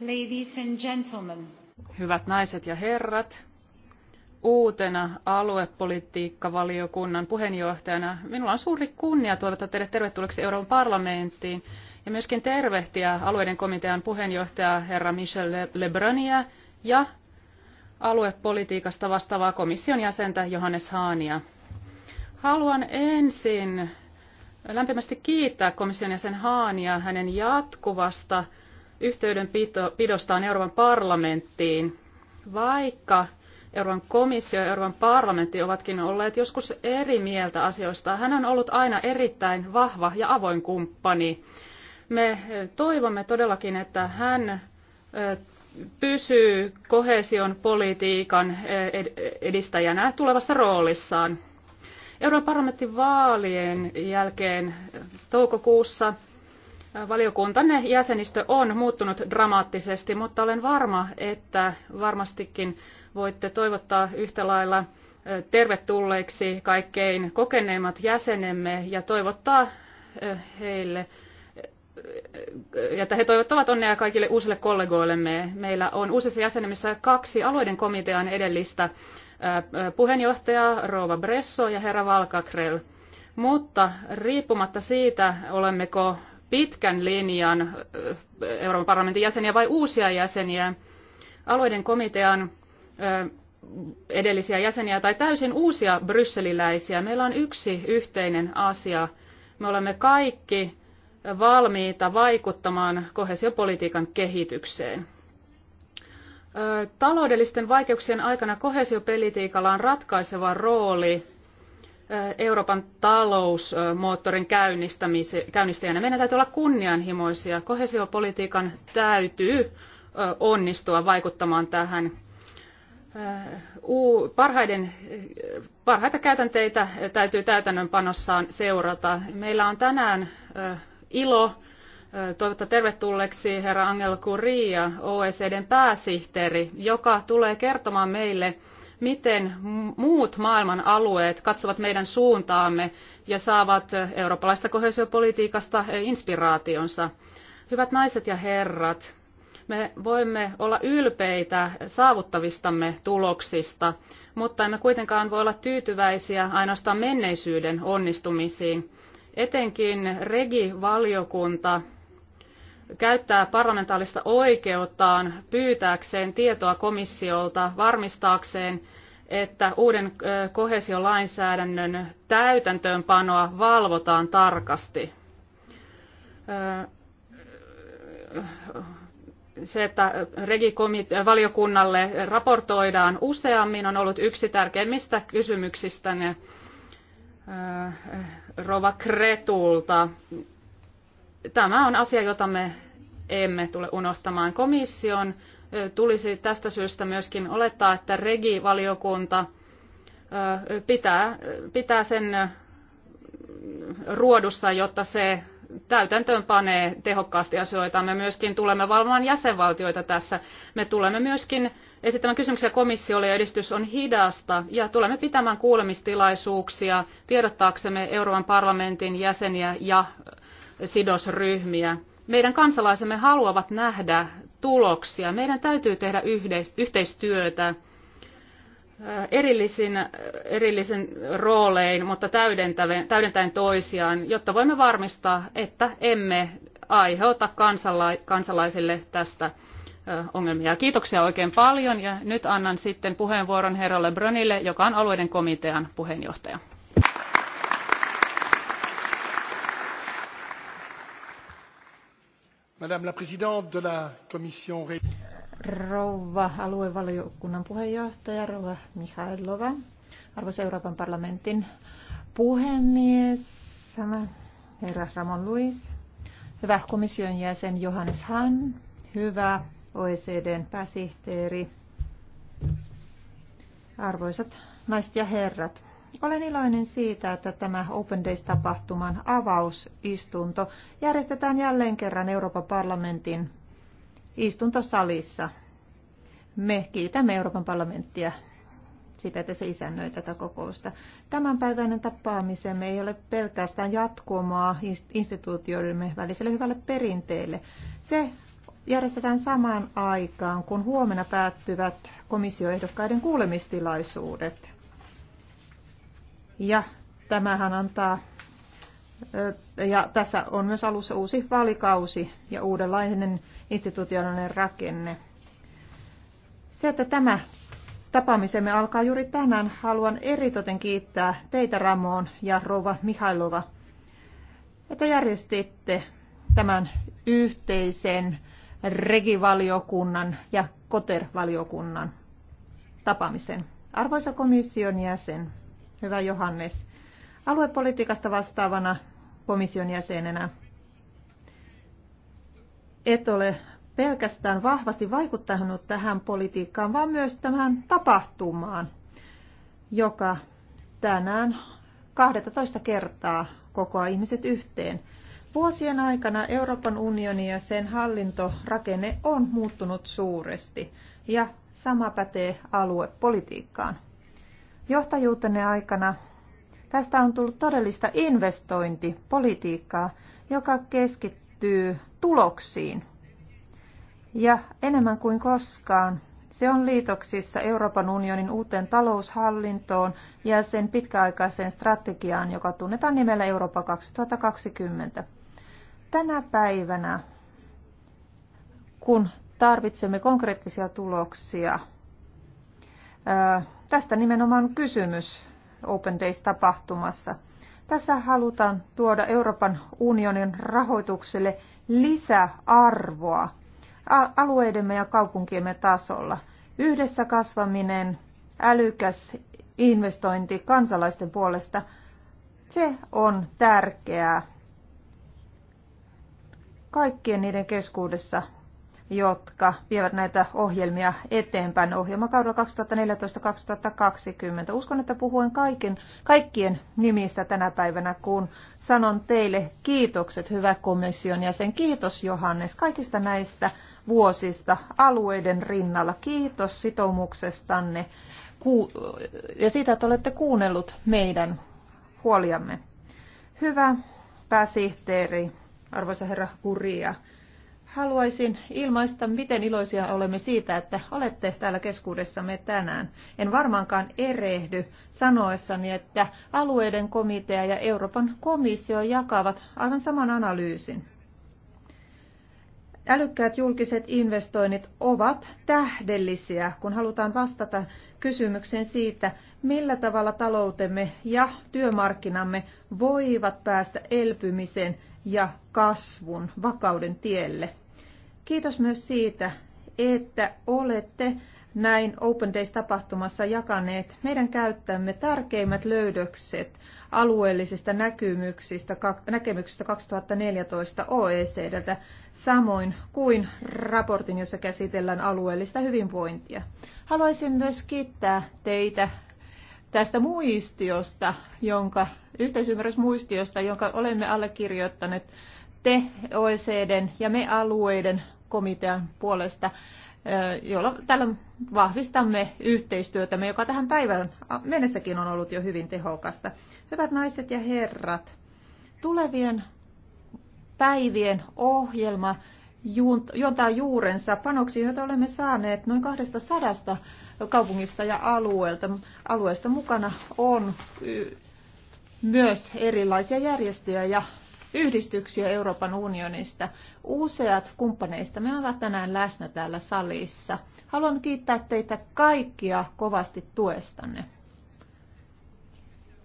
Ladies and gentlemen. Hyvät naiset ja herrat, uutena aluepolitiikkavaliokunnan puheenjohtajana minulla on suuri kunnia toivottaa teidät tervetulleeksi Euroopan parlamenttiin ja myöskin tervehtiä alueiden komitean puheenjohtajaa herra Michel Lebrunia ja aluepolitiikasta vastaavaa komission jäsentä Johannes Haania. Haluan ensin lämpimästi kiittää komission jäsen Haania hänen jatkuvasta yhteydenpidostaan Euroopan parlamenttiin, vaikka Euroopan komissio ja Euroopan parlamentti ovatkin olleet joskus eri mieltä asioista. Hän on ollut aina erittäin vahva ja avoin kumppani. Me toivomme todellakin, että hän pysyy kohesion politiikan edistäjänä tulevassa roolissaan. Euroopan parlamentin vaalien jälkeen toukokuussa Valiokuntanne jäsenistö on muuttunut dramaattisesti, mutta olen varma, että varmastikin voitte toivottaa yhtä lailla tervetulleiksi kaikkein kokeneimmat jäsenemme ja toivottaa heille että he toivottavat onnea kaikille uusille kollegoillemme. Meillä on uusissa jäsenemissä kaksi alueiden komitean edellistä puheenjohtajaa, Rova Bresso ja herra Valkakrell. Mutta riippumatta siitä, olemmeko pitkän linjan Euroopan parlamentin jäseniä vai uusia jäseniä, alueiden komitean edellisiä jäseniä tai täysin uusia brysseliläisiä. Meillä on yksi yhteinen asia. Me olemme kaikki valmiita vaikuttamaan kohesiopolitiikan kehitykseen. Taloudellisten vaikeuksien aikana kohesiopolitiikalla on ratkaiseva rooli Euroopan talousmoottorin käynnistäjänä. Meidän täytyy olla kunnianhimoisia. Kohesiopolitiikan täytyy onnistua vaikuttamaan tähän Parhaiden, parhaita käytänteitä täytyy täytännönpanossaan seurata. Meillä on tänään ilo toivottaa tervetulleeksi herra Angel Kuria, OECDn pääsihteeri, joka tulee kertomaan meille miten muut maailman alueet katsovat meidän suuntaamme ja saavat eurooppalaista kohesiopolitiikasta eh, inspiraationsa. Hyvät naiset ja herrat, me voimme olla ylpeitä saavuttavistamme tuloksista, mutta emme kuitenkaan voi olla tyytyväisiä ainoastaan menneisyyden onnistumisiin. Etenkin regi-valiokunta käyttää parlamentaalista oikeuttaan pyytääkseen tietoa komissiolta varmistaakseen, että uuden kohesiolainsäädännön täytäntöönpanoa valvotaan tarkasti. Se, että valiokunnalle raportoidaan useammin, on ollut yksi tärkeimmistä kysymyksistä Rova Kretulta tämä on asia, jota me emme tule unohtamaan. Komission tulisi tästä syystä myöskin olettaa, että regi-valiokunta pitää, pitää sen ruodussa, jotta se täytäntöön panee tehokkaasti asioita. Me myöskin tulemme valvomaan jäsenvaltioita tässä. Me tulemme myöskin esittämään kysymyksiä komissiolle ja edistys on hidasta ja tulemme pitämään kuulemistilaisuuksia tiedottaaksemme Euroopan parlamentin jäseniä ja sidosryhmiä. Meidän kansalaisemme haluavat nähdä tuloksia. Meidän täytyy tehdä yhteistyötä erillisin, erillisin roolein, mutta täydentäen, täydentäen toisiaan, jotta voimme varmistaa, että emme aiheuta kansala- kansalaisille tästä ongelmia. Kiitoksia oikein paljon ja nyt annan sitten puheenvuoron herralle Brönille, joka on alueiden komitean puheenjohtaja. Madame la présidente de la commission rouva aluevaliokunnan puheenjohtaja rouva Mihailova, arvoisa Euroopan parlamentin puhemies, herra Ramon Luis, hyvä komission jäsen Johannes Hahn, hyvä OECDn pääsihteeri, arvoisat naiset ja herrat. Olen iloinen siitä, että tämä Open Days-tapahtuman avausistunto järjestetään jälleen kerran Euroopan parlamentin istuntosalissa. Me kiitämme Euroopan parlamenttia sitä, että se isännöi tätä kokousta. Tämänpäiväinen tapaamisemme ei ole pelkästään jatkumoa instituutioidemme väliselle hyvälle perinteelle. Se järjestetään samaan aikaan, kun huomenna päättyvät komissioehdokkaiden kuulemistilaisuudet. Ja tämähän antaa ja tässä on myös alussa uusi vaalikausi ja uudenlainen institutionaalinen rakenne. Se, että tämä tapaamisemme alkaa juuri tänään, haluan eritoten kiittää teitä Ramoon ja Rova Mihailova, että järjestitte tämän yhteisen regivaliokunnan ja kotervaliokunnan tapaamisen. Arvoisa komission jäsen, Hyvä Johannes. Aluepolitiikasta vastaavana komission jäsenenä et ole pelkästään vahvasti vaikuttanut tähän politiikkaan, vaan myös tähän tapahtumaan, joka tänään 12 kertaa kokoaa ihmiset yhteen. Vuosien aikana Euroopan unioni ja sen hallintorakenne on muuttunut suuresti ja sama pätee aluepolitiikkaan. Johtajuutenne aikana tästä on tullut todellista investointipolitiikkaa, joka keskittyy tuloksiin. Ja enemmän kuin koskaan se on liitoksissa Euroopan unionin uuteen taloushallintoon ja sen pitkäaikaiseen strategiaan, joka tunnetaan nimellä Eurooppa 2020. Tänä päivänä, kun tarvitsemme konkreettisia tuloksia, Tästä nimenomaan kysymys Open Days-tapahtumassa. Tässä halutaan tuoda Euroopan unionin rahoitukselle lisäarvoa alueidemme ja kaupunkiemme tasolla. Yhdessä kasvaminen, älykäs investointi kansalaisten puolesta, se on tärkeää kaikkien niiden keskuudessa, jotka vievät näitä ohjelmia eteenpäin ohjelmakaudella 2014-2020. Uskon, että puhuen kaiken, kaikkien nimissä tänä päivänä, kun sanon teille kiitokset, hyvä komission jäsen. Kiitos Johannes kaikista näistä vuosista alueiden rinnalla. Kiitos sitoumuksestanne ja siitä, että olette kuunnellut meidän huoliamme. Hyvä pääsihteeri, arvoisa herra Kuria haluaisin ilmaista, miten iloisia olemme siitä, että olette täällä keskuudessamme tänään. En varmaankaan erehdy sanoessani, että alueiden komitea ja Euroopan komissio jakavat aivan saman analyysin. Älykkäät julkiset investoinnit ovat tähdellisiä, kun halutaan vastata kysymykseen siitä, millä tavalla taloutemme ja työmarkkinamme voivat päästä elpymiseen ja kasvun, vakauden tielle. Kiitos myös siitä, että olette näin Open Days-tapahtumassa jakaneet meidän käyttämme tärkeimmät löydökset alueellisista näkemyksistä, näkemyksistä 2014 OECDltä, samoin kuin raportin, jossa käsitellään alueellista hyvinvointia. Haluaisin myös kiittää teitä tästä muistiosta, jonka, yhteisymmärrysmuistiosta, jonka olemme allekirjoittaneet te OECDn ja me alueiden komitean puolesta, jolla tällä vahvistamme yhteistyötämme, joka tähän päivään mennessäkin on ollut jo hyvin tehokasta. Hyvät naiset ja herrat, tulevien päivien ohjelma juontaa juurensa panoksiin, joita olemme saaneet noin 200 kaupungista ja alueelta. Alueesta mukana on myös erilaisia järjestöjä ja yhdistyksiä Euroopan unionista. Useat kumppaneista me ovat tänään läsnä täällä salissa. Haluan kiittää teitä kaikkia kovasti tuestanne.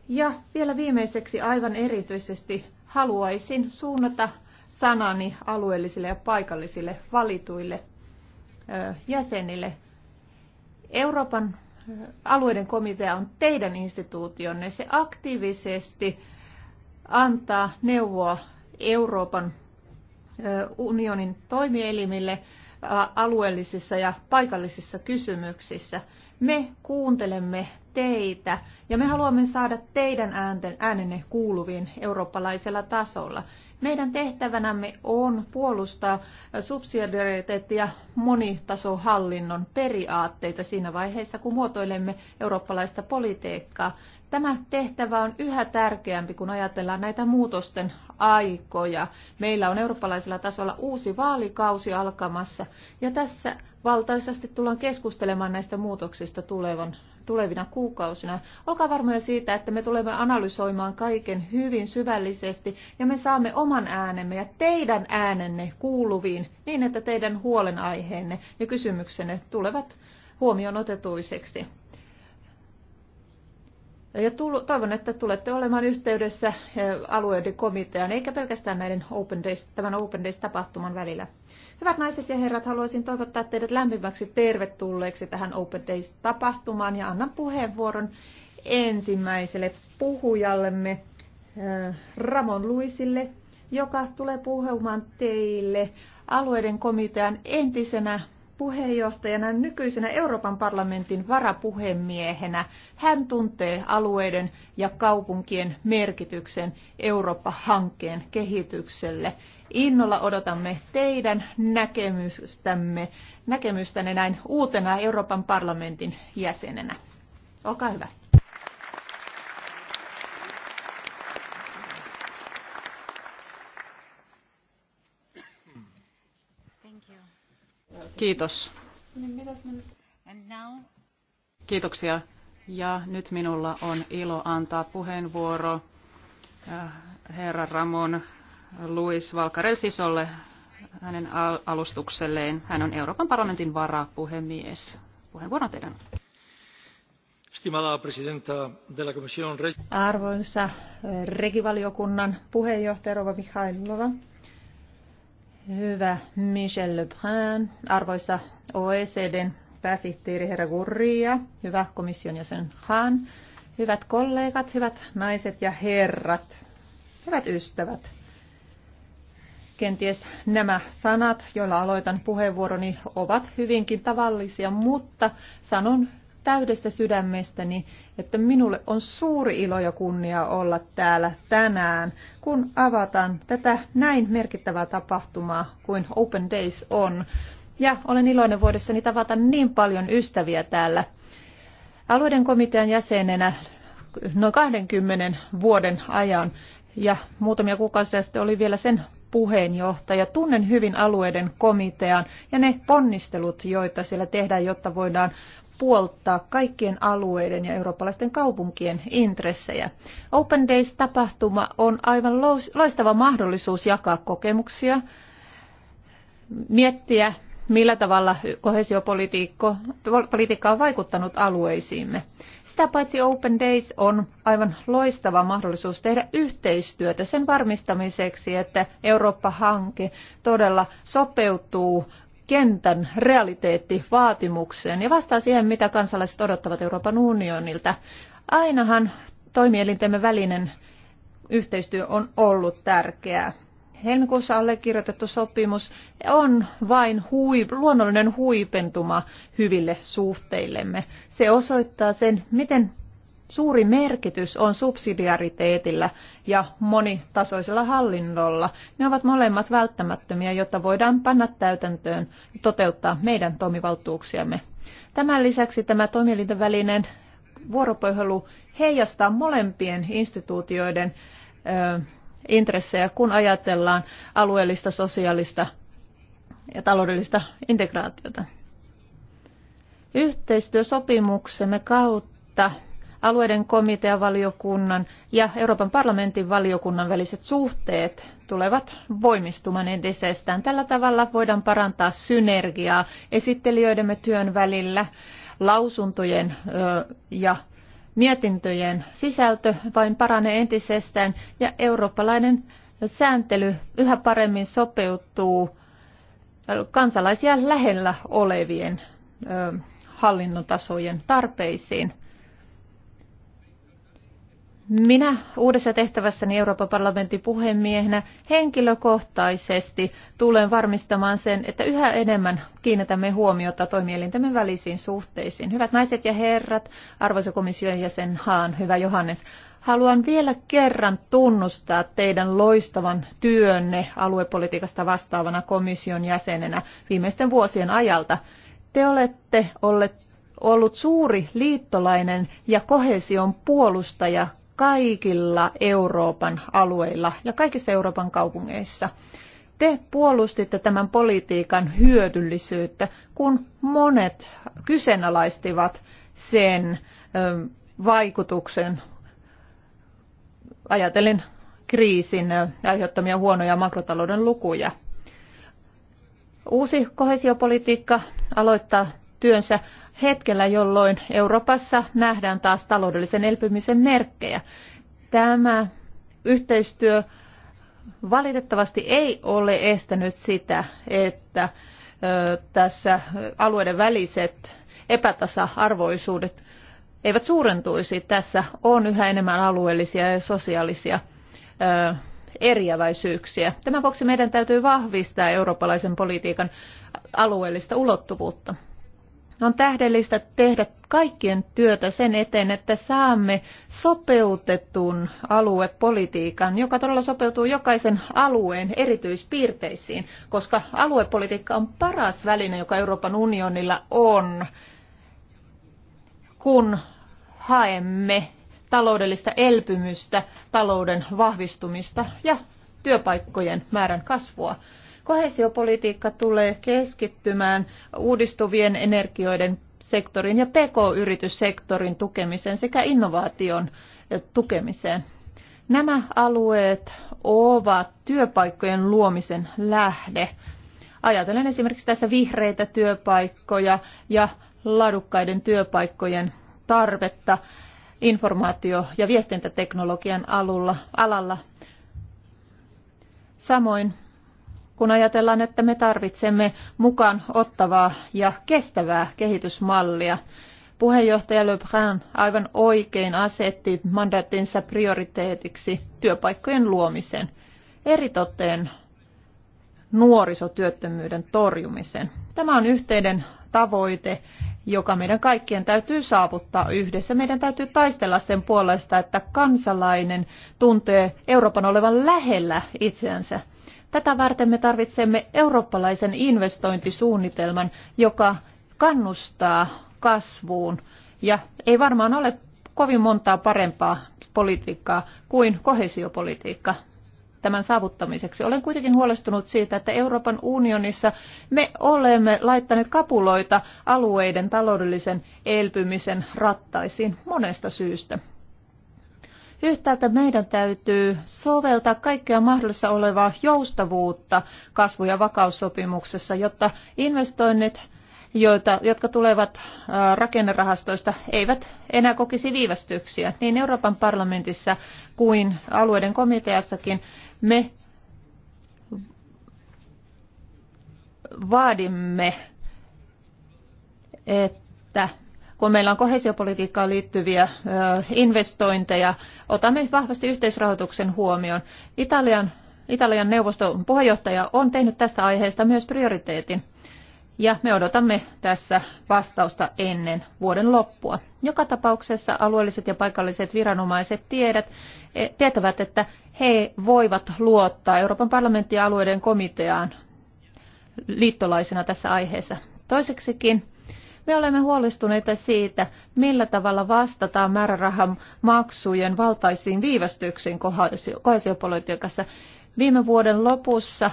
Ja vielä viimeiseksi aivan erityisesti haluaisin suunnata sanani alueellisille ja paikallisille valituille jäsenille. Euroopan alueiden komitea on teidän instituutionne. Se aktiivisesti antaa neuvoa Euroopan unionin toimielimille alueellisissa ja paikallisissa kysymyksissä – me kuuntelemme teitä ja me haluamme saada teidän äänenne kuuluviin eurooppalaisella tasolla. Meidän tehtävänämme on puolustaa subsidiariteetti- ja monitasohallinnon periaatteita siinä vaiheessa, kun muotoilemme eurooppalaista politiikkaa. Tämä tehtävä on yhä tärkeämpi, kun ajatellaan näitä muutosten aikoja. Meillä on eurooppalaisella tasolla uusi vaalikausi alkamassa ja tässä valtaisesti tullaan keskustelemaan näistä muutoksista tulevan tulevina kuukausina. Olkaa varmoja siitä, että me tulemme analysoimaan kaiken hyvin syvällisesti ja me saamme oman äänemme ja teidän äänenne kuuluviin niin, että teidän huolenaiheenne ja kysymyksenne tulevat huomioon otetuiseksi. Ja toivon, että tulette olemaan yhteydessä eh, alueiden komitean, eikä pelkästään näiden Open Days, tämän Open Days-tapahtuman välillä. Hyvät naiset ja herrat, haluaisin toivottaa teidät lämpimäksi tervetulleeksi tähän Open Days-tapahtumaan ja annan puheenvuoron ensimmäiselle puhujallemme, eh, Ramon Luisille, joka tulee puhumaan teille alueiden komitean entisenä puheenjohtajana, nykyisenä Euroopan parlamentin varapuhemiehenä. Hän tuntee alueiden ja kaupunkien merkityksen Eurooppa-hankkeen kehitykselle. Innolla odotamme teidän näkemystämme, näkemystänne näin uutena Euroopan parlamentin jäsenenä. Olkaa hyvä. Kiitos. Niin, Kiitoksia. Ja nyt minulla on ilo antaa puheenvuoro äh, herra Ramon Luis Valkarelsisolle hänen alustukselleen. Hän on Euroopan parlamentin varapuhemies. Puheenvuoro teidän. Arvoisa regivaliokunnan puheenjohtaja Rova Mihailova, Hyvä Michel Lebrun, arvoisa OECDn pääsihteeri herra Gurria, hyvä komission jäsen Han, hyvät kollegat, hyvät naiset ja herrat, hyvät ystävät. Kenties nämä sanat, joilla aloitan puheenvuoroni, ovat hyvinkin tavallisia, mutta sanon täydestä sydämestäni, että minulle on suuri ilo ja kunnia olla täällä tänään, kun avataan tätä näin merkittävää tapahtumaa kuin Open Days on. Ja olen iloinen vuodessani tavata niin paljon ystäviä täällä. Alueiden komitean jäsenenä noin 20 vuoden ajan ja muutamia kuukausia sitten oli vielä sen puheenjohtaja. Tunnen hyvin alueiden komitean ja ne ponnistelut, joita siellä tehdään, jotta voidaan puoltaa kaikkien alueiden ja eurooppalaisten kaupunkien intressejä. Open Days-tapahtuma on aivan loistava mahdollisuus jakaa kokemuksia, miettiä, millä tavalla kohesiopolitiikka on vaikuttanut alueisiimme. Sitä paitsi Open Days on aivan loistava mahdollisuus tehdä yhteistyötä sen varmistamiseksi, että Eurooppa-hanke todella sopeutuu kentän realiteettivaatimukseen ja vastaa siihen, mitä kansalaiset odottavat Euroopan unionilta. Ainahan toimielintemme välinen yhteistyö on ollut tärkeää. Helmikuussa allekirjoitettu sopimus on vain hui, luonnollinen huipentuma hyville suhteillemme. Se osoittaa sen, miten Suuri merkitys on subsidiariteetillä ja monitasoisella hallinnolla. Ne ovat molemmat välttämättömiä, jotta voidaan panna täytäntöön ja toteuttaa meidän toimivaltuuksiamme. Tämän lisäksi tämä toimielinten välinen vuoropuhelu heijastaa molempien instituutioiden ö, intressejä, kun ajatellaan alueellista, sosiaalista ja taloudellista integraatiota. Yhteistyösopimuksemme kautta alueiden komiteavaliokunnan ja Euroopan parlamentin valiokunnan väliset suhteet tulevat voimistumaan entisestään. Tällä tavalla voidaan parantaa synergiaa esittelijöidemme työn välillä, lausuntojen ja mietintöjen sisältö vain paranee entisestään ja eurooppalainen sääntely yhä paremmin sopeutuu kansalaisia lähellä olevien hallinnotasojen tarpeisiin. Minä uudessa tehtävässäni Euroopan parlamentin puhemiehenä henkilökohtaisesti tulen varmistamaan sen, että yhä enemmän kiinnitämme huomiota toimielintämme välisiin suhteisiin. Hyvät naiset ja herrat, arvoisa komission jäsen Haan, hyvä Johannes, haluan vielä kerran tunnustaa teidän loistavan työnne aluepolitiikasta vastaavana komission jäsenenä viimeisten vuosien ajalta. Te olette olleet ollut suuri liittolainen ja kohesion puolustaja kaikilla Euroopan alueilla ja kaikissa Euroopan kaupungeissa. Te puolustitte tämän politiikan hyödyllisyyttä, kun monet kyseenalaistivat sen vaikutuksen ajatellen kriisin aiheuttamia huonoja makrotalouden lukuja. Uusi kohesiopolitiikka aloittaa työnsä hetkellä, jolloin Euroopassa nähdään taas taloudellisen elpymisen merkkejä. Tämä yhteistyö valitettavasti ei ole estänyt sitä, että tässä alueiden väliset epätasa-arvoisuudet eivät suurentuisi. Tässä on yhä enemmän alueellisia ja sosiaalisia eriäväisyyksiä. Tämän vuoksi meidän täytyy vahvistaa eurooppalaisen politiikan alueellista ulottuvuutta. On tähdellistä tehdä kaikkien työtä sen eteen, että saamme sopeutetun aluepolitiikan, joka todella sopeutuu jokaisen alueen erityispiirteisiin, koska aluepolitiikka on paras väline, joka Euroopan unionilla on, kun haemme taloudellista elpymystä, talouden vahvistumista ja työpaikkojen määrän kasvua. Kohesiopolitiikka tulee keskittymään uudistuvien energioiden sektorin ja PK-yrityssektorin tukemiseen sekä innovaation eh, tukemiseen. Nämä alueet ovat työpaikkojen luomisen lähde. Ajatellen esimerkiksi tässä vihreitä työpaikkoja ja laadukkaiden työpaikkojen tarvetta informaatio- ja viestintäteknologian alulla, alalla. Samoin kun ajatellaan, että me tarvitsemme mukaan ottavaa ja kestävää kehitysmallia. Puheenjohtaja Le Brun aivan oikein asetti mandaattinsa prioriteetiksi työpaikkojen luomisen, eritoten nuorisotyöttömyyden torjumisen. Tämä on yhteinen tavoite, joka meidän kaikkien täytyy saavuttaa yhdessä. Meidän täytyy taistella sen puolesta, että kansalainen tuntee Euroopan olevan lähellä itseänsä. Tätä varten me tarvitsemme eurooppalaisen investointisuunnitelman, joka kannustaa kasvuun. Ja ei varmaan ole kovin montaa parempaa politiikkaa kuin kohesiopolitiikka tämän saavuttamiseksi. Olen kuitenkin huolestunut siitä, että Euroopan unionissa me olemme laittaneet kapuloita alueiden taloudellisen elpymisen rattaisiin monesta syystä. Yhtäältä meidän täytyy soveltaa kaikkea mahdollista olevaa joustavuutta kasvu- ja vakaussopimuksessa, jotta investoinnit, joita, jotka tulevat rakennerahastoista, eivät enää kokisi viivästyksiä. Niin Euroopan parlamentissa kuin alueiden komiteassakin me vaadimme, että kun meillä on kohesiopolitiikkaan liittyviä investointeja, otamme vahvasti yhteisrahoituksen huomioon. Italian, Italian neuvoston puheenjohtaja on tehnyt tästä aiheesta myös prioriteetin. Ja me odotamme tässä vastausta ennen vuoden loppua. Joka tapauksessa alueelliset ja paikalliset viranomaiset tiedät, e, tietävät, että he voivat luottaa Euroopan parlamentin ja alueiden komiteaan liittolaisena tässä aiheessa. Toiseksikin me olemme huolestuneita siitä, millä tavalla vastataan määrärahan maksujen valtaisiin viivästyksiin kohesiopolitiikassa. Viime vuoden lopussa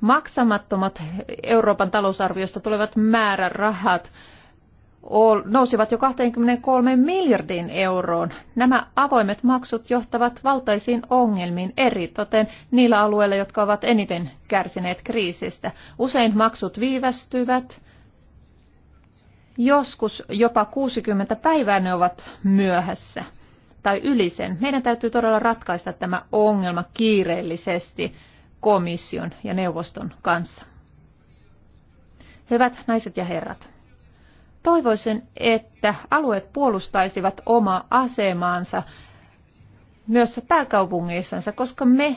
maksamattomat Euroopan talousarviosta tulevat määrärahat nousivat jo 23 miljardiin euroon. Nämä avoimet maksut johtavat valtaisiin ongelmiin eritoten niillä alueilla, jotka ovat eniten kärsineet kriisistä. Usein maksut viivästyvät Joskus jopa 60 päivää ne ovat myöhässä tai yli sen. Meidän täytyy todella ratkaista tämä ongelma kiireellisesti komission ja neuvoston kanssa. Hyvät naiset ja herrat, toivoisin, että alueet puolustaisivat omaa asemaansa myös pääkaupungeissansa, koska me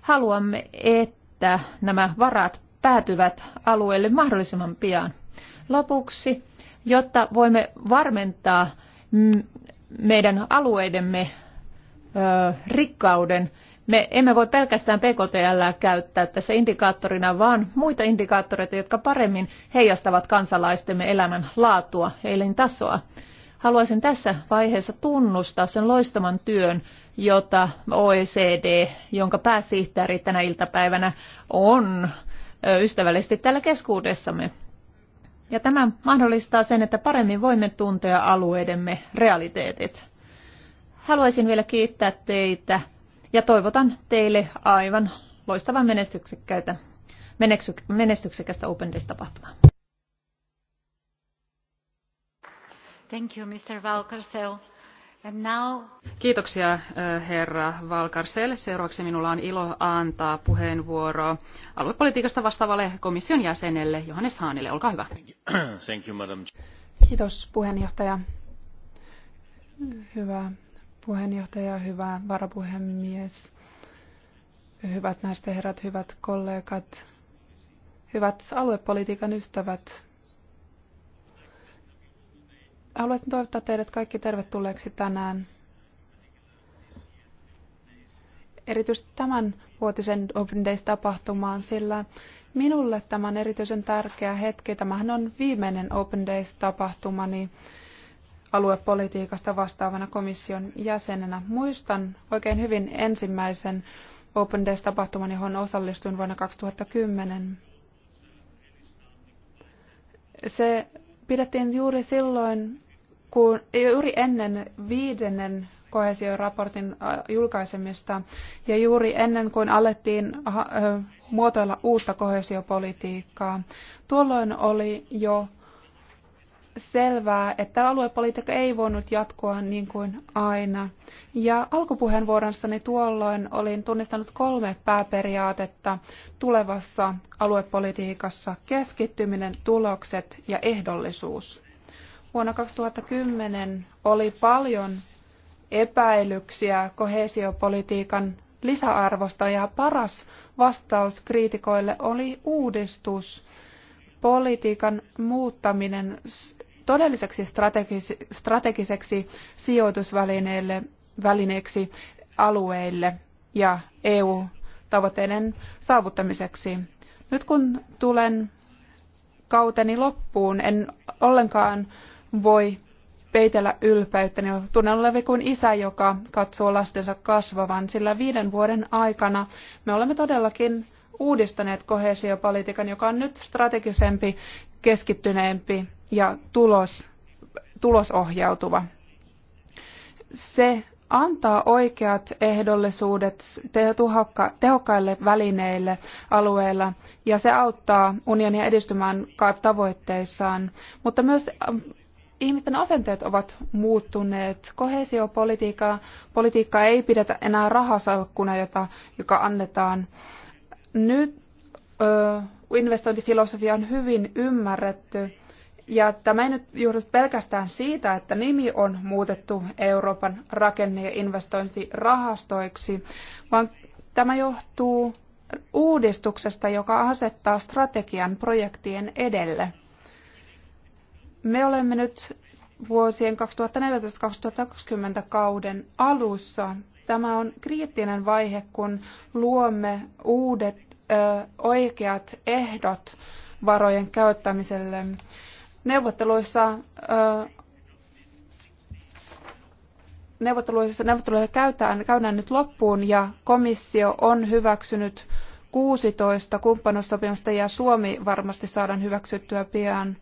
haluamme, että nämä varat päätyvät alueelle mahdollisimman pian. Lopuksi jotta voimme varmentaa meidän alueidemme rikkauden. Me emme voi pelkästään PKTL käyttää tässä indikaattorina, vaan muita indikaattoreita, jotka paremmin heijastavat kansalaistemme elämän laatua ja elintasoa. Haluaisin tässä vaiheessa tunnustaa sen loistavan työn, jota OECD, jonka pääsihteeri tänä iltapäivänä on ystävällisesti täällä keskuudessamme ja tämä mahdollistaa sen, että paremmin voimme tuntea alueidemme realiteetit. Haluaisin vielä kiittää teitä ja toivotan teille aivan loistavan menestyksekkäitä, menestyksekästä Open Days-tapahtumaa. Thank you, Mr. Valkersel. Now... Kiitoksia eh, herra Valkarsel. Seuraavaksi minulla on ilo antaa puheenvuoro aluepolitiikasta vastaavalle komission jäsenelle Johannes Haanille. Olkaa hyvä. Thank you, madam. Kiitos puheenjohtaja. Hyvä puheenjohtaja, hyvä varapuhemies, hyvät naisten herrat, hyvät kollegat, hyvät aluepolitiikan ystävät. Haluaisin toivottaa teidät kaikki tervetulleeksi tänään. Erityisesti tämän vuotisen Open Days-tapahtumaan, sillä minulle tämä on erityisen tärkeä hetki. Tämähän on viimeinen Open Days-tapahtumani aluepolitiikasta vastaavana komission jäsenenä. Muistan oikein hyvin ensimmäisen Open Days-tapahtuman, johon osallistuin vuonna 2010. Se pidettiin juuri silloin, kun, juuri ennen viidennen koesioraportin äh, julkaisemista ja juuri ennen kuin alettiin äh, muotoilla uutta koesiopolitiikkaa. Tuolloin oli jo selvää, että aluepolitiikka ei voinut jatkua niin kuin aina. Ja alkupuheenvuorossani tuolloin olin tunnistanut kolme pääperiaatetta tulevassa aluepolitiikassa, keskittyminen, tulokset ja ehdollisuus. Vuonna 2010 oli paljon epäilyksiä kohesiopolitiikan lisäarvosta ja paras vastaus kriitikoille oli uudistus, politiikan muuttaminen todelliseksi strategiseksi sijoitusvälineeksi alueille ja EU-tavoitteiden saavuttamiseksi. Nyt kun tulen kauteni loppuun, en ollenkaan voi peitellä ylpeyttäni. Tunnen olevi kuin isä, joka katsoo lastensa kasvavan, sillä viiden vuoden aikana me olemme todellakin uudistaneet kohesiopolitiikan, joka on nyt strategisempi, keskittyneempi ja tulos, tulosohjautuva. Se antaa oikeat ehdollisuudet tehokkaille välineille alueilla ja se auttaa unionia edistymään tavoitteissaan, mutta myös ähm, ihmisten asenteet ovat muuttuneet. Kohesiopolitiikkaa politiikkaa ei pidetä enää rahasalkkuna, jota, joka annetaan nyt ö, investointifilosofia on hyvin ymmärretty. Ja tämä ei nyt juuri pelkästään siitä, että nimi on muutettu Euroopan rakenne- ja investointirahastoiksi, vaan tämä johtuu uudistuksesta, joka asettaa strategian projektien edelle. Me olemme nyt vuosien 2014-2020 kauden alussa. Tämä on kriittinen vaihe, kun luomme uudet ö, oikeat ehdot varojen käyttämiselle. Neuvotteluissa ö, neuvotteluissa, neuvotteluissa käytään, käydään nyt loppuun ja komissio on hyväksynyt 16 kumppanuussopimusta ja Suomi varmasti saadaan hyväksyttyä pian.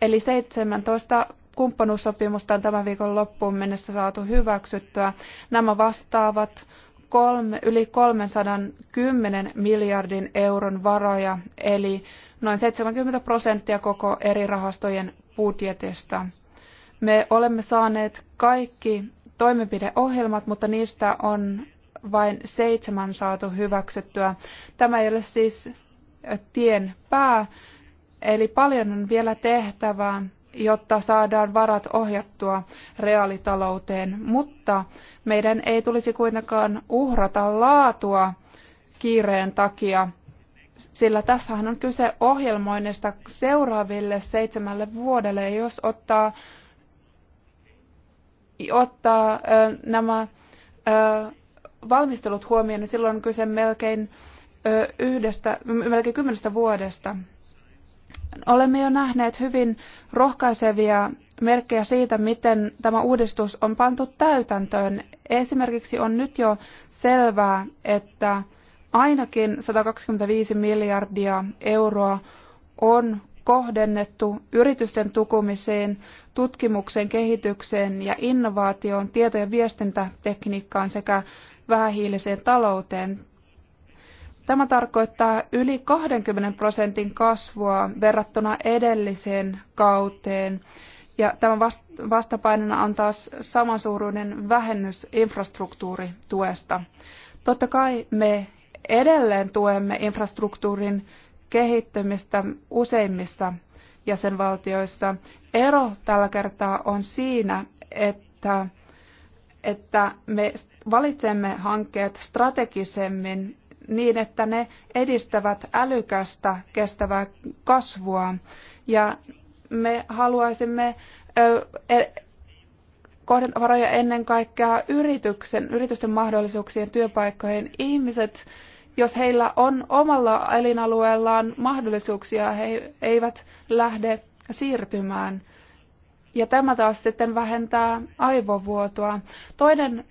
Eli 17 kumppanuussopimusta on tämän viikon loppuun mennessä saatu hyväksyttyä. Nämä vastaavat kolme, yli 310 miljardin euron varoja, eli noin 70 prosenttia koko eri rahastojen budjetista. Me olemme saaneet kaikki toimenpideohjelmat, mutta niistä on vain seitsemän saatu hyväksyttyä. Tämä ei ole siis tien pää, eli paljon on vielä tehtävää jotta saadaan varat ohjattua reaalitalouteen, mutta meidän ei tulisi kuitenkaan uhrata laatua kiireen takia, sillä tässähän on kyse ohjelmoinnista seuraaville seitsemälle vuodelle, ja jos ottaa, ottaa ö, nämä ö, valmistelut huomioon, niin silloin on kyse melkein, ö, yhdestä, melkein kymmenestä vuodesta. Olemme jo nähneet hyvin rohkaisevia merkkejä siitä, miten tämä uudistus on pantu täytäntöön. Esimerkiksi on nyt jo selvää, että ainakin 125 miljardia euroa on kohdennettu yritysten tukumiseen, tutkimukseen, kehitykseen ja innovaatioon, tieto- ja viestintätekniikkaan sekä vähähiiliseen talouteen. Tämä tarkoittaa yli 20 prosentin kasvua verrattuna edelliseen kauteen. Ja tämä vastapainona on taas samansuuruinen vähennys infrastruktuurituesta. Totta kai me edelleen tuemme infrastruktuurin kehittämistä useimmissa jäsenvaltioissa. Ero tällä kertaa on siinä, että, että me valitsemme hankkeet strategisemmin niin, että ne edistävät älykästä kestävää kasvua. Ja me haluaisimme e, kohdentaa varoja ennen kaikkea yrityksen, yritysten mahdollisuuksien työpaikkoihin. Ihmiset, jos heillä on omalla elinalueellaan mahdollisuuksia, he eivät lähde siirtymään. Ja tämä taas sitten vähentää aivovuotoa. Toinen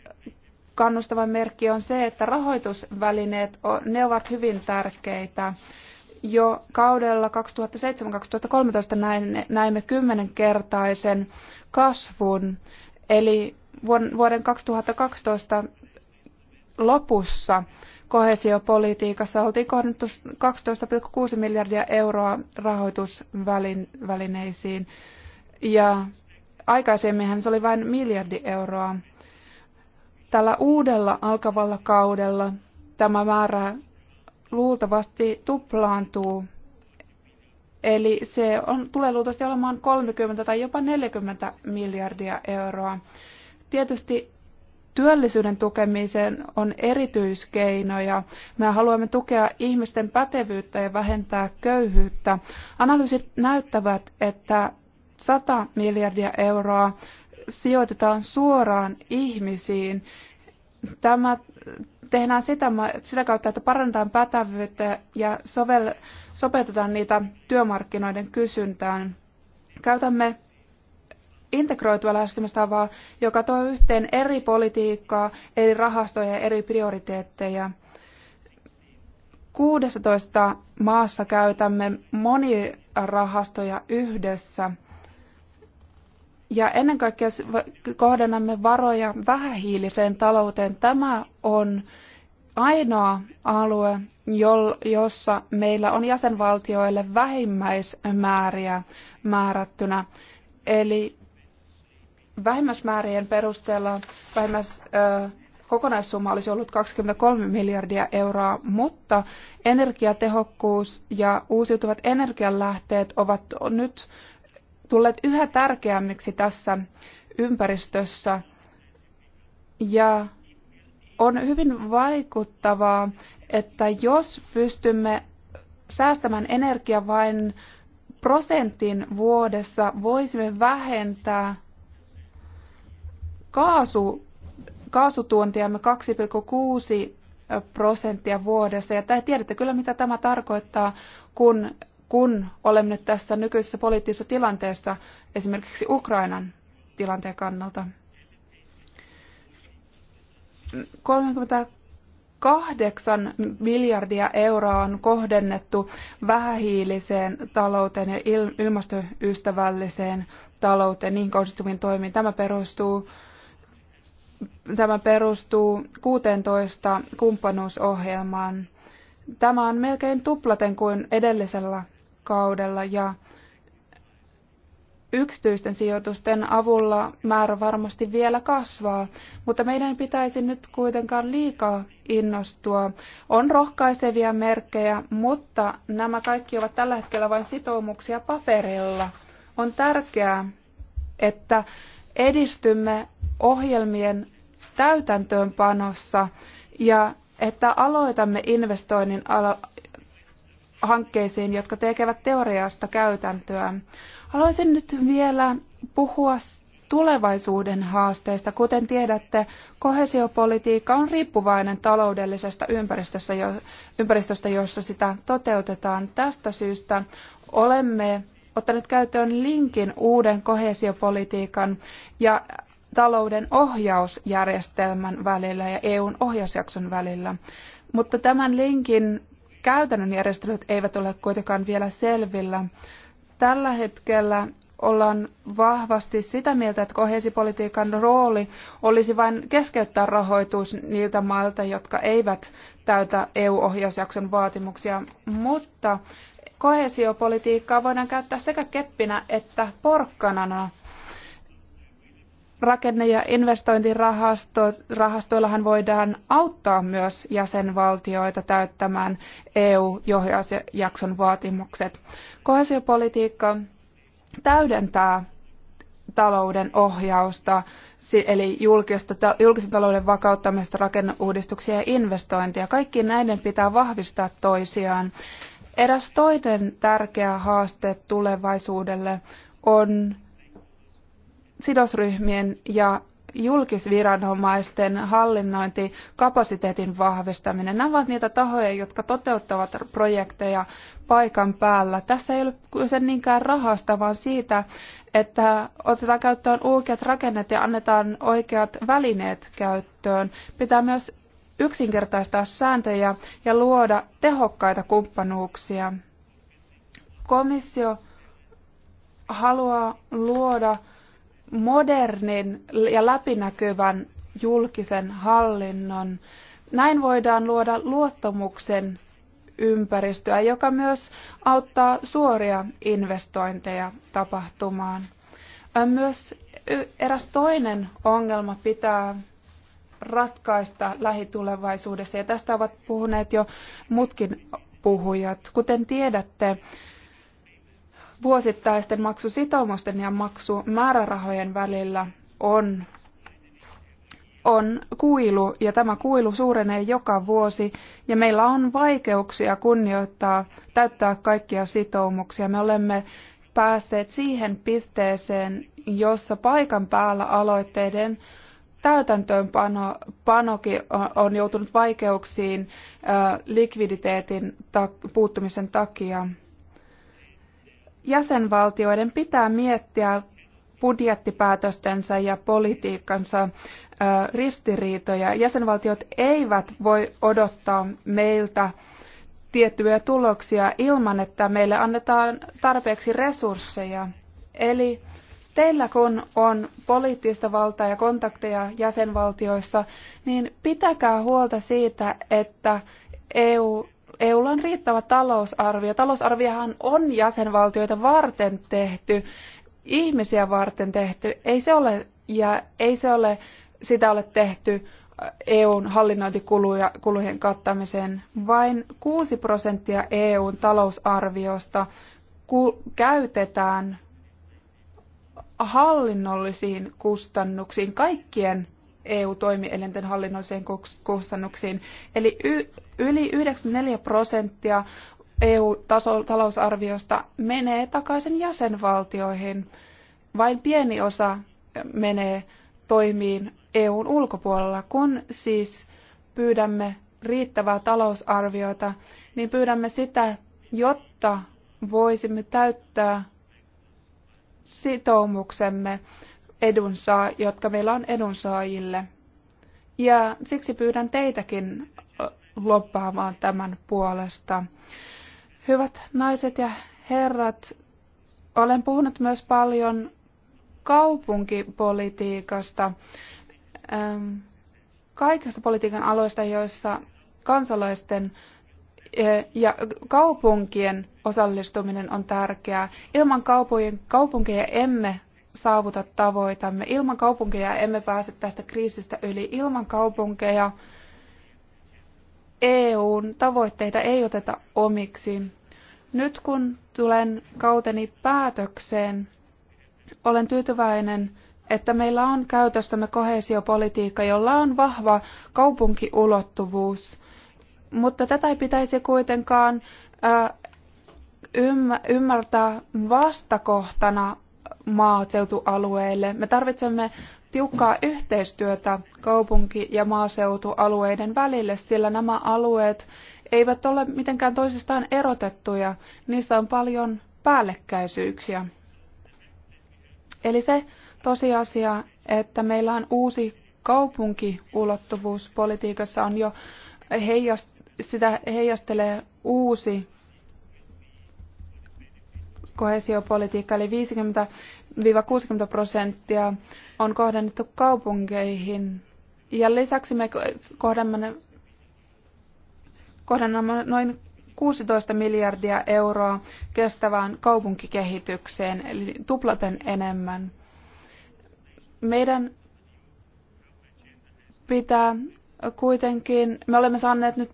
kannustava merkki on se, että rahoitusvälineet ne ovat hyvin tärkeitä. Jo kaudella 2007-2013 näimme kymmenenkertaisen kasvun, eli vuoden 2012 lopussa koheesiopolitiikassa oltiin kohdennettu 12,6 miljardia euroa rahoitusvälineisiin ja aikaisemminhan se oli vain miljardi euroa. Tällä uudella alkavalla kaudella tämä määrä luultavasti tuplaantuu. Eli se on, tulee luultavasti olemaan 30 tai jopa 40 miljardia euroa. Tietysti työllisyyden tukemiseen on erityiskeinoja. Me haluamme tukea ihmisten pätevyyttä ja vähentää köyhyyttä. Analyysit näyttävät, että 100 miljardia euroa sijoitetaan suoraan ihmisiin. Tämä tehdään sitä, sitä kautta, että parannetaan pätävyyttä ja sovel, sopeutetaan niitä työmarkkinoiden kysyntään. Käytämme integroitua lähestymistavaa, joka tuo yhteen eri politiikkaa, eri rahastoja ja eri prioriteetteja. 16 maassa käytämme monirahastoja yhdessä – ja ennen kaikkea kohdennamme varoja vähähiiliseen talouteen. Tämä on ainoa alue, jossa meillä on jäsenvaltioille vähimmäismääriä määrättynä. Eli vähimmäismäärien perusteella vähimmäis, ö, kokonaissumma olisi ollut 23 miljardia euroa, mutta energiatehokkuus ja uusiutuvat energianlähteet ovat nyt tulleet yhä tärkeämmiksi tässä ympäristössä ja on hyvin vaikuttavaa, että jos pystymme säästämään energiaa vain prosentin vuodessa, voisimme vähentää kaasu, kaasutuontiamme 2,6 prosenttia vuodessa. Ja tiedätte kyllä, mitä tämä tarkoittaa, kun kun olemme nyt tässä nykyisessä poliittisessa tilanteessa esimerkiksi Ukrainan tilanteen kannalta. 38 miljardia euroa on kohdennettu vähähiiliseen talouteen ja ilmastoystävälliseen talouteen niin kohdistuviin toimiin. Tämä perustuu Tämä perustuu 16 kumppanuusohjelmaan. Tämä on melkein tuplaten kuin edellisellä kaudella ja yksityisten sijoitusten avulla määrä varmasti vielä kasvaa, mutta meidän pitäisi nyt kuitenkaan liikaa innostua. On rohkaisevia merkkejä, mutta nämä kaikki ovat tällä hetkellä vain sitoumuksia paperilla. On tärkeää, että edistymme ohjelmien täytäntöönpanossa ja että aloitamme investoinnin hankkeisiin, jotka tekevät teoriasta käytäntöä. Haluaisin nyt vielä puhua tulevaisuuden haasteista. Kuten tiedätte, kohesiopolitiikka on riippuvainen taloudellisesta ympäristöstä, ympäristöstä, jossa sitä toteutetaan. Tästä syystä olemme ottaneet käyttöön linkin uuden kohesiopolitiikan ja talouden ohjausjärjestelmän välillä ja EUn ohjausjakson välillä. Mutta tämän linkin käytännön järjestelyt eivät ole kuitenkaan vielä selvillä. Tällä hetkellä ollaan vahvasti sitä mieltä, että koheesipolitiikan rooli olisi vain keskeyttää rahoitus niiltä mailta, jotka eivät täytä EU-ohjausjakson vaatimuksia, mutta koheesiopolitiikkaa voidaan käyttää sekä keppinä että porkkanana rakenne- ja investointirahastoillahan voidaan auttaa myös jäsenvaltioita täyttämään EU-johjausjakson vaatimukset. Kohesiopolitiikka täydentää talouden ohjausta, eli julkista, julkisen talouden vakauttamista, rakenneuudistuksia ja investointia. Kaikki näiden pitää vahvistaa toisiaan. Eräs toinen tärkeä haaste tulevaisuudelle on sidosryhmien ja julkisviranomaisten hallinnointi, kapasiteetin vahvistaminen. Nämä ovat niitä tahoja, jotka toteuttavat projekteja paikan päällä. Tässä ei ole kyse niinkään rahasta, vaan siitä, että otetaan käyttöön oikeat rakennet ja annetaan oikeat välineet käyttöön. Pitää myös yksinkertaistaa sääntöjä ja luoda tehokkaita kumppanuuksia. Komissio haluaa luoda modernin ja läpinäkyvän julkisen hallinnon. Näin voidaan luoda luottamuksen ympäristöä, joka myös auttaa suoria investointeja tapahtumaan. Myös eräs toinen ongelma pitää ratkaista lähitulevaisuudessa, ja tästä ovat puhuneet jo muutkin puhujat. Kuten tiedätte, vuosittaisten maksusitoumusten ja maksumäärärahojen välillä on, on kuilu, ja tämä kuilu suurenee joka vuosi, ja meillä on vaikeuksia kunnioittaa, täyttää kaikkia sitoumuksia. Me olemme päässeet siihen pisteeseen, jossa paikan päällä aloitteiden täytäntöönpanokin on joutunut vaikeuksiin likviditeetin puuttumisen takia jäsenvaltioiden pitää miettiä budjettipäätöstensä ja politiikkansa ristiriitoja. Jäsenvaltiot eivät voi odottaa meiltä tiettyjä tuloksia ilman, että meille annetaan tarpeeksi resursseja. Eli teillä kun on poliittista valtaa ja kontakteja jäsenvaltioissa, niin pitäkää huolta siitä, että EU EUlla on riittävä talousarvio. Talousarviohan on jäsenvaltioita varten tehty, ihmisiä varten tehty. Ei se ole, ja ei se ole, sitä ole tehty äh, EUn hallinnointikulujen kattamiseen. Vain 6 prosenttia EUn talousarviosta käytetään hallinnollisiin kustannuksiin kaikkien EU-toimielinten hallinnolliseen kustannuksiin. Eli yli 94 prosenttia EU-talousarviosta menee takaisin jäsenvaltioihin. Vain pieni osa menee toimiin EUn ulkopuolella. Kun siis pyydämme riittävää talousarviota, niin pyydämme sitä, jotta voisimme täyttää sitoumuksemme edunsaa, jotka meillä on edunsaajille. Ja siksi pyydän teitäkin loppaamaan tämän puolesta. Hyvät naiset ja herrat, olen puhunut myös paljon kaupunkipolitiikasta, ähm, kaikista politiikan aloista, joissa kansalaisten eh, ja kaupunkien osallistuminen on tärkeää. Ilman kaupunkien, kaupunkeja emme saavuta tavoitamme. Ilman kaupunkeja emme pääse tästä kriisistä yli. Ilman kaupunkeja EUn tavoitteita ei oteta omiksi. Nyt kun tulen kauteni päätökseen, olen tyytyväinen, että meillä on käytöstämme kohesiopolitiikka, jolla on vahva kaupunkiulottuvuus. Mutta tätä ei pitäisi kuitenkaan ymmärtää vastakohtana maaseutualueille. Me tarvitsemme tiukkaa yhteistyötä kaupunki- ja maaseutualueiden välille, sillä nämä alueet eivät ole mitenkään toisistaan erotettuja. Niissä on paljon päällekkäisyyksiä. Eli se tosiasia, että meillä on uusi kaupunkiulottuvuus politiikassa on jo heijast, sitä heijastelee uusi kohesiopolitiikka, eli 50-60 prosenttia on kohdennettu kaupunkeihin. Ja lisäksi me kohdennamme, kohdennamme noin 16 miljardia euroa kestävään kaupunkikehitykseen, eli tuplaten enemmän. Meidän pitää kuitenkin me olemme saaneet nyt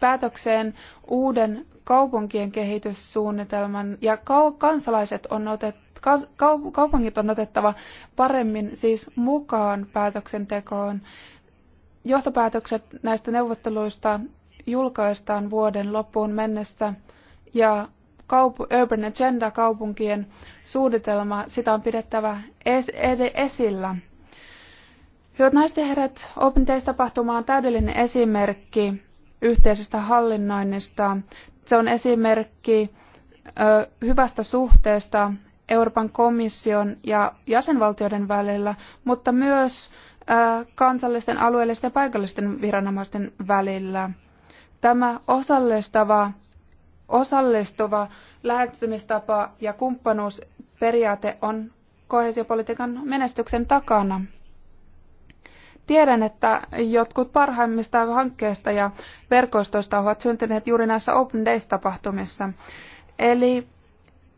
päätökseen uuden kaupunkien kehityssuunnitelman ja kansalaiset on otettu kaupungit on otettava paremmin siis mukaan päätöksentekoon. Johtopäätökset näistä neuvotteluista julkaistaan vuoden loppuun mennessä ja Urban Agenda kaupunkien suunnitelma, sitä on pidettävä esillä. Hyvät naiset ja herrat, Open Days-tapahtuma on täydellinen esimerkki yhteisestä hallinnoinnista. Se on esimerkki ö, hyvästä suhteesta Euroopan komission ja jäsenvaltioiden välillä, mutta myös ö, kansallisten, alueellisten ja paikallisten viranomaisten välillä. Tämä osallistava, osallistuva lähestymistapa ja kumppanuusperiaate on kohesiopolitiikan menestyksen takana. Tiedän, että jotkut parhaimmista hankkeista ja verkostoista ovat syntyneet juuri näissä Open Days-tapahtumissa. Eli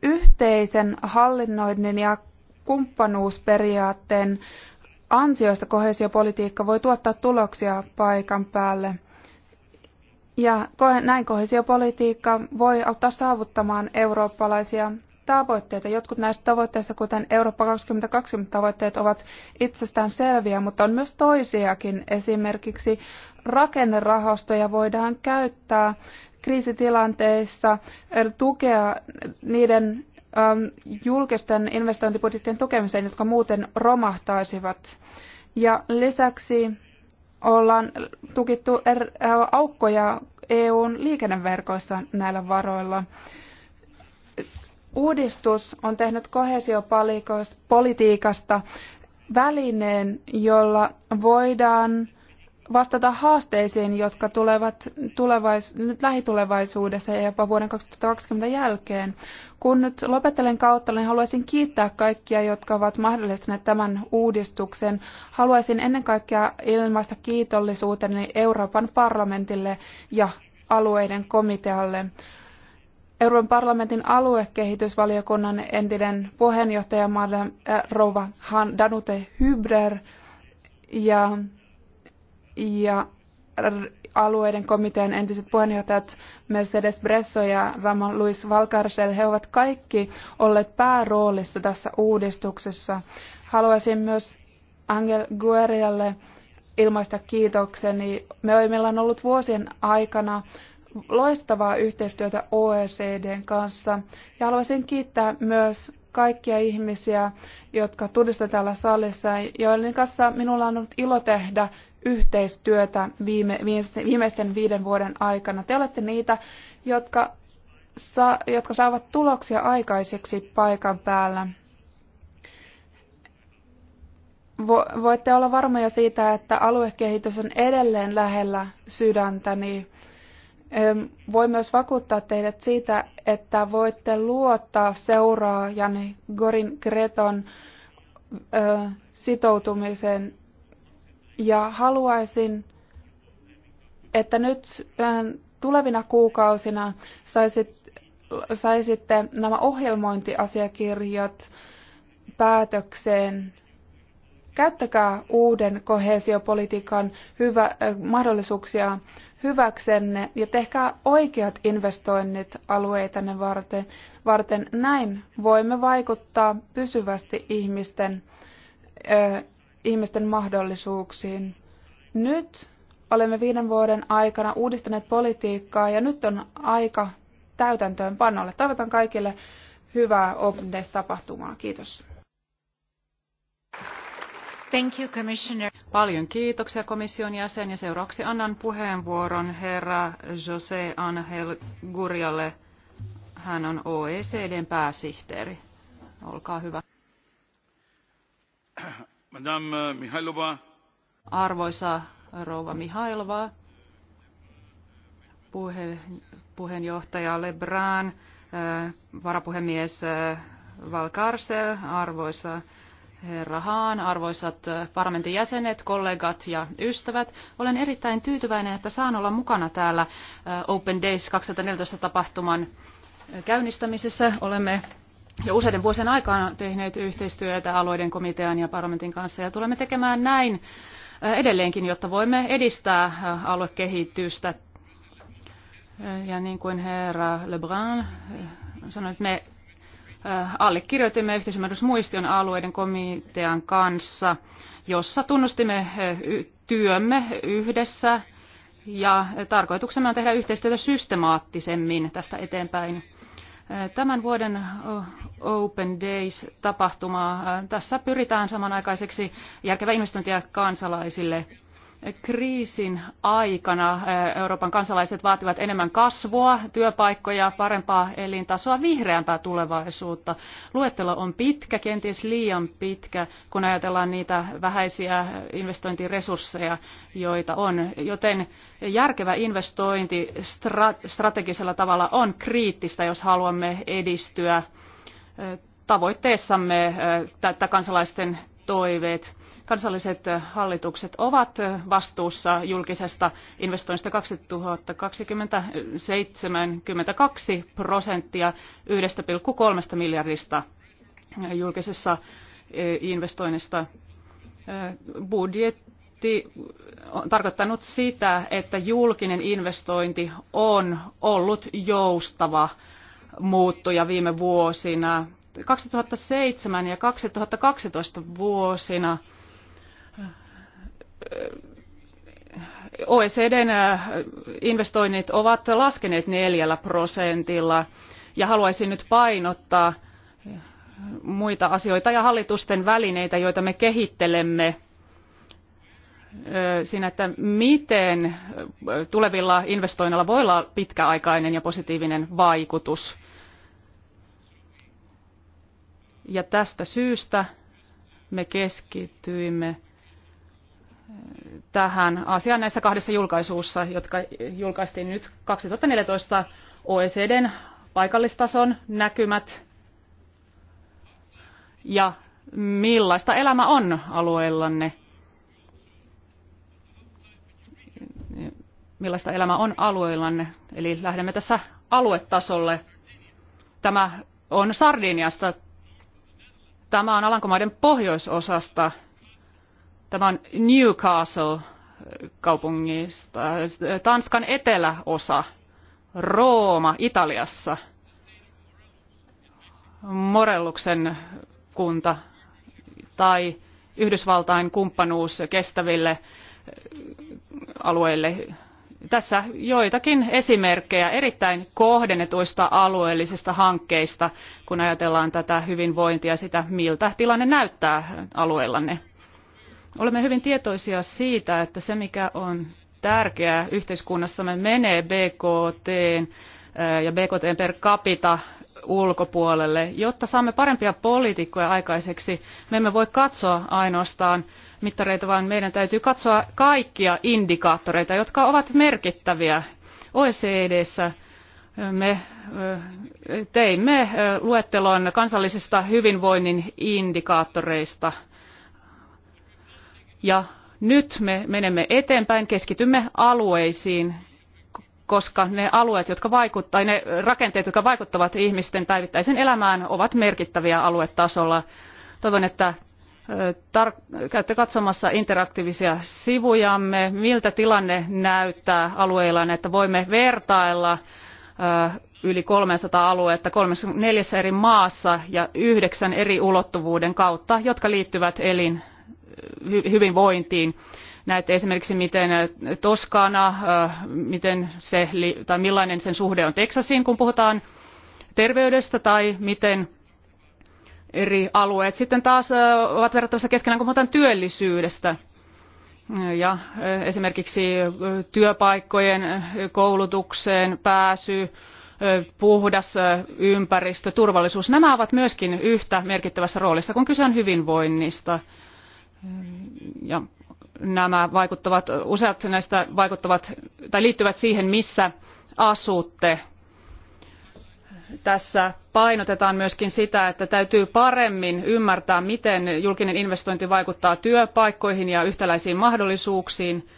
yhteisen hallinnoinnin ja kumppanuusperiaatteen ansiosta kohesiopolitiikka voi tuottaa tuloksia paikan päälle. Ja näin kohesiopolitiikka voi auttaa saavuttamaan eurooppalaisia tavoitteita. Jotkut näistä tavoitteista, kuten Eurooppa 2020 tavoitteet, ovat itsestään selviä, mutta on myös toisiakin. Esimerkiksi rakennerahastoja voidaan käyttää kriisitilanteissa er, tukea niiden ähm, julkisten investointibudjettien tukemiseen, jotka muuten romahtaisivat. Ja lisäksi ollaan tukittu er, äh, aukkoja EUn liikenneverkoissa näillä varoilla. Uudistus on tehnyt kohesiopolitiikasta välineen, jolla voidaan vastata haasteisiin, jotka tulevat tulevais- nyt lähitulevaisuudessa ja jopa vuoden 2020 jälkeen. Kun nyt lopettelen kautta, niin haluaisin kiittää kaikkia, jotka ovat mahdollistaneet tämän uudistuksen. Haluaisin ennen kaikkea ilmaista kiitollisuuteni Euroopan parlamentille ja alueiden komitealle. Euroopan parlamentin aluekehitysvaliokunnan entinen puheenjohtaja Madame äh, Rova Han Danute Hybner ja, ja alueiden komitean entiset puheenjohtajat Mercedes Bresso ja Ramon Luis Valcarcel, he ovat kaikki olleet pääroolissa tässä uudistuksessa. Haluaisin myös Angel Guerrialle ilmaista kiitokseni. Me meillä on ollut vuosien aikana loistavaa yhteistyötä OECDn kanssa. Ja haluaisin kiittää myös kaikkia ihmisiä, jotka tunnistan täällä salissa, joiden kanssa minulla on ollut ilo tehdä yhteistyötä viime, viimeisten viiden vuoden aikana. Te olette niitä, jotka, sa, jotka saavat tuloksia aikaiseksi paikan päällä. Vo, voitte olla varmoja siitä, että aluekehitys on edelleen lähellä sydäntäni. Niin Voin myös vakuuttaa teidät siitä, että voitte luottaa seuraajani Gorin Kreton sitoutumiseen. Ja haluaisin, että nyt tulevina kuukausina saisit, saisitte nämä ohjelmointiasiakirjat päätökseen Käyttäkää uuden kohesiopolitiikan hyvä, äh, mahdollisuuksia hyväksenne ja tehkää oikeat investoinnit alueitanne varten, varten. Näin voimme vaikuttaa pysyvästi ihmisten, äh, ihmisten mahdollisuuksiin. Nyt olemme viiden vuoden aikana uudistaneet politiikkaa ja nyt on aika täytäntöönpanolle. Toivotan kaikille hyvää Opnes-tapahtumaa. Kiitos. Paljon kiitoksia komission jäsen ja seuraavaksi annan puheenvuoron herra Jose Angel Gurjalle. Hän on OECDn pääsihteeri. Olkaa hyvä. Madame äh, Mihailova. Arvoisa rouva Mihailova, puhe, puheenjohtaja Lebrun, äh, varapuhemies äh, Valkarsel, arvoisa Herra Haan, arvoisat äh, parlamentin jäsenet, kollegat ja ystävät. Olen erittäin tyytyväinen, että saan olla mukana täällä äh, Open Days 2014 tapahtuman äh, käynnistämisessä. Olemme jo useiden vuosien aikana tehneet yhteistyötä alueiden komitean ja parlamentin kanssa ja tulemme tekemään näin edelleenkin, jotta voimme edistää aluekehitystä. Ja niin kuin herra Lebrun sanoi, että me allekirjoitimme yhteisymmärrysmuistion alueiden komitean kanssa, jossa tunnustimme työmme yhdessä ja tarkoituksena on tehdä yhteistyötä systemaattisemmin tästä eteenpäin. Tämän vuoden Open Days-tapahtumaa tässä pyritään samanaikaiseksi järkevä investointia kansalaisille – kriisin aikana eh, Euroopan kansalaiset vaativat enemmän kasvua, työpaikkoja, parempaa elintasoa, vihreämpää tulevaisuutta. Luettelo on pitkä, kenties liian pitkä, kun ajatellaan niitä vähäisiä investointiresursseja, joita on. Joten järkevä investointi strategisella tavalla on kriittistä, jos haluamme edistyä eh, tavoitteessamme eh, tätä kansalaisten toiveet. Kansalliset hallitukset ovat vastuussa julkisesta investoinnista 2020 72 prosenttia 1,3 miljardista julkisessa eh, investoinnista. Eh, budjetti on tarkoittanut sitä, että julkinen investointi on ollut joustava muuttuja viime vuosina. 2007 ja 2012 vuosina OECDn äh, investoinnit ovat laskeneet neljällä prosentilla ja haluaisin nyt painottaa muita asioita ja hallitusten välineitä, joita me kehittelemme siinä, että miten tulevilla investoinneilla voi olla pitkäaikainen ja positiivinen vaikutus. Ja tästä syystä me keskityimme eh, tähän asiaan näissä kahdessa julkaisuussa, jotka julkaistiin nyt 2014 OECDn paikallistason näkymät ja millaista elämä on alueellanne. Millaista elämä on alueellanne. Eli lähdemme tässä aluetasolle. Tämä on Sardiniasta Tämä on Alankomaiden pohjoisosasta. Tämä on Newcastle kaupungista, Tanskan eteläosa, Rooma Italiassa, Morelluksen kunta tai Yhdysvaltain kumppanuus kestäville alueille tässä joitakin esimerkkejä erittäin kohdennetuista alueellisista hankkeista, kun ajatellaan tätä hyvinvointia sitä, miltä tilanne näyttää alueellanne. Olemme hyvin tietoisia siitä, että se mikä on tärkeää yhteiskunnassamme menee BKT ja BKT per capita ulkopuolelle. Jotta saamme parempia poliitikkoja aikaiseksi, me emme voi katsoa ainoastaan mittareita, vaan meidän täytyy katsoa kaikkia indikaattoreita, jotka ovat merkittäviä OECDssä me teimme luettelon kansallisista hyvinvoinnin indikaattoreista. Ja nyt me menemme eteenpäin, keskitymme alueisiin, koska ne alueet, jotka vaikuttavat, ne rakenteet, jotka vaikuttavat ihmisten päivittäisen elämään, ovat merkittäviä aluetasolla. Toivon, että tar- käytte katsomassa interaktiivisia sivujamme, miltä tilanne näyttää alueilla, että voimme vertailla yli 300 aluetta 34 eri maassa ja yhdeksän eri ulottuvuuden kautta, jotka liittyvät elin hyvinvointiin. Näette esimerkiksi, miten Toskana, miten se, tai millainen sen suhde on Teksasiin, kun puhutaan terveydestä, tai miten eri alueet sitten taas ovat verrattavissa keskenään, kun puhutaan työllisyydestä ja esimerkiksi työpaikkojen, koulutukseen pääsy, puhdas ympäristö, turvallisuus. Nämä ovat myöskin yhtä merkittävässä roolissa, kun kyse on hyvinvoinnista. Ja nämä vaikuttavat, useat näistä vaikuttavat tai liittyvät siihen, missä asutte, tässä painotetaan myöskin sitä, että täytyy paremmin ymmärtää, miten julkinen investointi vaikuttaa työpaikkoihin ja yhtäläisiin mahdollisuuksiin,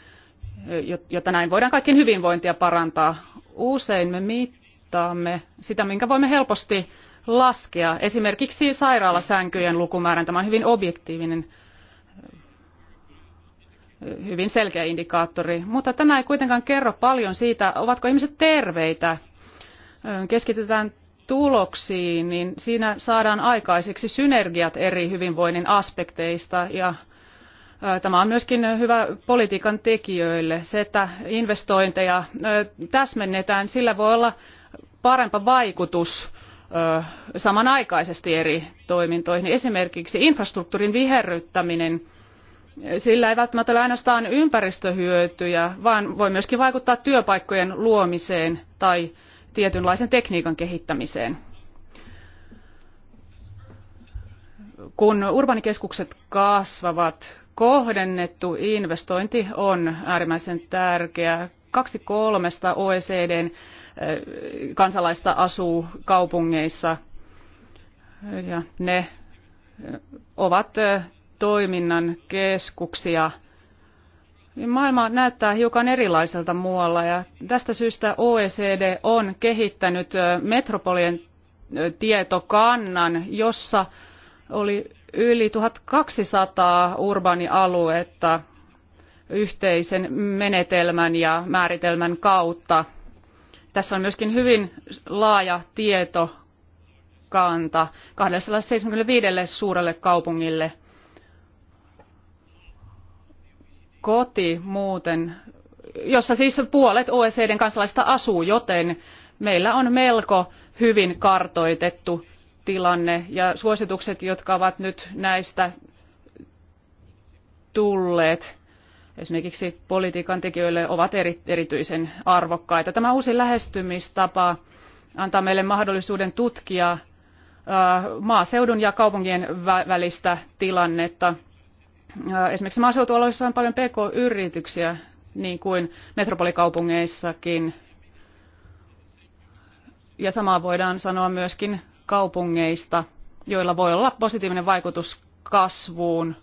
jotta näin voidaan kaikkien hyvinvointia parantaa. Usein me mittaamme sitä, minkä voimme helposti laskea. Esimerkiksi sairaalasänkyjen lukumäärän, tämä on hyvin objektiivinen, hyvin selkeä indikaattori, mutta tämä ei kuitenkaan kerro paljon siitä, ovatko ihmiset terveitä. Keskitytään tuloksiin, niin siinä saadaan aikaiseksi synergiat eri hyvinvoinnin aspekteista ja Tämä on myöskin hyvä politiikan tekijöille. Se, että investointeja täsmennetään, sillä voi olla parempa vaikutus samanaikaisesti eri toimintoihin. Esimerkiksi infrastruktuurin viherryttäminen, sillä ei välttämättä ole ainoastaan ympäristöhyötyjä, vaan voi myöskin vaikuttaa työpaikkojen luomiseen tai tietynlaisen tekniikan kehittämiseen. Kun urbanikeskukset kasvavat, kohdennettu investointi on äärimmäisen tärkeää. Kaksi kolmesta OECDn eh, kansalaista asuu kaupungeissa ja ne eh, ovat eh, toiminnan keskuksia – Maailma näyttää hiukan erilaiselta muualla ja tästä syystä OECD on kehittänyt metropolien tietokannan, jossa oli yli 1200 urbaanialuetta yhteisen menetelmän ja määritelmän kautta. Tässä on myöskin hyvin laaja tietokanta 275 suurelle kaupungille – koti muuten, jossa siis puolet OECDn kansalaista asuu, joten meillä on melko hyvin kartoitettu tilanne ja suositukset, jotka ovat nyt näistä tulleet esimerkiksi politiikan tekijöille ovat eri, erityisen arvokkaita. Tämä uusi lähestymistapa antaa meille mahdollisuuden tutkia maaseudun ja kaupunkien välistä tilannetta Esimerkiksi maaseutualoissa on paljon pk-yrityksiä, niin kuin metropolikaupungeissakin. Ja samaa voidaan sanoa myöskin kaupungeista, joilla voi olla positiivinen vaikutus kasvuun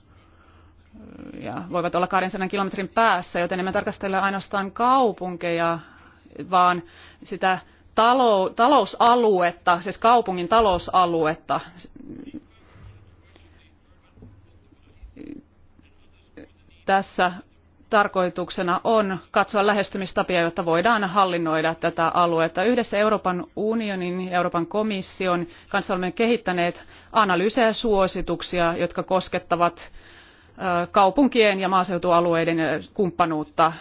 ja voivat olla 200 kilometrin päässä, joten emme tarkastele ainoastaan kaupunkeja, vaan sitä talou- talousaluetta, siis kaupungin talousaluetta, tässä tarkoituksena on katsoa lähestymistapia, jotta voidaan hallinnoida tätä aluetta. Yhdessä Euroopan unionin ja Euroopan komission kanssa olemme kehittäneet analyysejä ja suosituksia, jotka koskettavat kaupunkien ja maaseutualueiden kumppanuutta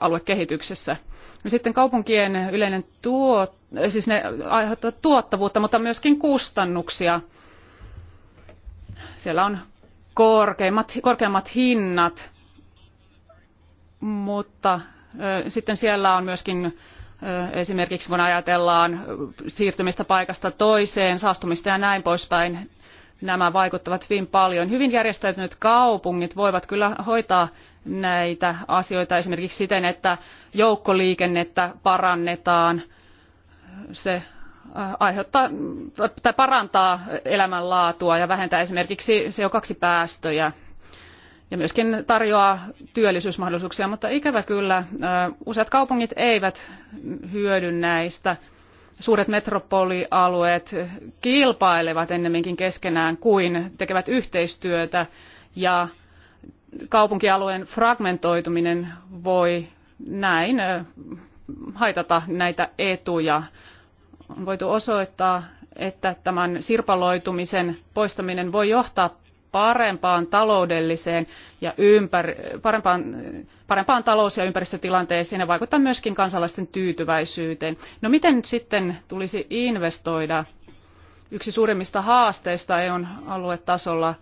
aluekehityksessä. No sitten kaupunkien yleinen tuo, siis ne aiheuttavat tuottavuutta, mutta myöskin kustannuksia. Siellä on korkeimmat, korkeimmat hinnat, mutta sitten siellä on myöskin esimerkiksi kun ajatellaan siirtymistä paikasta toiseen, saastumista ja näin poispäin, nämä vaikuttavat hyvin paljon. Hyvin järjestäytyneet kaupungit voivat kyllä hoitaa näitä asioita esimerkiksi siten, että joukkoliikennettä parannetaan. Se aiheuttaa tai parantaa elämänlaatua ja vähentää esimerkiksi CO2-päästöjä ja myöskin tarjoaa työllisyysmahdollisuuksia, mutta ikävä kyllä useat kaupungit eivät hyödy näistä. Suuret metropolialueet kilpailevat ennemminkin keskenään kuin tekevät yhteistyötä ja kaupunkialueen fragmentoituminen voi näin haitata näitä etuja on voitu osoittaa, että tämän sirpaloitumisen poistaminen voi johtaa parempaan taloudelliseen ja ympär- parempaan, parempaan talous- ja ympäristötilanteeseen ja vaikuttaa myöskin kansalaisten tyytyväisyyteen. No miten nyt sitten tulisi investoida? Yksi suurimmista haasteista EUn aluetasolla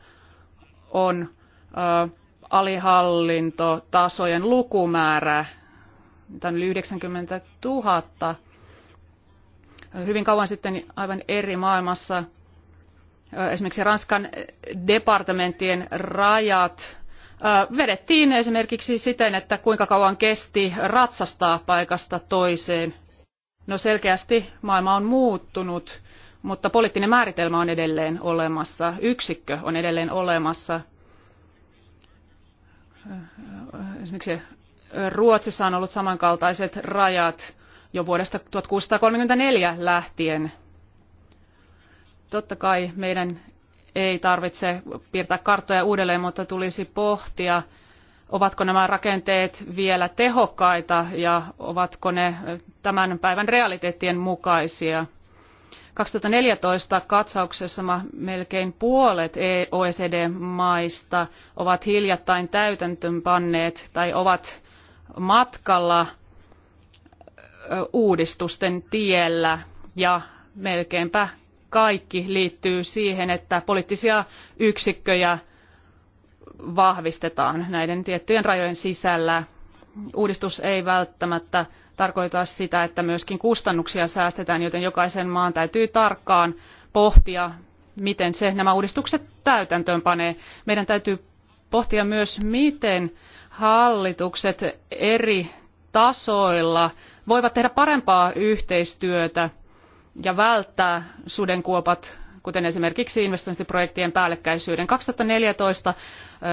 on ö, alihallintotasojen lukumäärä. Tämä on yli 90 000 hyvin kauan sitten aivan eri maailmassa. Esimerkiksi Ranskan departementtien rajat vedettiin esimerkiksi siten, että kuinka kauan kesti ratsastaa paikasta toiseen. No selkeästi maailma on muuttunut, mutta poliittinen määritelmä on edelleen olemassa, yksikkö on edelleen olemassa. Esimerkiksi Ruotsissa on ollut samankaltaiset rajat jo vuodesta 1634 lähtien. Totta kai meidän ei tarvitse piirtää karttoja uudelleen, mutta tulisi pohtia, ovatko nämä rakenteet vielä tehokkaita ja ovatko ne tämän päivän realiteettien mukaisia. 2014 katsauksessa melkein puolet e OECD-maista ovat hiljattain panneet tai ovat matkalla – uudistusten tiellä ja melkeinpä kaikki liittyy siihen, että poliittisia yksikköjä vahvistetaan näiden tiettyjen rajojen sisällä. Uudistus ei välttämättä tarkoita sitä, että myöskin kustannuksia säästetään, joten jokaisen maan täytyy tarkkaan pohtia, miten se nämä uudistukset täytäntöön panee. Meidän täytyy pohtia myös, miten hallitukset eri tasoilla voivat tehdä parempaa yhteistyötä ja välttää sudenkuopat, kuten esimerkiksi investointiprojektien päällekkäisyyden. neljätoista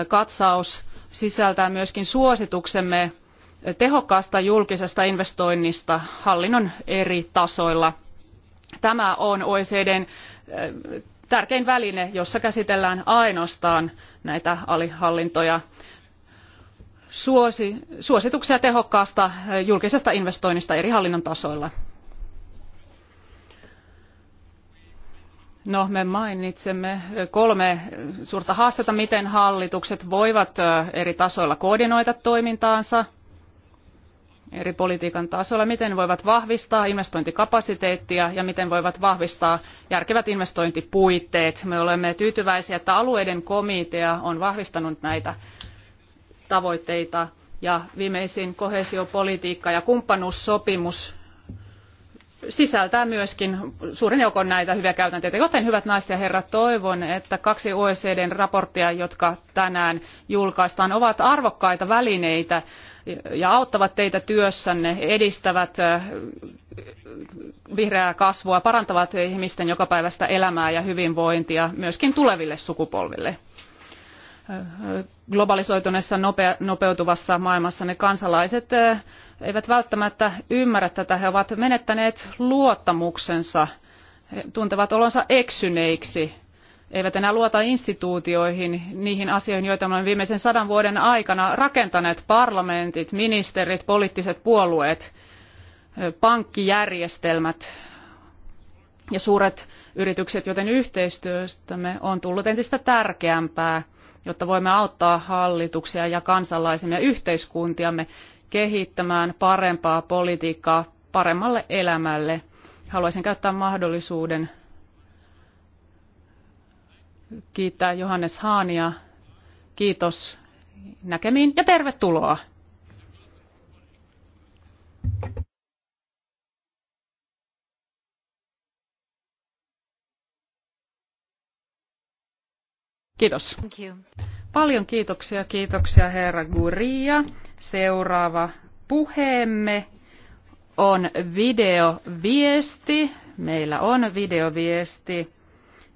katsaus sisältää myöskin suosituksemme tehokkaasta julkisesta investoinnista hallinnon eri tasoilla. Tämä on OECDn tärkein väline, jossa käsitellään ainoastaan näitä alihallintoja suosi, suosituksia tehokkaasta eh, julkisesta investoinnista eri hallinnon tasoilla. No, me mainitsemme eh, kolme eh, suurta haastetta, miten hallitukset voivat eri tasoilla koordinoida toimintaansa eri politiikan tasoilla, miten voivat vahvistaa investointikapasiteettia ja miten voivat vahvistaa järkevät investointipuitteet. Me olemme tyytyväisiä, että alueiden komitea on vahvistanut näitä tavoitteita ja viimeisin koheesiopolitiikka ja kumppanuussopimus sisältää myöskin suuren joukon näitä hyviä käytänteitä. Joten hyvät naiset ja herrat, toivon, että kaksi OECDn raporttia, jotka tänään julkaistaan, ovat arvokkaita välineitä ja auttavat teitä työssänne, edistävät vihreää kasvua, parantavat ihmisten jokapäiväistä elämää ja hyvinvointia myöskin tuleville sukupolville globalisoituneessa nopeutuvassa maailmassa ne kansalaiset eh, eivät välttämättä ymmärrä tätä. He ovat menettäneet luottamuksensa, he tuntevat olonsa eksyneiksi, eivät enää luota instituutioihin, niihin asioihin, joita me olemme viimeisen sadan vuoden aikana rakentaneet, parlamentit, ministerit, poliittiset puolueet, eh, pankkijärjestelmät ja suuret yritykset, joten yhteistyöstämme on tullut entistä tärkeämpää – jotta voimme auttaa hallituksia ja kansalaisemme ja yhteiskuntiamme kehittämään parempaa politiikkaa paremmalle elämälle. Haluaisin käyttää mahdollisuuden kiittää Johannes Haania. Kiitos näkemiin ja tervetuloa. Kiitos. Paljon kiitoksia, kiitoksia herra Guria. Seuraava puheemme on videoviesti. Meillä on videoviesti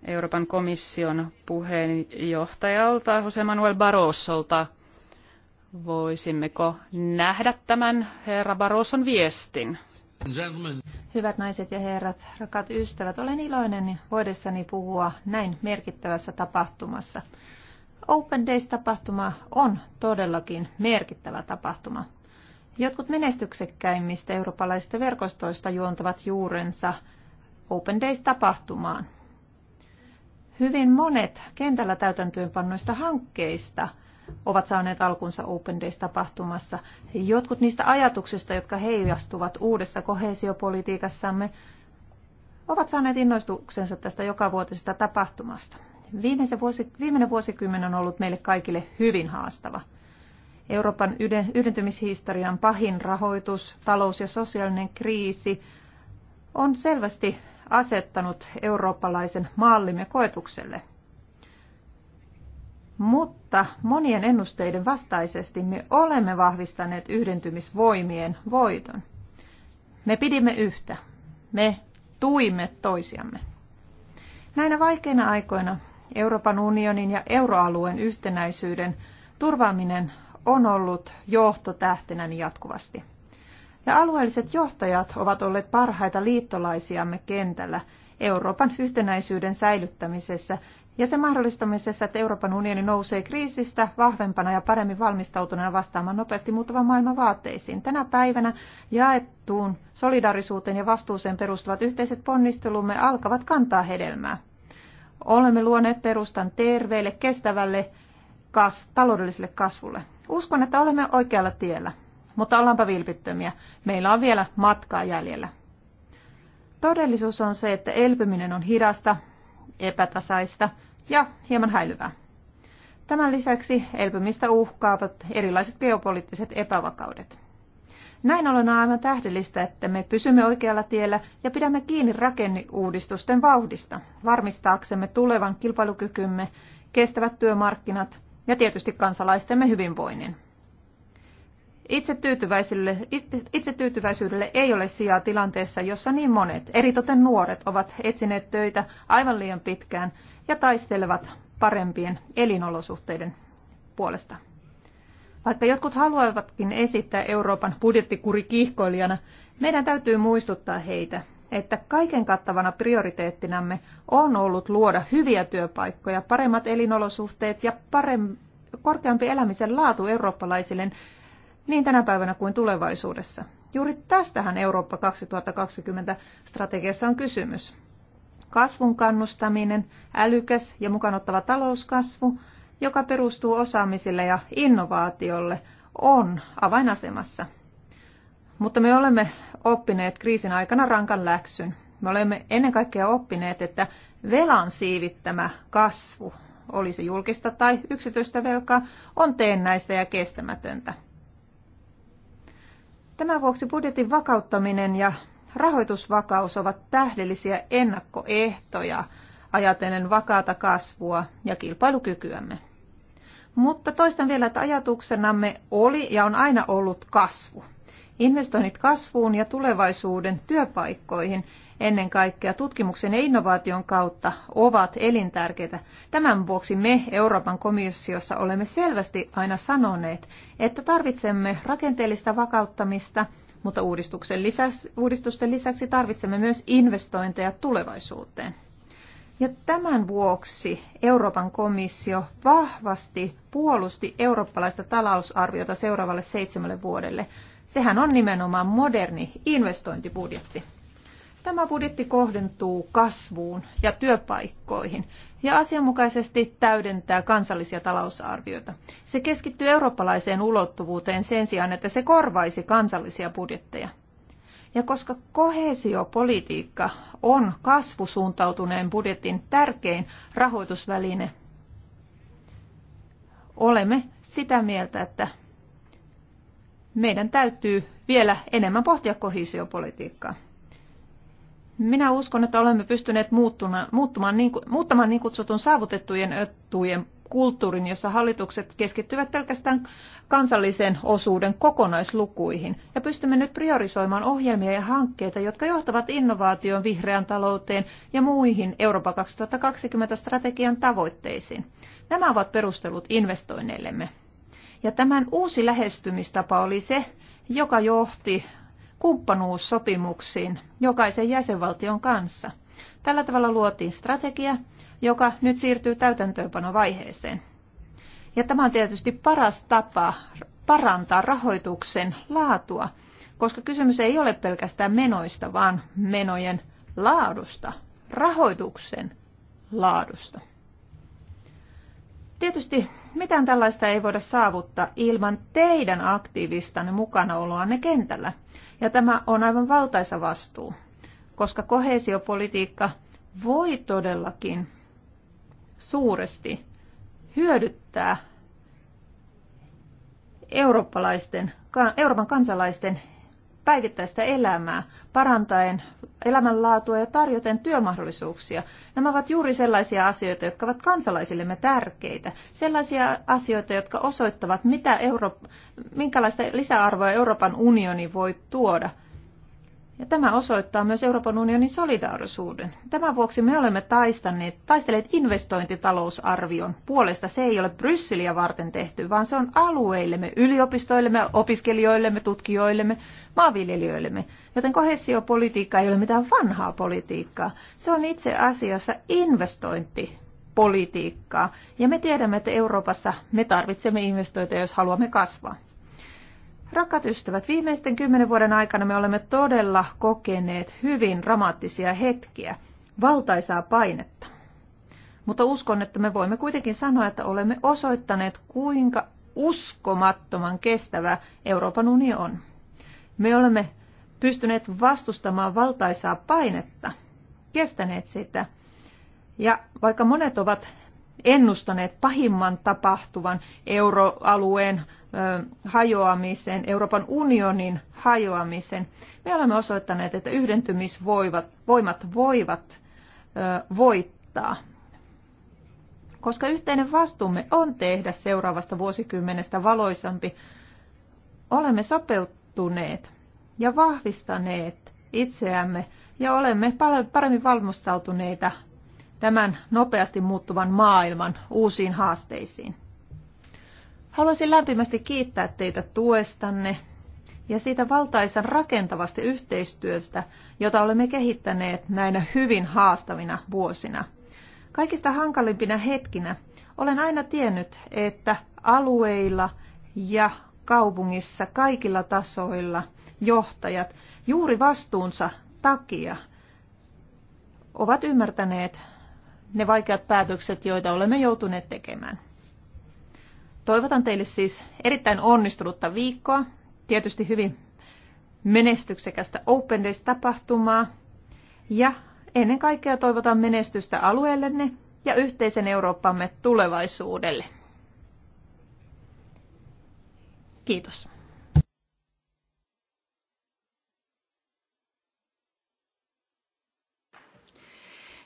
Euroopan komission puheenjohtajalta Jose Manuel Barrosolta. Voisimmeko nähdä tämän herra Barroson viestin? Hyvät naiset ja herrat, rakat ystävät, olen iloinen voidessani puhua näin merkittävässä tapahtumassa. Open Days-tapahtuma on todellakin merkittävä tapahtuma. Jotkut menestyksekkäimmistä eurooppalaisista verkostoista juontavat juurensa Open Days-tapahtumaan. Hyvin monet kentällä täytäntöönpannoista hankkeista – ovat saaneet alkunsa Open Days-tapahtumassa. Jotkut niistä ajatuksista, jotka heijastuvat uudessa kohesiopolitiikassamme, ovat saaneet innoistuksensa tästä jokavuotisesta tapahtumasta. vuosi, viimeinen vuosikymmen on ollut meille kaikille hyvin haastava. Euroopan yhdentymishistorian pahin rahoitus, talous- ja sosiaalinen kriisi on selvästi asettanut eurooppalaisen maallimme koetukselle – mutta monien ennusteiden vastaisesti me olemme vahvistaneet yhdentymisvoimien voiton. Me pidimme yhtä. Me tuimme toisiamme. Näinä vaikeina aikoina Euroopan unionin ja euroalueen yhtenäisyyden turvaaminen on ollut johtotähtenä jatkuvasti. Ja alueelliset johtajat ovat olleet parhaita liittolaisiamme kentällä Euroopan yhtenäisyyden säilyttämisessä ja sen mahdollistamisessa, että Euroopan unioni nousee kriisistä vahvempana ja paremmin valmistautuneena vastaamaan nopeasti muuttuvan maailman vaatteisiin. Tänä päivänä jaettuun solidarisuuteen ja vastuuseen perustuvat yhteiset ponnistelumme alkavat kantaa hedelmää. Olemme luoneet perustan terveelle, kestävälle kas- taloudelliselle kasvulle. Uskon, että olemme oikealla tiellä, mutta ollaanpa vilpittömiä. Meillä on vielä matkaa jäljellä. Todellisuus on se, että elpyminen on hidasta, epätasaista ja hieman häilyvää. Tämän lisäksi elpymistä uhkaavat erilaiset geopoliittiset epävakaudet. Näin ollen on aivan tähdellistä, että me pysymme oikealla tiellä ja pidämme kiinni rakenneuudistusten vauhdista, varmistaaksemme tulevan kilpailukykymme, kestävät työmarkkinat ja tietysti kansalaistemme hyvinvoinnin. Itse tyytyväisyydelle, itse tyytyväisyydelle ei ole sijaa tilanteessa, jossa niin monet, eritoten nuoret, ovat etsineet töitä aivan liian pitkään ja taistelevat parempien elinolosuhteiden puolesta. Vaikka jotkut haluavatkin esittää Euroopan budjettikurikiihkoilijana, meidän täytyy muistuttaa heitä, että kaiken kattavana prioriteettinamme on ollut luoda hyviä työpaikkoja, paremmat elinolosuhteet ja parem- korkeampi elämisen laatu eurooppalaisille niin tänä päivänä kuin tulevaisuudessa. Juuri tästähän Eurooppa 2020 strategiassa on kysymys. Kasvun kannustaminen, älykäs ja mukanottava talouskasvu, joka perustuu osaamisille ja innovaatiolle, on avainasemassa. Mutta me olemme oppineet kriisin aikana rankan läksyn. Me olemme ennen kaikkea oppineet, että velan siivittämä kasvu, olisi julkista tai yksityistä velkaa, on teennäistä ja kestämätöntä. Tämän vuoksi budjetin vakauttaminen ja rahoitusvakaus ovat tähdellisiä ennakkoehtoja ajatellen vakaata kasvua ja kilpailukykyämme. Mutta toistan vielä, että ajatuksenamme oli ja on aina ollut kasvu. Investoinnit kasvuun ja tulevaisuuden työpaikkoihin ennen kaikkea tutkimuksen ja innovaation kautta ovat elintärkeitä. Tämän vuoksi me Euroopan komissiossa olemme selvästi aina sanoneet, että tarvitsemme rakenteellista vakauttamista, mutta uudistuksen lisäksi, uudistusten lisäksi tarvitsemme myös investointeja tulevaisuuteen. Ja tämän vuoksi Euroopan komissio vahvasti puolusti eurooppalaista talousarviota seuraavalle seitsemälle vuodelle. Sehän on nimenomaan moderni investointibudjetti. Tämä budjetti kohdentuu kasvuun ja työpaikkoihin ja asianmukaisesti täydentää kansallisia talousarvioita. Se keskittyy eurooppalaiseen ulottuvuuteen sen sijaan, että se korvaisi kansallisia budjetteja. Ja koska kohesiopolitiikka on kasvusuuntautuneen budjetin tärkein rahoitusväline, olemme sitä mieltä, että meidän täytyy vielä enemmän pohtia kohesiopolitiikkaa. Minä uskon, että olemme pystyneet muuttuna, muuttumaan, niin, muuttamaan niin kutsutun saavutettujen öttujen kulttuurin, jossa hallitukset keskittyvät pelkästään kansallisen osuuden kokonaislukuihin. Ja pystymme nyt priorisoimaan ohjelmia ja hankkeita, jotka johtavat innovaatioon, vihreän talouteen ja muihin Eurooppa 2020-strategian tavoitteisiin. Nämä ovat perustelut investoinneillemme. Ja tämän uusi lähestymistapa oli se, joka johti kumppanuussopimuksiin jokaisen jäsenvaltion kanssa. Tällä tavalla luotiin strategia, joka nyt siirtyy täytäntöönpanovaiheeseen. Ja tämä on tietysti paras tapa parantaa rahoituksen laatua, koska kysymys ei ole pelkästään menoista, vaan menojen laadusta, rahoituksen laadusta. Tietysti mitään tällaista ei voida saavuttaa ilman teidän aktiivistanne mukanaoloanne kentällä. Ja tämä on aivan valtaisa vastuu, koska kohesiopolitiikka voi todellakin suuresti hyödyttää eurooppalaisten, Euroopan kansalaisten päivittäistä elämää, parantaen elämänlaatua ja tarjoten työmahdollisuuksia. Nämä ovat juuri sellaisia asioita, jotka ovat kansalaisillemme tärkeitä. Sellaisia asioita, jotka osoittavat, mitä Euro- minkälaista lisäarvoa Euroopan unioni voi tuoda – ja tämä osoittaa myös Euroopan unionin solidaarisuuden. Tämän vuoksi me olemme taistaneet, taistelleet investointitalousarvion puolesta. Se ei ole Brysseliä varten tehty, vaan se on alueillemme, yliopistoillemme, opiskelijoillemme, tutkijoillemme, maanviljelijöillemme. Joten kohessiopolitiikka ei ole mitään vanhaa politiikkaa. Se on itse asiassa investointi politiikkaa. Ja me tiedämme, että Euroopassa me tarvitsemme investointeja, jos haluamme kasvaa. Rakkaat ystävät, viimeisten kymmenen vuoden aikana me olemme todella kokeneet hyvin dramaattisia hetkiä, valtaisaa painetta. Mutta uskon, että me voimme kuitenkin sanoa, että olemme osoittaneet, kuinka uskomattoman kestävä Euroopan unioni on. Me olemme pystyneet vastustamaan valtaisaa painetta, kestäneet sitä. Ja vaikka monet ovat ennustaneet pahimman tapahtuvan euroalueen hajoamisen, Euroopan unionin hajoamisen. Me olemme osoittaneet, että yhdentymisvoimat voimat voivat voittaa. Koska yhteinen vastuumme on tehdä seuraavasta vuosikymmenestä valoisampi, olemme sopeutuneet ja vahvistaneet itseämme ja olemme paremmin valmistautuneita tämän nopeasti muuttuvan maailman uusiin haasteisiin. Haluaisin lämpimästi kiittää teitä tuestanne ja siitä valtaisan rakentavasta yhteistyöstä, jota olemme kehittäneet näinä hyvin haastavina vuosina. Kaikista hankalimpina hetkinä olen aina tiennyt, että alueilla ja kaupungissa kaikilla tasoilla johtajat juuri vastuunsa takia ovat ymmärtäneet ne vaikeat päätökset, joita olemme joutuneet tekemään. Toivotan teille siis erittäin onnistunutta viikkoa, tietysti hyvin menestyksekästä Open Days-tapahtumaa ja ennen kaikkea toivotan menestystä alueellenne ja yhteisen Eurooppamme tulevaisuudelle. Kiitos.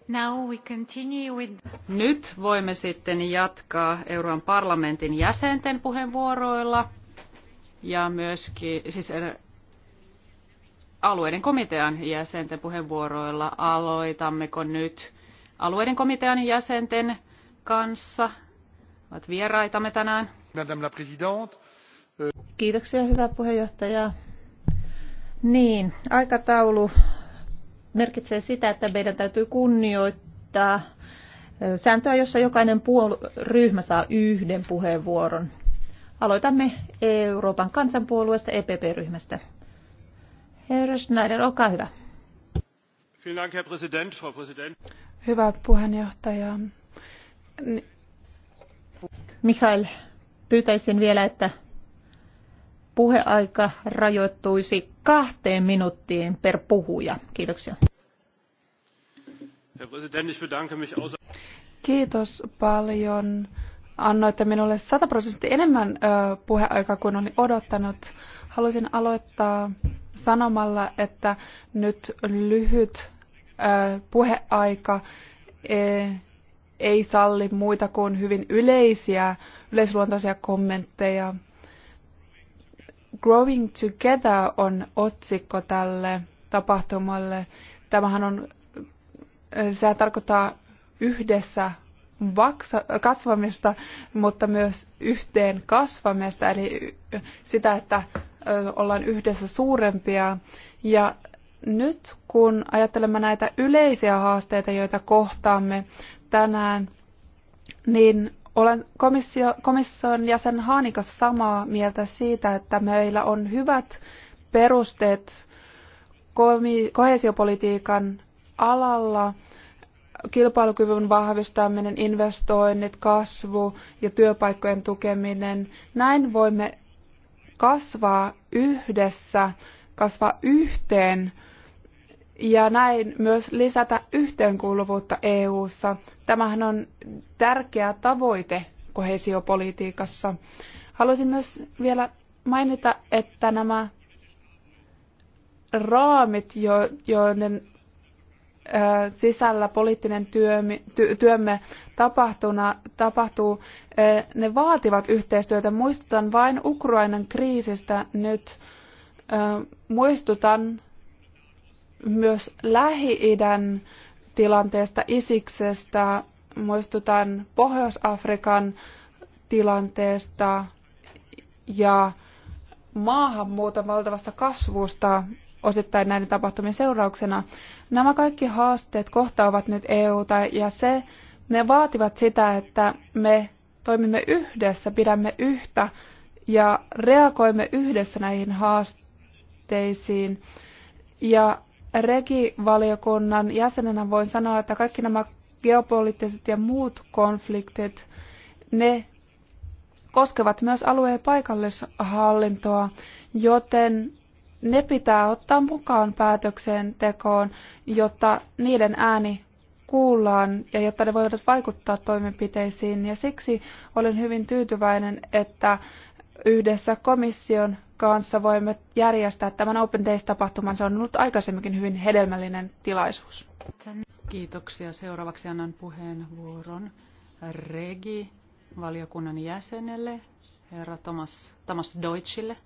Now we continue with... Nyt voimme sitten jatkaa Euroopan parlamentin jäsenten puheenvuoroilla ja myöskin siis eh, alueiden komitean jäsenten puheenvuoroilla. Aloitammeko nyt alueiden komitean jäsenten kanssa? Ovat vieraitamme tänään. Madame la présidente. Eh. Kiitoksia, hyvä puheenjohtaja. Niin, aikataulu merkitsee sitä, että meidän täytyy kunnioittaa sääntöä, jossa jokainen puol- ryhmä saa yhden puheenvuoron. Aloitamme Euroopan kansanpuolueesta EPP-ryhmästä. Herra Schneider, olkaa hyvä. Hyvä puheenjohtaja. Mikael, pyytäisin vielä, että puheaika rajoittuisi kahteen minuuttiin per puhuja. Kiitoksia. Kiitos paljon. Annoitte minulle 100 prosenttia enemmän puheaikaa kuin olin odottanut. Haluaisin aloittaa sanomalla, että nyt lyhyt puheaika e, ei salli muita kuin hyvin yleisiä, yleisluontoisia kommentteja Growing Together on otsikko tälle tapahtumalle. Tämähän on, se tarkoittaa yhdessä kasvamista, mutta myös yhteen kasvamista, eli sitä, että ollaan yhdessä suurempia. Ja nyt kun ajattelemme näitä yleisiä haasteita, joita kohtaamme tänään, niin olen komissio, komission jäsen Haanikas samaa mieltä siitä, että meillä on hyvät perusteet kohesiopolitiikan alalla kilpailukyvyn vahvistaminen, investoinnit, kasvu ja työpaikkojen tukeminen. Näin voimme kasvaa yhdessä, kasvaa yhteen ja näin myös lisätä yhteenkuuluvuutta EU:ssa. Tämähän on tärkeä tavoite kohesiopolitiikassa. Haluaisin myös vielä mainita, että nämä raamit, joiden sisällä poliittinen työmme, työmme tapahtuna, tapahtuu, ne vaativat yhteistyötä. Muistutan vain Ukrainan kriisistä nyt. Muistutan myös Lähi-idän tilanteesta Isiksestä, muistutan Pohjois-Afrikan tilanteesta ja maahanmuuton valtavasta kasvusta osittain näiden tapahtumien seurauksena. Nämä kaikki haasteet kohtaavat nyt EUta ja se, ne vaativat sitä, että me toimimme yhdessä, pidämme yhtä ja reagoimme yhdessä näihin haasteisiin. Ja Regi-valiokunnan jäsenenä voin sanoa, että kaikki nämä geopoliittiset ja muut konfliktit, ne koskevat myös alueen paikallishallintoa, joten ne pitää ottaa mukaan päätöksentekoon, jotta niiden ääni kuullaan ja jotta ne voivat vaikuttaa toimenpiteisiin. Ja siksi olen hyvin tyytyväinen, että yhdessä komission kanssa voimme järjestää tämän Open Days-tapahtuman. Se on ollut aikaisemminkin hyvin hedelmällinen tilaisuus. Kiitoksia. Seuraavaksi annan puheenvuoron Regi-valiokunnan jäsenelle, herra Thomas, Thomas Deutschille.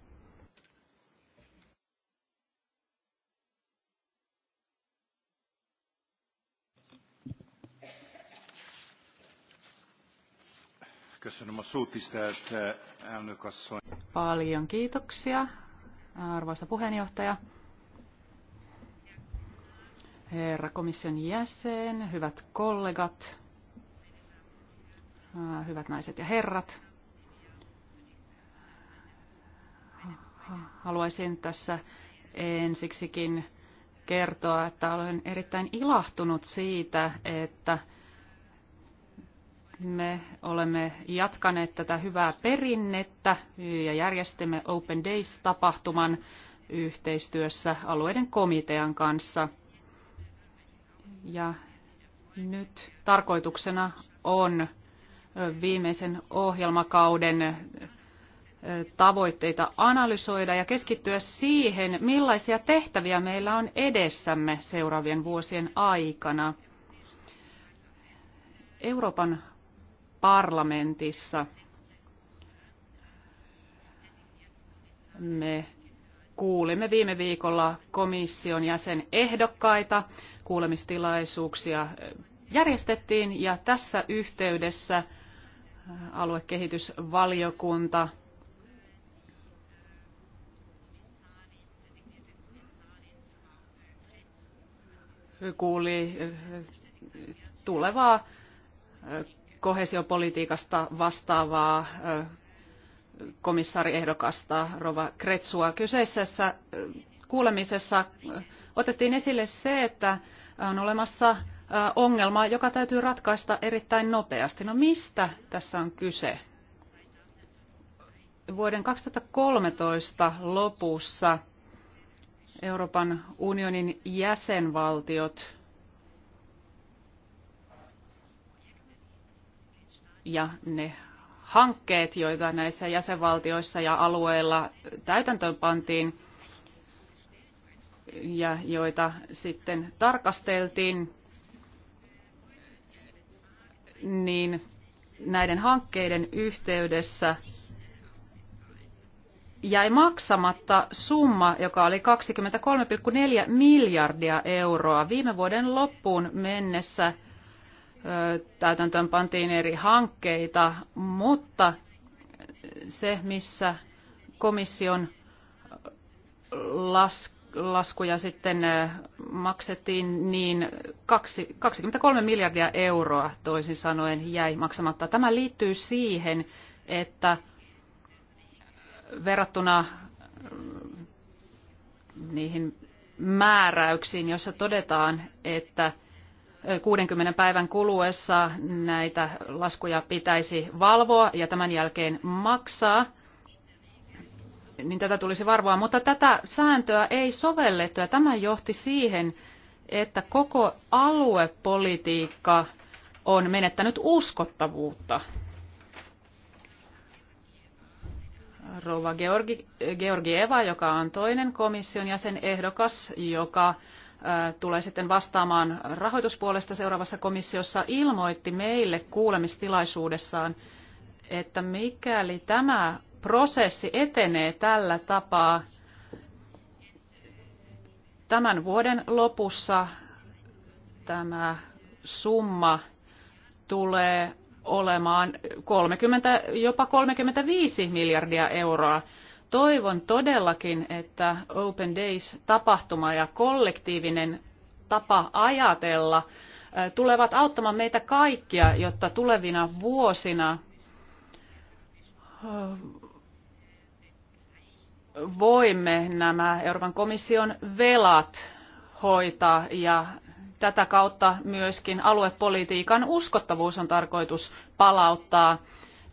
Köszönöm eh, Paljon kiitoksia, arvoisa puheenjohtaja. Herra komission jäsen, hyvät kollegat, eh, hyvät naiset ja herrat. Haluaisin tässä ensiksikin kertoa, että olen erittäin ilahtunut siitä, että me olemme jatkaneet tätä hyvää perinnettä ja järjestämme Open Days-tapahtuman yhteistyössä alueiden komitean kanssa. Ja nyt tarkoituksena on viimeisen ohjelmakauden tavoitteita analysoida ja keskittyä siihen, millaisia tehtäviä meillä on edessämme seuraavien vuosien aikana. Euroopan parlamentissa me kuulimme viime viikolla komission jäsen ehdokkaita, kuulemistilaisuuksia eh, järjestettiin ja tässä yhteydessä eh, aluekehitysvaliokunta kuuli eh, tulevaa kohesiopolitiikasta vastaavaa komissaariehdokasta Rova Kretsua. Kyseisessä kuulemisessa otettiin esille se, että on olemassa ongelma, joka täytyy ratkaista erittäin nopeasti. No mistä tässä on kyse? Vuoden 2013 lopussa Euroopan unionin jäsenvaltiot ja ne hankkeet, joita näissä jäsenvaltioissa ja alueilla täytäntöön pantiin ja joita sitten tarkasteltiin, niin näiden hankkeiden yhteydessä jäi maksamatta summa, joka oli 23,4 miljardia euroa viime vuoden loppuun mennessä täytäntöön pantiin eri hankkeita, mutta se, missä komission las, laskuja sitten maksettiin, niin 23 miljardia euroa toisin sanoen jäi maksamatta. Tämä liittyy siihen, että verrattuna niihin määräyksiin, joissa todetaan, että 60 päivän kuluessa näitä laskuja pitäisi valvoa ja tämän jälkeen maksaa, niin tätä tulisi varvoa. Mutta tätä sääntöä ei sovellettu ja tämä johti siihen, että koko aluepolitiikka on menettänyt uskottavuutta. Rouva Georgi, Georgieva, joka on toinen komission jäsen ehdokas, joka tulee sitten vastaamaan rahoituspuolesta seuraavassa komissiossa, ilmoitti meille kuulemistilaisuudessaan, että mikäli tämä prosessi etenee tällä tapaa tämän vuoden lopussa, tämä summa tulee olemaan 30, jopa 35 miljardia euroa. Toivon todellakin, että Open Days-tapahtuma ja kollektiivinen tapa ajatella tulevat auttamaan meitä kaikkia, jotta tulevina vuosina voimme nämä Euroopan komission velat hoitaa ja tätä kautta myöskin aluepolitiikan uskottavuus on tarkoitus palauttaa.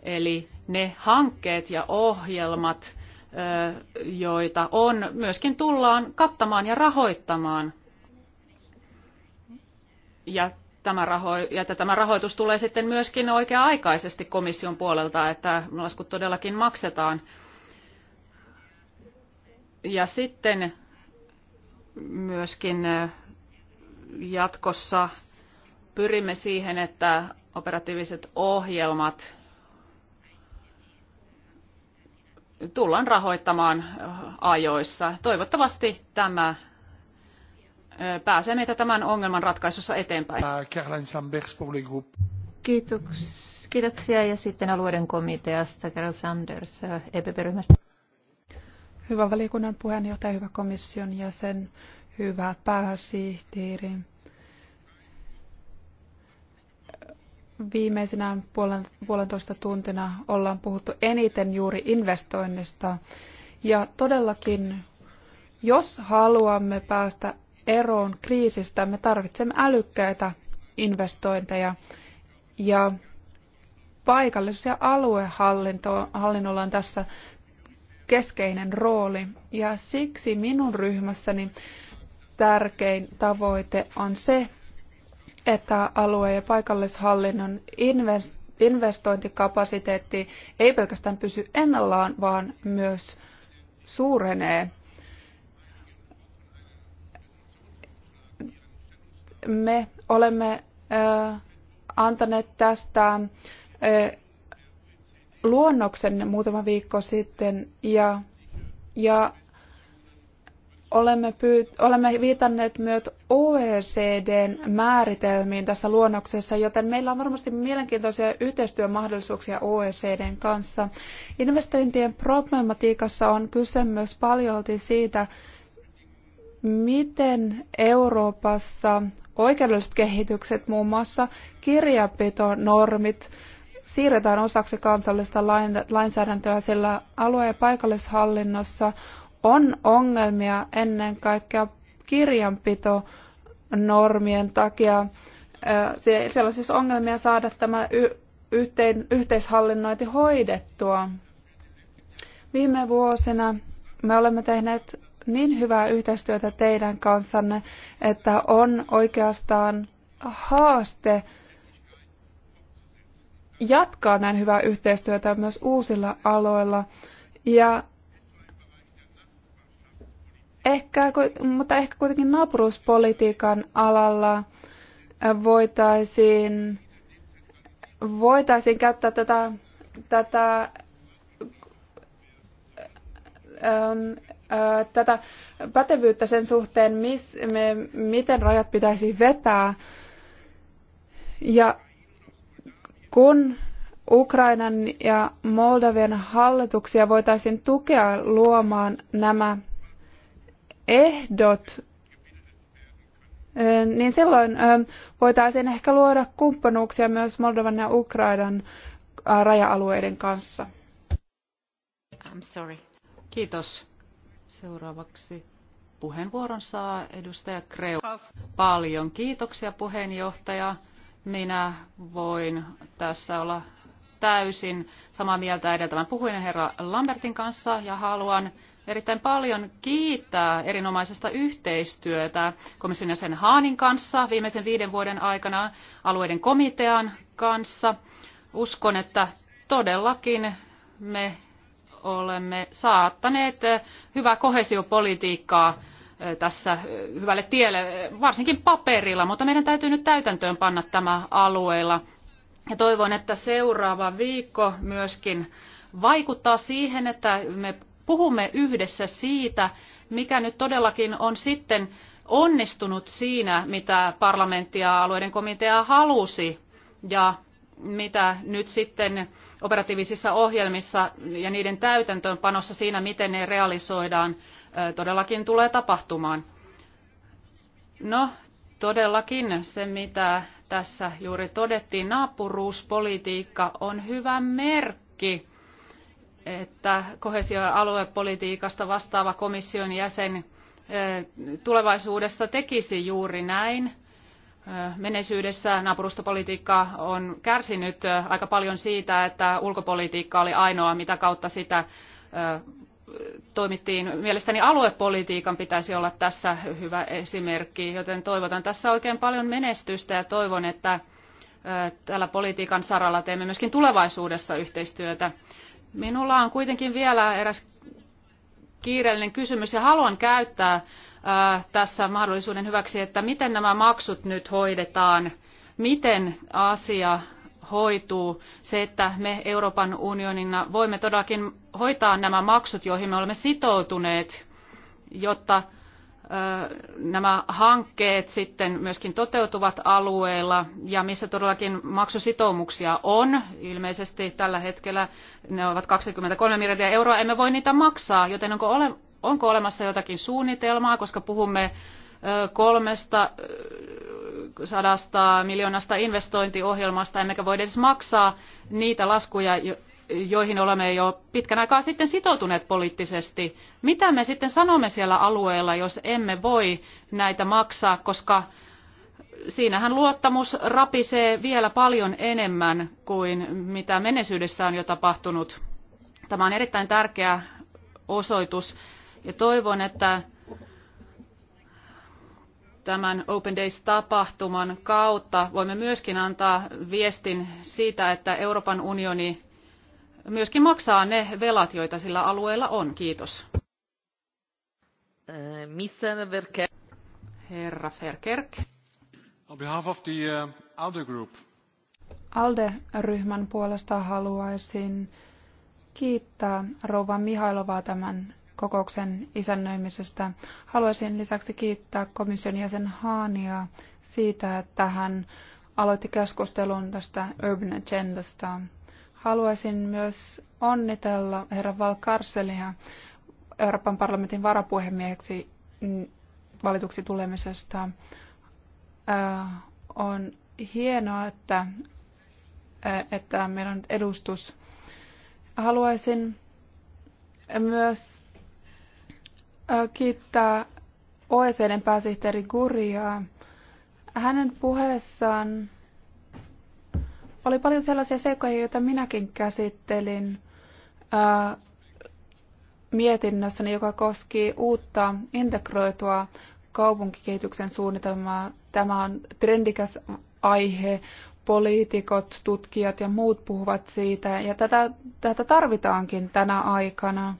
Eli ne hankkeet ja ohjelmat, joita on, myöskin tullaan kattamaan ja rahoittamaan. Ja tämä, raho- ja että tämä rahoitus tulee sitten myöskin oikea-aikaisesti komission puolelta, että laskut todellakin maksetaan. Ja sitten myöskin jatkossa pyrimme siihen, että operatiiviset ohjelmat tullaan rahoittamaan ajoissa. Toivottavasti tämä pääsee meitä tämän ongelman ratkaisussa eteenpäin. Ah, kiitoksia. Kiitoksia ja sitten alueiden komiteasta Carol Sanders EPP-ryhmästä. Hyvä valiokunnan puheenjohtaja, hyvä komission jäsen, hyvä pääsihteeri. viimeisenä puolen, puolentoista tuntina ollaan puhuttu eniten juuri investoinnista. Ja todellakin, jos haluamme päästä eroon kriisistä, me tarvitsemme älykkäitä investointeja. Ja paikallis- ja aluehallinnolla on tässä keskeinen rooli. Ja siksi minun ryhmässäni tärkein tavoite on se, että alue- ja paikallishallinnon investointikapasiteetti ei pelkästään pysy ennallaan, vaan myös suurenee. Me olemme antaneet tästä luonnoksen muutama viikko sitten ja, ja Olemme, pyyt- olemme viitanneet myös OECDn määritelmiin tässä luonnoksessa, joten meillä on varmasti mielenkiintoisia yhteistyömahdollisuuksia OECDn kanssa. Investointien problematiikassa on kyse myös paljolti siitä, miten Euroopassa oikeudelliset kehitykset, muun muassa kirjapitonormit, siirretään osaksi kansallista lainsäädäntöä, sillä alue- ja paikallishallinnossa on ongelmia ennen kaikkea kirjanpito normien takia. Siellä on siis ongelmia saada tämä yhteen, yhteishallinnointi hoidettua. Viime vuosina me olemme tehneet niin hyvää yhteistyötä teidän kanssanne, että on oikeastaan haaste jatkaa näin hyvää yhteistyötä myös uusilla aloilla. Ja Ehkä, mutta ehkä kuitenkin naapuruuspolitiikan alalla voitaisiin, voitaisiin käyttää tätä, tätä, äm, ä, tätä pätevyyttä sen suhteen, mis, me, miten rajat pitäisi vetää. Ja kun Ukrainan ja Moldavian hallituksia voitaisiin tukea luomaan nämä ehdot, niin silloin voitaisiin ehkä luoda kumppanuuksia myös Moldovan ja Ukrainan raja-alueiden kanssa. I'm sorry. Kiitos. Seuraavaksi puheenvuoron saa edustaja Kreu. Paljon kiitoksia puheenjohtaja. Minä voin tässä olla täysin samaa mieltä edeltävän puhujen herra Lambertin kanssa ja haluan erittäin paljon kiittää erinomaisesta yhteistyötä komission jäsen Haanin kanssa viimeisen viiden vuoden aikana alueiden komitean kanssa. Uskon, että todellakin me olemme saattaneet hyvää kohesiopolitiikkaa tässä hyvälle tielle, varsinkin paperilla, mutta meidän täytyy nyt täytäntöön panna tämä alueella. Ja toivon, että seuraava viikko myöskin vaikuttaa siihen, että me puhumme yhdessä siitä, mikä nyt todellakin on sitten onnistunut siinä, mitä parlamentti ja alueiden komitea halusi ja mitä nyt sitten operatiivisissa ohjelmissa ja niiden täytäntöönpanossa siinä, miten ne realisoidaan, todellakin tulee tapahtumaan. No, todellakin se, mitä tässä juuri todettiin, naapuruuspolitiikka on hyvä merkki että kohesio- ja aluepolitiikasta vastaava komission jäsen tulevaisuudessa tekisi juuri näin. Menneisyydessä naapurustopolitiikka on kärsinyt aika paljon siitä, että ulkopolitiikka oli ainoa, mitä kautta sitä toimittiin. Mielestäni aluepolitiikan pitäisi olla tässä hyvä esimerkki, joten toivotan tässä oikein paljon menestystä ja toivon, että tällä politiikan saralla teemme myöskin tulevaisuudessa yhteistyötä. Minulla on kuitenkin vielä eräs kiireellinen kysymys ja haluan käyttää tässä mahdollisuuden hyväksi, että miten nämä maksut nyt hoidetaan, miten asia hoituu, se, että me Euroopan unionina voimme todellakin hoitaa nämä maksut, joihin me olemme sitoutuneet, jotta nämä hankkeet sitten myöskin toteutuvat alueilla ja missä todellakin maksusitoumuksia on. Ilmeisesti tällä hetkellä ne ovat 23 miljardia euroa, emme voi niitä maksaa, joten onko, ole, onko olemassa jotakin suunnitelmaa, koska puhumme kolmesta sadasta miljoonasta investointiohjelmasta, emmekä voi edes maksaa niitä laskuja, joihin olemme jo pitkän aikaa sitten sitoutuneet poliittisesti. Mitä me sitten sanomme siellä alueella, jos emme voi näitä maksaa, koska siinähän luottamus rapisee vielä paljon enemmän kuin mitä menneisyydessä on jo tapahtunut. Tämä on erittäin tärkeä osoitus ja toivon, että tämän Open Days-tapahtuman kautta voimme myöskin antaa viestin siitä, että Euroopan unioni myöskin maksaa ne velat, joita sillä alueella on. Kiitos. Eh, Herra Ferkerk. On behalf of the eh, ALDE Group. ALDE-ryhmän puolesta haluaisin kiittää rouva Mihailovaa tämän kokouksen isännöimisestä. Haluaisin lisäksi kiittää komission jäsen Haania siitä, että hän aloitti keskustelun tästä Urban Agendasta. Haluaisin myös onnitella herra Valkarselia Euroopan parlamentin varapuhemieheksi valituksi tulemisesta. Äh, on hienoa, että, äh, että meillä on nyt edustus. Haluaisin myös äh, kiittää OECDn pääsihteeri Gurjaa. Hänen puheessaan oli paljon sellaisia seikkoja, joita minäkin käsittelin ää, mietinnössäni, joka koski uutta integroitua kaupunkikehityksen suunnitelmaa. Tämä on trendikäs aihe, poliitikot, tutkijat ja muut puhuvat siitä, ja tätä, tätä tarvitaankin tänä aikana.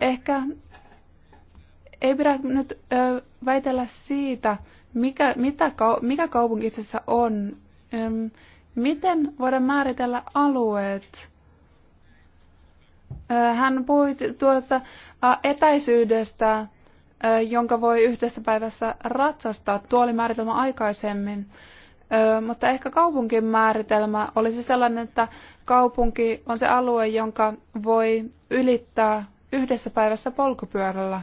Ehkä ei pidä nyt ö, väitellä siitä, mikä, mitä, mikä kaupunki itse asiassa on. Ö, miten voidaan määritellä alueet? Ö, hän puhui tuosta etäisyydestä, ö, jonka voi yhdessä päivässä ratsastaa. Tuo oli määritelmä aikaisemmin. Ö, mutta ehkä kaupunkin määritelmä olisi sellainen, että kaupunki on se alue, jonka voi ylittää yhdessä päivässä polkupyörällä.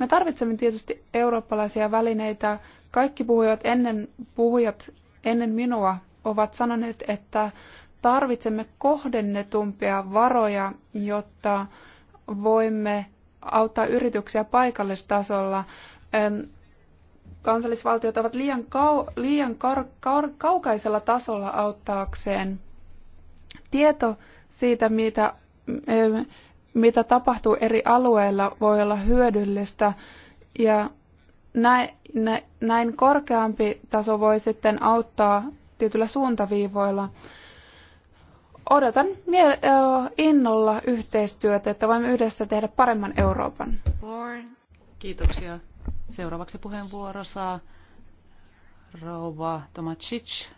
Me tarvitsemme tietysti eurooppalaisia välineitä. Kaikki puhujat ennen, puhujat ennen minua ovat sanoneet, että tarvitsemme kohdennetumpia varoja, jotta voimme auttaa yrityksiä paikallistasolla. Kansallisvaltiot ovat liian, kau- liian kar- kar- kaukaisella tasolla auttaakseen. Tieto siitä, mitä mitä tapahtuu eri alueilla, voi olla hyödyllistä. Ja näin, näin korkeampi taso voi sitten auttaa tietyillä suuntaviivoilla. Odotan innolla yhteistyötä, että voimme yhdessä tehdä paremman Euroopan. Kiitoksia. Seuraavaksi puheenvuoro saa rouva Tomacic,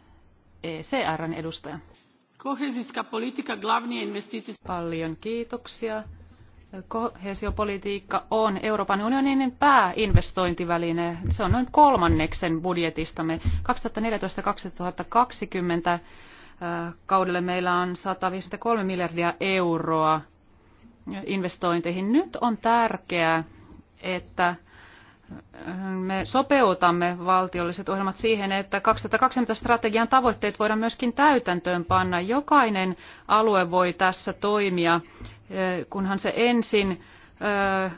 ECRn edustaja. Kohezijska politika glavni je Paljon kiitoksia. Kohesiopolitiikka on Euroopan unionin pääinvestointiväline. Se on noin kolmanneksen budjetistamme. 2014-2020 äh, kaudelle meillä on 153 miljardia euroa investointeihin. Nyt on tärkeää, että me sopeutamme valtiolliset ohjelmat siihen, että 2020 strategian tavoitteet voidaan myöskin täytäntöön panna. Jokainen alue voi tässä toimia, eh, kunhan se ensin eh,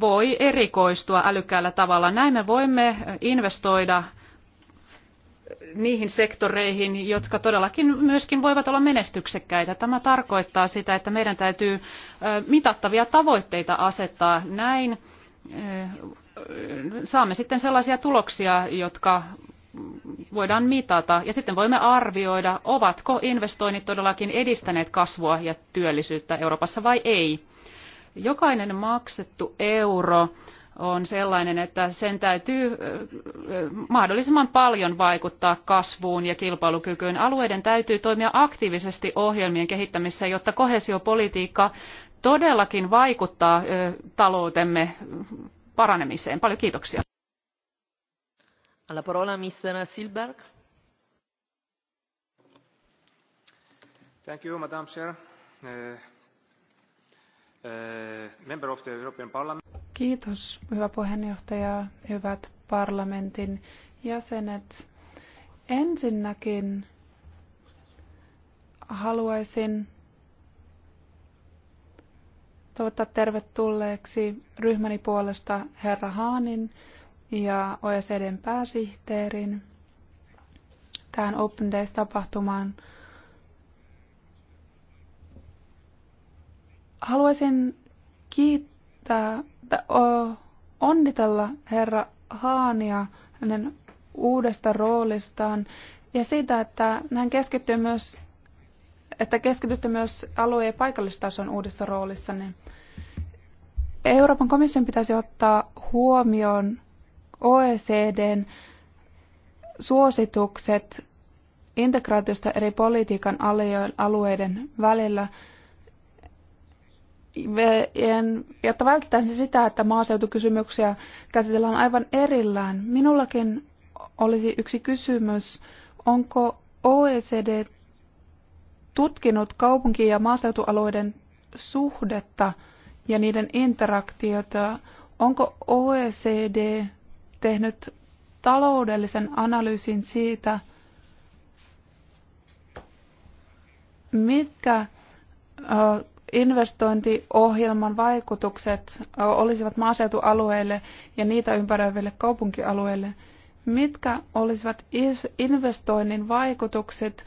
voi erikoistua älykkäällä tavalla. Näin me voimme investoida niihin sektoreihin, jotka todellakin myöskin voivat olla menestyksekkäitä. Tämä tarkoittaa sitä, että meidän täytyy eh, mitattavia tavoitteita asettaa. Näin saamme sitten sellaisia tuloksia, jotka voidaan mitata ja sitten voimme arvioida, ovatko investoinnit todellakin edistäneet kasvua ja työllisyyttä Euroopassa vai ei. Jokainen maksettu euro on sellainen, että sen täytyy mahdollisimman paljon vaikuttaa kasvuun ja kilpailukykyyn. Alueiden täytyy toimia aktiivisesti ohjelmien kehittämisessä, jotta kohesiopolitiikka todellakin vaikuttaa taloutemme paranemiseen. Paljon kiitoksia. Alla parola Mr. Silberg. Thank you, Madam Chair. Eh, eh, member of the European Parliament. Kiitos, hyvä puheenjohtaja, hyvät parlamentin jäsenet. Ensinnäkin haluaisin toivottaa tervetulleeksi ryhmäni puolesta herra Haanin ja OECDn pääsihteerin tähän Open Days-tapahtumaan. Haluaisin kiittää, onnitella herra Haania hänen uudesta roolistaan ja siitä, että hän keskittyy myös että keskitytte myös alue- ja paikallistason uudessa roolissanne. Euroopan komission pitäisi ottaa huomioon OECDn suositukset integraatiosta eri politiikan alueiden välillä, jotta vältetään sitä, että maaseutukysymyksiä käsitellään aivan erillään. Minullakin olisi yksi kysymys. Onko OECD tutkinut kaupunki- ja maaseutualueiden suhdetta ja niiden interaktiota. Onko OECD tehnyt taloudellisen analyysin siitä, mitkä investointiohjelman vaikutukset olisivat maaseutualueille ja niitä ympäröiville kaupunkialueille? Mitkä olisivat investoinnin vaikutukset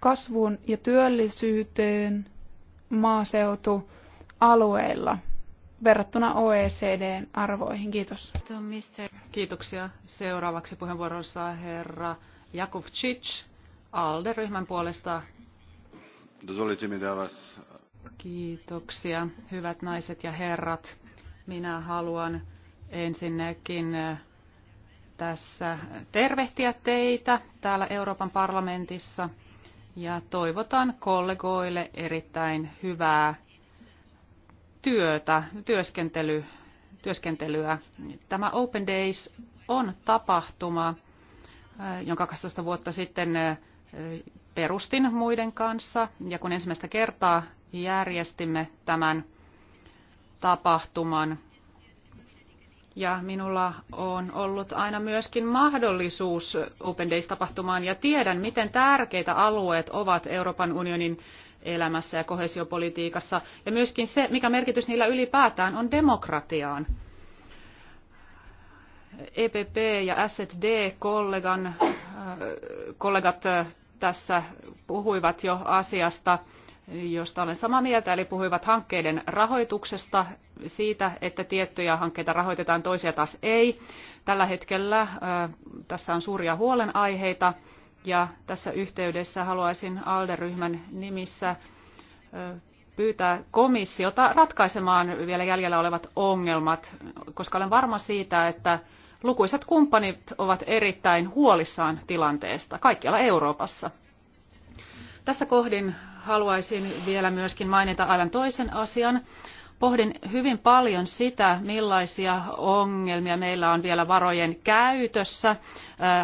kasvuun ja työllisyyteen maaseutualueilla verrattuna OECDn arvoihin. Kiitos. Kiitoksia. Seuraavaksi puheenvuorossa herra Jakovčić ALDE-ryhmän puolesta. Kiitoksia, hyvät naiset ja herrat. Minä haluan ensinnäkin eh, tässä tervehtiä teitä täällä Euroopan parlamentissa – ja toivotan kollegoille erittäin hyvää työtä, työskentely, työskentelyä. Tämä Open Days on tapahtuma, äh, jonka 12 vuotta sitten äh, perustin muiden kanssa. Ja kun ensimmäistä kertaa järjestimme tämän tapahtuman, ja minulla on ollut aina myöskin mahdollisuus Open Days-tapahtumaan ja tiedän, miten tärkeitä alueet ovat Euroopan unionin elämässä ja kohesiopolitiikassa. Ja myöskin se, mikä merkitys niillä ylipäätään on demokratiaan. EPP ja SD-kollegat äh, äh, tässä puhuivat jo asiasta josta olen samaa mieltä, eli puhuivat hankkeiden rahoituksesta, siitä, että tiettyjä hankkeita rahoitetaan, toisia taas ei. Tällä hetkellä tässä on suuria huolenaiheita, ja tässä yhteydessä haluaisin ALDE-ryhmän nimissä pyytää komissiota ratkaisemaan vielä jäljellä olevat ongelmat, koska olen varma siitä, että lukuisat kumppanit ovat erittäin huolissaan tilanteesta kaikkialla Euroopassa. Tässä kohdin haluaisin vielä myöskin mainita aivan toisen asian. Pohdin hyvin paljon sitä, millaisia ongelmia meillä on vielä varojen käytössä, äh,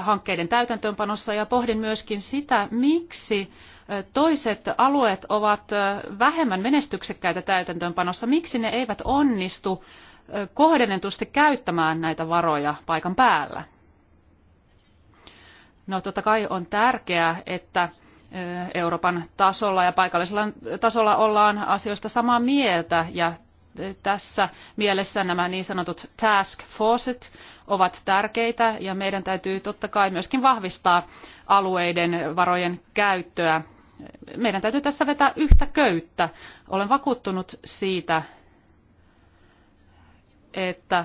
hankkeiden täytäntöönpanossa ja pohdin myöskin sitä, miksi äh, toiset alueet ovat äh, vähemmän menestyksekkäitä täytäntöönpanossa, miksi ne eivät onnistu kohdennetusti käyttämään näitä varoja paikan päällä. No totta kai on tärkeää, että Euroopan tasolla ja paikallisella tasolla ollaan asioista samaa mieltä ja tässä mielessä nämä niin sanotut task forces ovat tärkeitä ja meidän täytyy totta kai myöskin vahvistaa alueiden varojen käyttöä. Meidän täytyy tässä vetää yhtä köyttä. Olen vakuuttunut siitä, että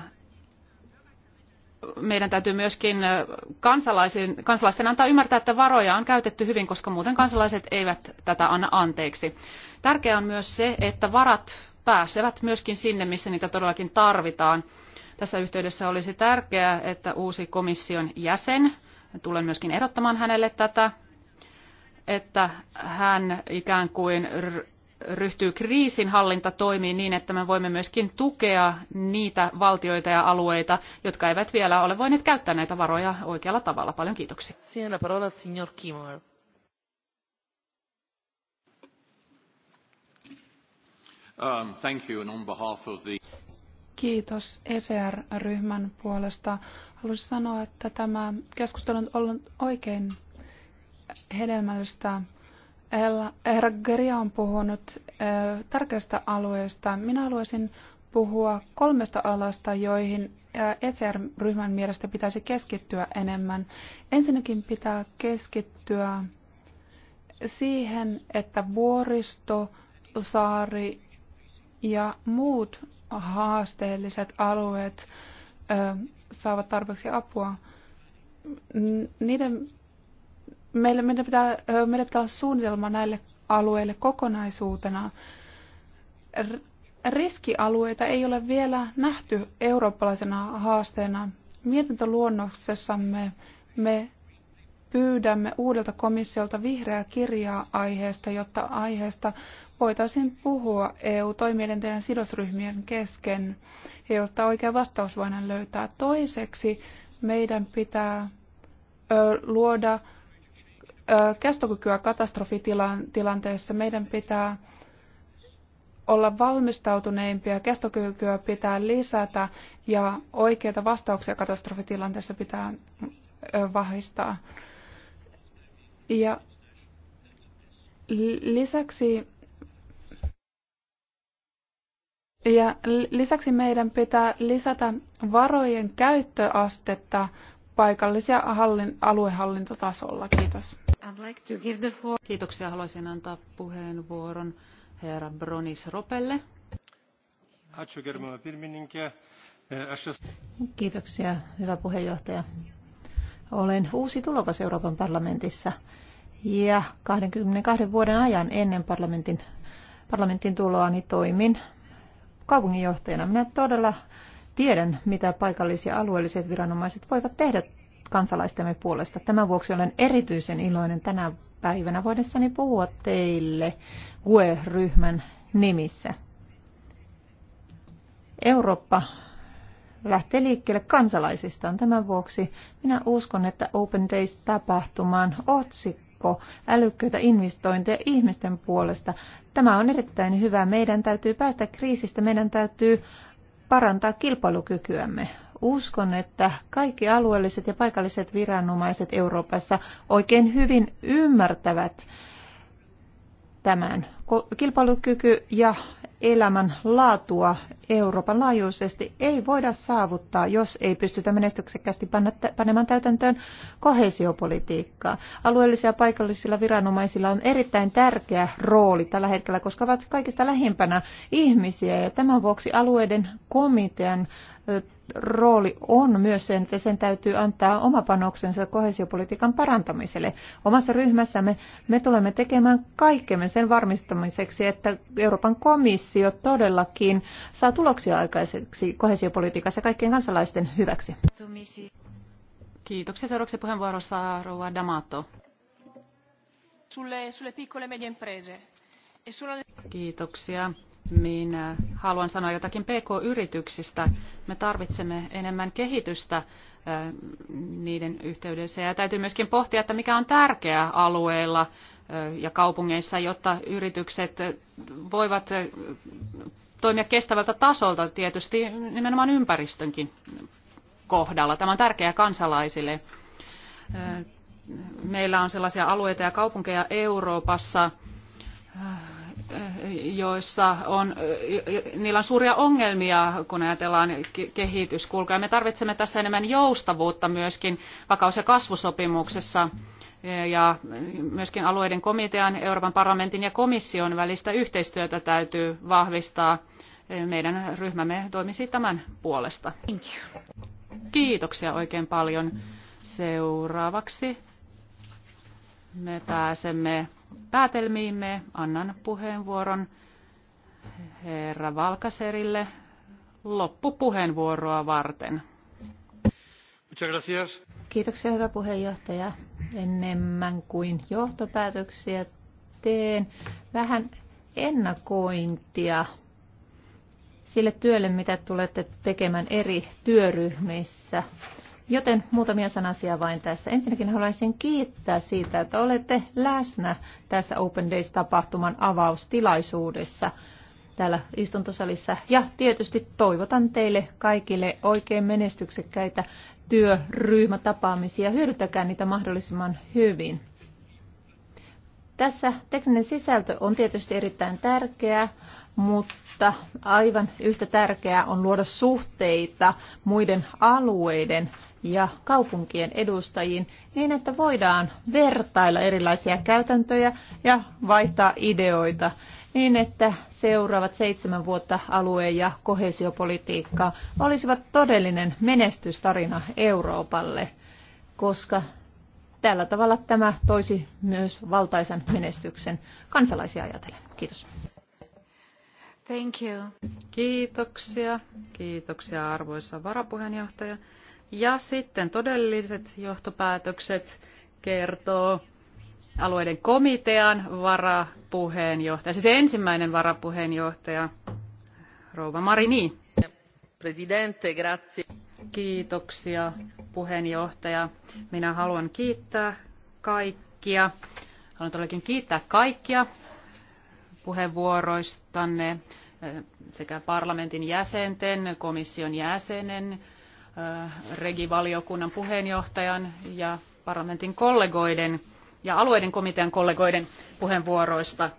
meidän täytyy myöskin kansalaisten antaa ymmärtää, että varoja on käytetty hyvin, koska muuten kansalaiset eivät tätä anna anteeksi. Tärkeää on myös se, että varat pääsevät myöskin sinne, missä niitä todellakin tarvitaan. Tässä yhteydessä olisi tärkeää, että uusi komission jäsen, tulen myöskin ehdottamaan hänelle tätä, että hän ikään kuin ryhtyy kriisinhallintatoimiin niin, että me voimme myöskin tukea niitä valtioita ja alueita, jotka eivät vielä ole voineet käyttää näitä varoja oikealla tavalla. Paljon kiitoksia. Siinä parola, signor Kimmer. Um, thank you, and on behalf of the... Kiitos ECR-ryhmän puolesta. Haluaisin sanoa, että tämä keskustelu on ollut oikein hedelmällistä. Herra Geria on puhunut tärkeistä alueista. Minä haluaisin puhua kolmesta alasta, joihin ECR-ryhmän mielestä pitäisi keskittyä enemmän. Ensinnäkin pitää keskittyä siihen, että vuoristo, saari ja muut haasteelliset alueet saavat tarpeeksi apua. Niiden meillä, meillä, pitää, meillä pitää olla suunnitelma näille alueille kokonaisuutena. Riskialueita ei ole vielä nähty eurooppalaisena haasteena. Mietintöluonnoksessamme me pyydämme uudelta komissiolta vihreää kirjaa aiheesta, jotta aiheesta voitaisiin puhua EU-toimielinten sidosryhmien kesken, jotta oikea vastaus voidaan löytää. Toiseksi meidän pitää luoda kestokykyä katastrofitilanteessa. Meidän pitää olla valmistautuneimpia, kestokykyä pitää lisätä ja oikeita vastauksia katastrofitilanteessa pitää vahvistaa. Ja lisäksi ja lisäksi meidän pitää lisätä varojen käyttöastetta paikallisia hallin, aluehallintotasolla. Kiitos. Kiitoksia. Haluaisin antaa puheenvuoron herra Bronis Ropelle. E, Kiitoksia, hyvä puheenjohtaja. Olen uusi tulokas Euroopan parlamentissa ja 22 vuoden ajan ennen parlamentin, parlamentin tuloani toimin kaupunginjohtajana. Minä todella tiedän, mitä paikalliset ja alueelliset viranomaiset voivat tehdä kansalaistemme puolesta. Tämän vuoksi olen erityisen iloinen tänä päivänä voidessani puhua teille GUE-ryhmän nimissä. Eurooppa lähtee liikkeelle kansalaisistaan. Tämän vuoksi minä uskon, että Open days tapahtumaan otsikko älykköitä investointeja ihmisten puolesta. Tämä on erittäin hyvä. Meidän täytyy päästä kriisistä, meidän täytyy parantaa kilpailukykyämme. Uskon, että kaikki alueelliset ja paikalliset viranomaiset Euroopassa oikein hyvin ymmärtävät tämän. Kilpailukyky ja elämän laatua Euroopan laajuisesti ei voida saavuttaa, jos ei pystytä menestyksekkäästi panemaan täytäntöön kohesiopolitiikkaa. Alueellisilla ja paikallisilla viranomaisilla on erittäin tärkeä rooli tällä hetkellä, koska ovat kaikista lähimpänä ihmisiä ja tämän vuoksi alueiden komitean rooli on myös sen, että sen täytyy antaa oma panoksensa kohesiopolitiikan parantamiselle. Omassa ryhmässämme me tulemme tekemään kaikkemme sen varmistamiseksi, että Euroopan komissio todellakin saa tuloksia aikaiseksi kohesiopolitiikassa kaikkien kansalaisten hyväksi. Kiitoksia. Seuraavaksi puheenvuorossa Rouva D'Amato. E e Kiitoksia minä niin, äh, haluan sanoa jotakin PK-yrityksistä. Me tarvitsemme enemmän kehitystä äh, niiden yhteydessä ja täytyy myöskin pohtia, että mikä on tärkeää alueilla äh, ja kaupungeissa, jotta yritykset voivat toimia kestävältä tasolta tietysti nimenomaan ympäristönkin kohdalla. Tämä on tärkeää kansalaisille. Meillä on sellaisia alueita ja kaupunkeja Euroopassa, joissa on, niillä on suuria ongelmia, kun ajatellaan kehityskulkua. Me tarvitsemme tässä enemmän joustavuutta myöskin vakaus- ja kasvusopimuksessa ja myöskin alueiden komitean, Euroopan parlamentin ja komission välistä yhteistyötä täytyy vahvistaa. Meidän ryhmämme toimisi tämän puolesta. Kiitoksia oikein paljon. Seuraavaksi me pääsemme päätelmiimme annan puheenvuoron herra Valkaserille loppupuheenvuoroa varten. Kiitoksia hyvä puheenjohtaja. Enemmän kuin johtopäätöksiä teen vähän ennakointia sille työlle, mitä tulette tekemään eri työryhmissä Joten muutamia sanasia vain tässä. Ensinnäkin haluaisin kiittää siitä, että olette läsnä tässä Open Days-tapahtuman avaustilaisuudessa täällä istuntosalissa. Ja tietysti toivotan teille kaikille oikein menestyksekkäitä työryhmätapaamisia. Hyödyttäkää niitä mahdollisimman hyvin. Tässä tekninen sisältö on tietysti erittäin tärkeää, mutta aivan yhtä tärkeää on luoda suhteita muiden alueiden ja kaupunkien edustajiin niin, että voidaan vertailla erilaisia käytäntöjä ja vaihtaa ideoita niin, että seuraavat seitsemän vuotta alue- ja kohesiopolitiikkaa olisivat todellinen menestystarina Euroopalle, koska tällä tavalla tämä toisi myös valtaisen menestyksen kansalaisia ajatellen. Kiitos. Thank you. Kiitoksia. Kiitoksia arvoisa varapuheenjohtaja. Ja sitten todelliset johtopäätökset kertoo alueiden komitean varapuheenjohtaja, siis ensimmäinen varapuheenjohtaja, rouva Marini. Presidente, grazie. Kiitoksia puheenjohtaja. Minä haluan kiittää kaikkia. Haluan todellakin kiittää kaikkia puheenvuoroistanne sekä parlamentin jäsenten, komission jäsenen, regivaliokunnan puheenjohtajan ja parlamentin kollegoiden ja alueiden komitean kollegoiden puheenvuoroista.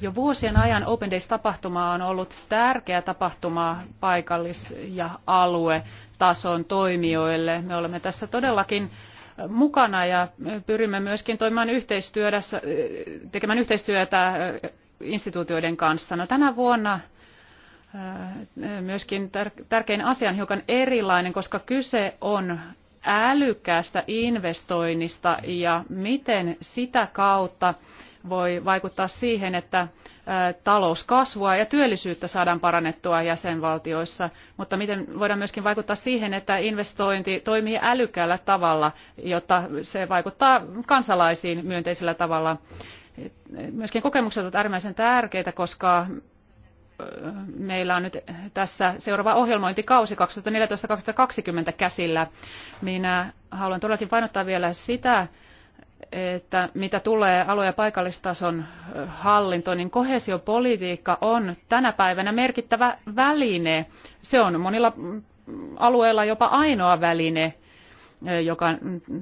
Jo vuosien ajan Open Days-tapahtuma on ollut tärkeä tapahtuma paikallis- ja aluetason toimijoille. Me olemme tässä todellakin mukana ja pyrimme myöskin toimimaan yhteistyössä, tekemään yhteistyötä instituutioiden kanssa. No, tänä vuonna Äh, myöskin tärkein asia on hiukan erilainen, koska kyse on älykkäästä investoinnista ja miten sitä kautta voi vaikuttaa siihen, että äh, talouskasvua ja työllisyyttä saadaan parannettua jäsenvaltioissa, mutta miten voidaan myöskin vaikuttaa siihen, että investointi toimii älykkäällä tavalla, jotta se vaikuttaa kansalaisiin myönteisellä tavalla. Äh, myöskin kokemukset ovat äärimmäisen tärkeitä, koska meillä on nyt tässä seuraava ohjelmointikausi 2014-2020 käsillä. Minä haluan todellakin painottaa vielä sitä, että mitä tulee alue- ja paikallistason hallintoon, niin kohesiopolitiikka on tänä päivänä merkittävä väline. Se on monilla mm, alueilla jopa ainoa väline, joka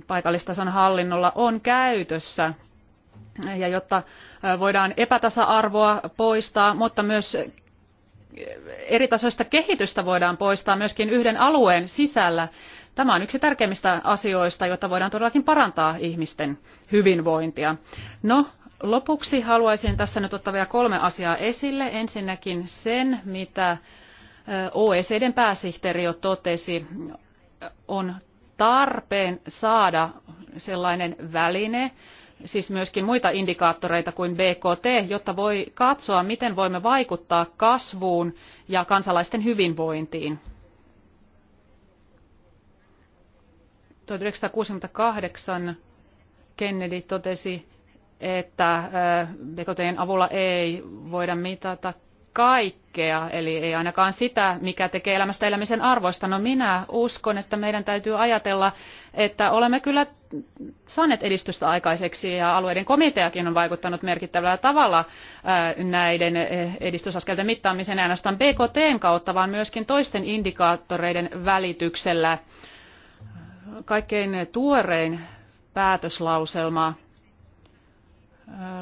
paikallistason hallinnolla on käytössä. Ja jotta voidaan epätasa-arvoa poistaa, mutta myös eri tasoista kehitystä voidaan poistaa myöskin yhden alueen sisällä. Tämä on yksi tärkeimmistä asioista, jotta voidaan todellakin parantaa ihmisten hyvinvointia. No, lopuksi haluaisin tässä nyt ottaa vielä kolme asiaa esille. Ensinnäkin sen, mitä OECDn pääsihteeri jo totesi, on tarpeen saada sellainen väline, siis myöskin muita indikaattoreita kuin BKT, jotta voi katsoa, miten voimme vaikuttaa kasvuun ja kansalaisten hyvinvointiin. 1968 Kennedy totesi, että BKTn avulla ei voida mitata kaikkea, eli ei ainakaan sitä, mikä tekee elämästä elämisen arvoista. No minä uskon, että meidän täytyy ajatella, että olemme kyllä saaneet edistystä aikaiseksi ja alueiden komiteakin on vaikuttanut merkittävällä tavalla näiden eh, edistysaskelten mittaamiseen ainoastaan BKTn kautta, vaan myöskin toisten indikaattoreiden välityksellä. Kaikkein tuorein päätöslauselma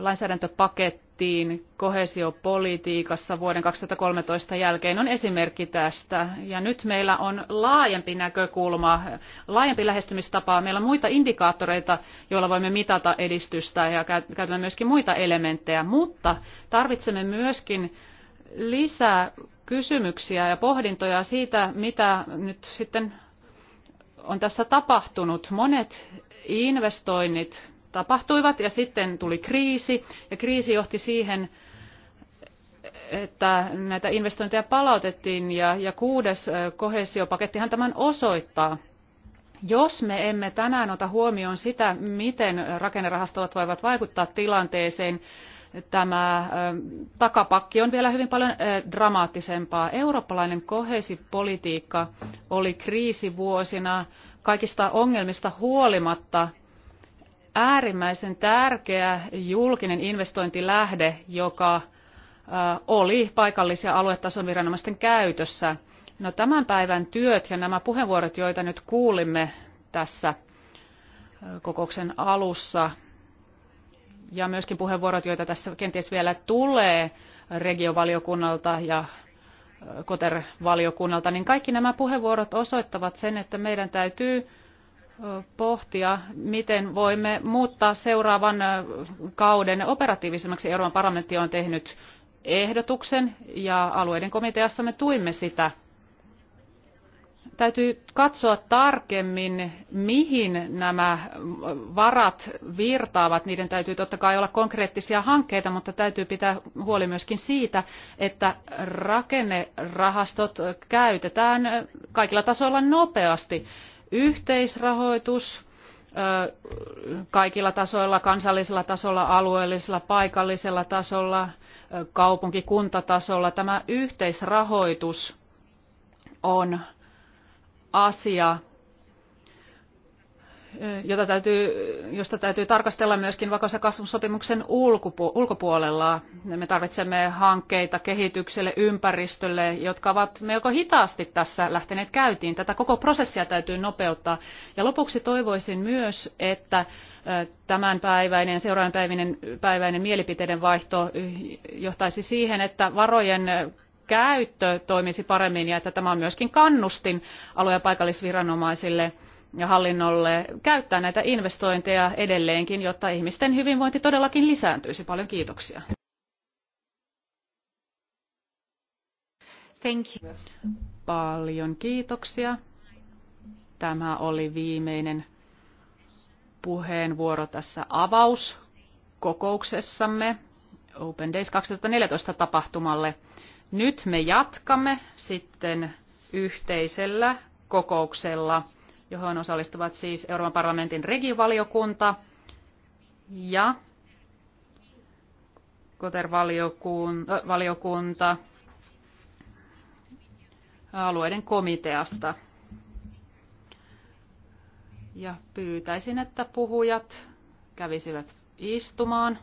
lainsäädäntöpaketti tehtiin kohesiopolitiikassa vuoden 2013 jälkeen on esimerkki tästä. Ja nyt meillä on laajempi näkökulma, laajempi lähestymistapa. Meillä on muita indikaattoreita, joilla voimme mitata edistystä ja käytämme myöskin muita elementtejä, mutta tarvitsemme myöskin lisää kysymyksiä ja pohdintoja siitä, mitä nyt sitten on tässä tapahtunut. Monet investoinnit tapahtuivat ja sitten tuli kriisi ja kriisi johti siihen, että näitä investointeja palautettiin ja, ja kuudes kohesiopakettihan tämän osoittaa. Jos me emme tänään ota huomioon sitä, miten rakennerahastot voivat vaikuttaa tilanteeseen, tämä takapakki on vielä hyvin paljon dramaattisempaa. Eurooppalainen kohesipolitiikka oli kriisivuosina kaikista ongelmista huolimatta – äärimmäisen tärkeä julkinen investointilähde, joka oli paikallisia aluetason viranomaisten käytössä. No, tämän päivän työt ja nämä puheenvuorot, joita nyt kuulimme tässä kokouksen alussa, ja myöskin puheenvuorot, joita tässä kenties vielä tulee regiovaliokunnalta ja Koter-valiokunnalta, niin kaikki nämä puheenvuorot osoittavat sen, että meidän täytyy pohtia, miten voimme muuttaa seuraavan kauden operatiivisemmaksi. Euroopan parlamentti on tehnyt ehdotuksen ja alueiden komiteassa me tuimme sitä. Täytyy katsoa tarkemmin, mihin nämä varat virtaavat. Niiden täytyy totta kai olla konkreettisia hankkeita, mutta täytyy pitää huoli myöskin siitä, että rakennerahastot käytetään kaikilla tasoilla nopeasti yhteisrahoitus kaikilla tasoilla, kansallisella tasolla, alueellisella, paikallisella tasolla, kaupunkikuntatasolla. Tämä yhteisrahoitus on asia, jota täytyy, josta täytyy tarkastella myöskin vakaus- ja kasvusopimuksen ulkopuolella. Me tarvitsemme hankkeita kehitykselle, ympäristölle, jotka ovat melko hitaasti tässä lähteneet käytiin. Tätä koko prosessia täytyy nopeuttaa. Ja lopuksi toivoisin myös, että tämänpäiväinen, seuraavan päivinen, päiväinen mielipiteiden vaihto johtaisi siihen, että varojen käyttö toimisi paremmin ja että tämä on myöskin kannustin alue- ja paikallisviranomaisille – ja hallinnolle käyttää näitä investointeja edelleenkin, jotta ihmisten hyvinvointi todellakin lisääntyisi. Paljon kiitoksia. Thank you. Paljon kiitoksia. Tämä oli viimeinen puheenvuoro tässä avauskokouksessamme Open Days 2014 tapahtumalle. Nyt me jatkamme sitten yhteisellä kokouksella johon osallistuvat siis Euroopan parlamentin regivaliokunta ja kuten valiokunta äh, alueiden komiteasta. Ja pyytäisin, että puhujat kävisivät istumaan.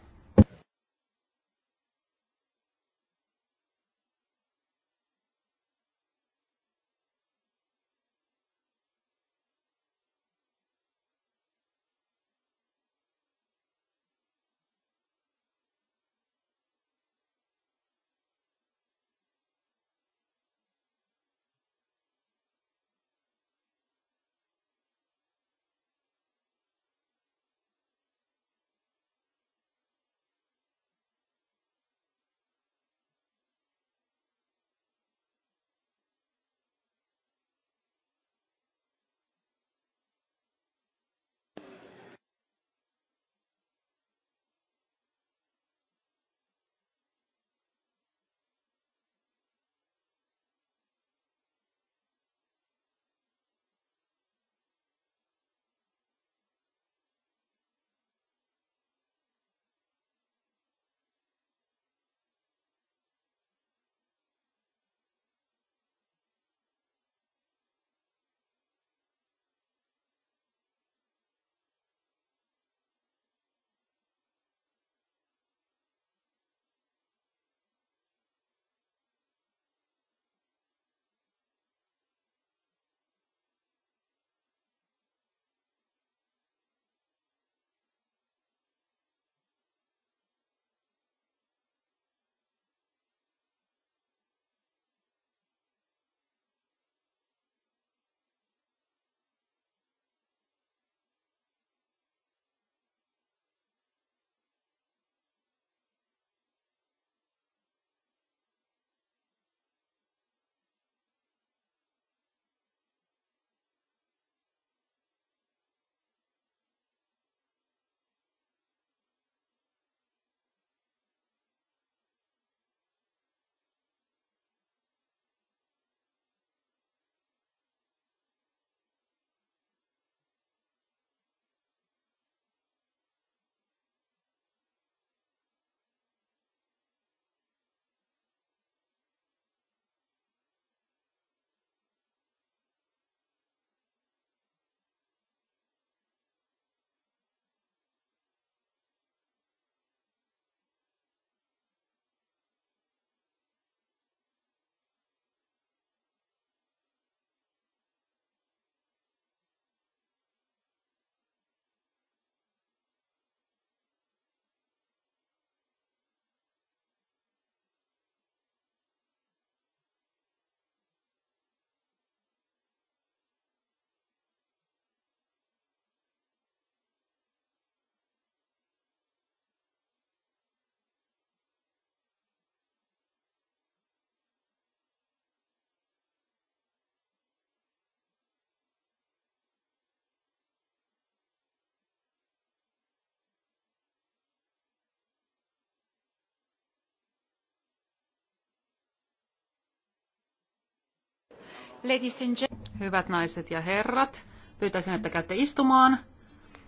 Hyvät naiset ja herrat, pyytäisin, että käytte istumaan.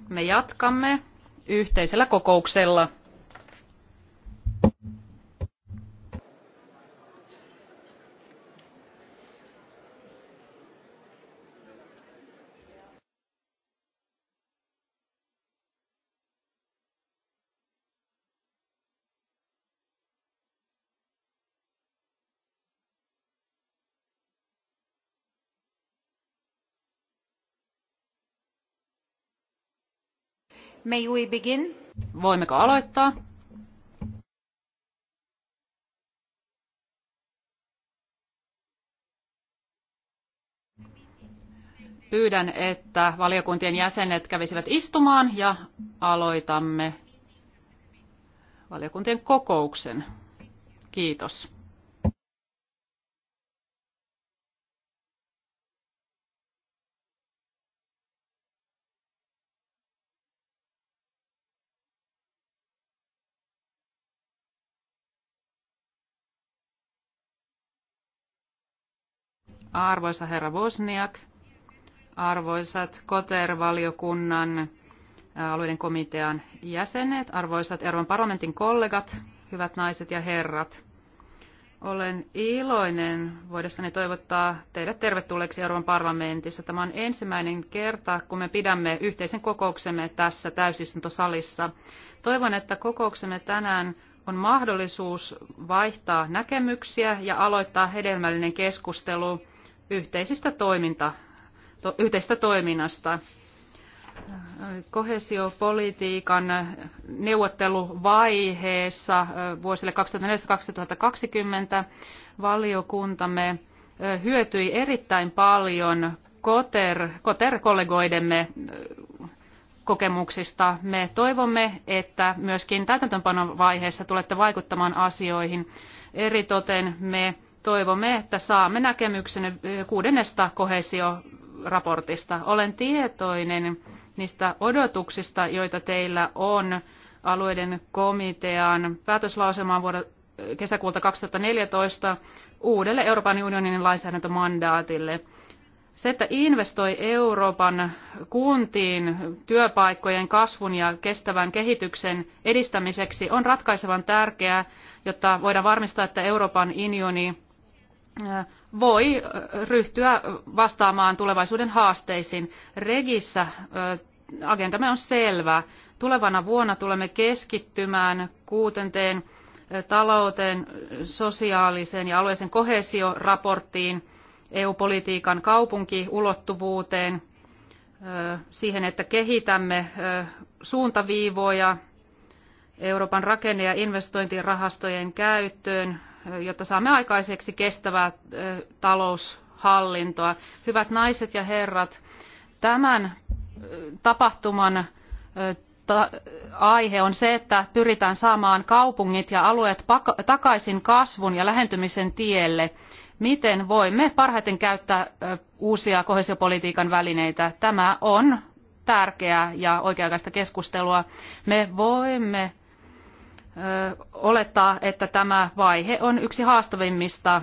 Me jatkamme yhteisellä kokouksella. May we begin? Voimmeko aloittaa? Pyydän, että valiokuntien jäsenet kävisivät istumaan ja aloitamme valiokuntien kokouksen. Kiitos. Arvoisa herra Vosniak, arvoisat Koter-valiokunnan alueiden komitean jäsenet, arvoisat Euroopan parlamentin kollegat, hyvät naiset ja herrat. Olen iloinen voidessani toivottaa teidät tervetulleeksi Euroopan parlamentissa. Tämä on ensimmäinen kerta, kun me pidämme yhteisen kokouksemme tässä täysistuntosalissa. Toivon, että kokouksemme tänään on mahdollisuus vaihtaa näkemyksiä ja aloittaa hedelmällinen keskustelu yhteisistä toiminta, to, yhteisestä toiminnasta. Kohesiopolitiikan neuvotteluvaiheessa vuosille 2014-2020 valiokuntamme hyötyi erittäin paljon Koter, Koter-kollegoidemme kokemuksista. Me toivomme, että myöskin täytäntöönpanovaiheessa vaiheessa tulette vaikuttamaan asioihin. Eritoten me toivomme, että saamme näkemyksen kuudennesta kohesioraportista. Olen tietoinen niistä odotuksista, joita teillä on alueiden komitean päätöslauselmaan vuoden kesäkuulta 2014 uudelle Euroopan unionin lainsäädäntömandaatille. Se, että investoi Euroopan kuntiin työpaikkojen kasvun ja kestävän kehityksen edistämiseksi, on ratkaisevan tärkeää, jotta voidaan varmistaa, että Euroopan unioni voi ryhtyä vastaamaan tulevaisuuden haasteisiin. Regissä agendamme on selvä. Tulevana vuonna tulemme keskittymään kuutenteen talouteen, sosiaaliseen ja alueisen kohesioraporttiin, EU-politiikan kaupunkiulottuvuuteen, siihen, että kehitämme suuntaviivoja Euroopan rakenne- ja investointirahastojen käyttöön, jotta saamme aikaiseksi kestävää taloushallintoa. Hyvät naiset ja herrat, tämän tapahtuman aihe on se, että pyritään saamaan kaupungit ja alueet takaisin kasvun ja lähentymisen tielle. Miten voimme parhaiten käyttää uusia kohesiopolitiikan välineitä? Tämä on tärkeää ja oikea keskustelua. Me voimme olettaa, että tämä vaihe on yksi haastavimmista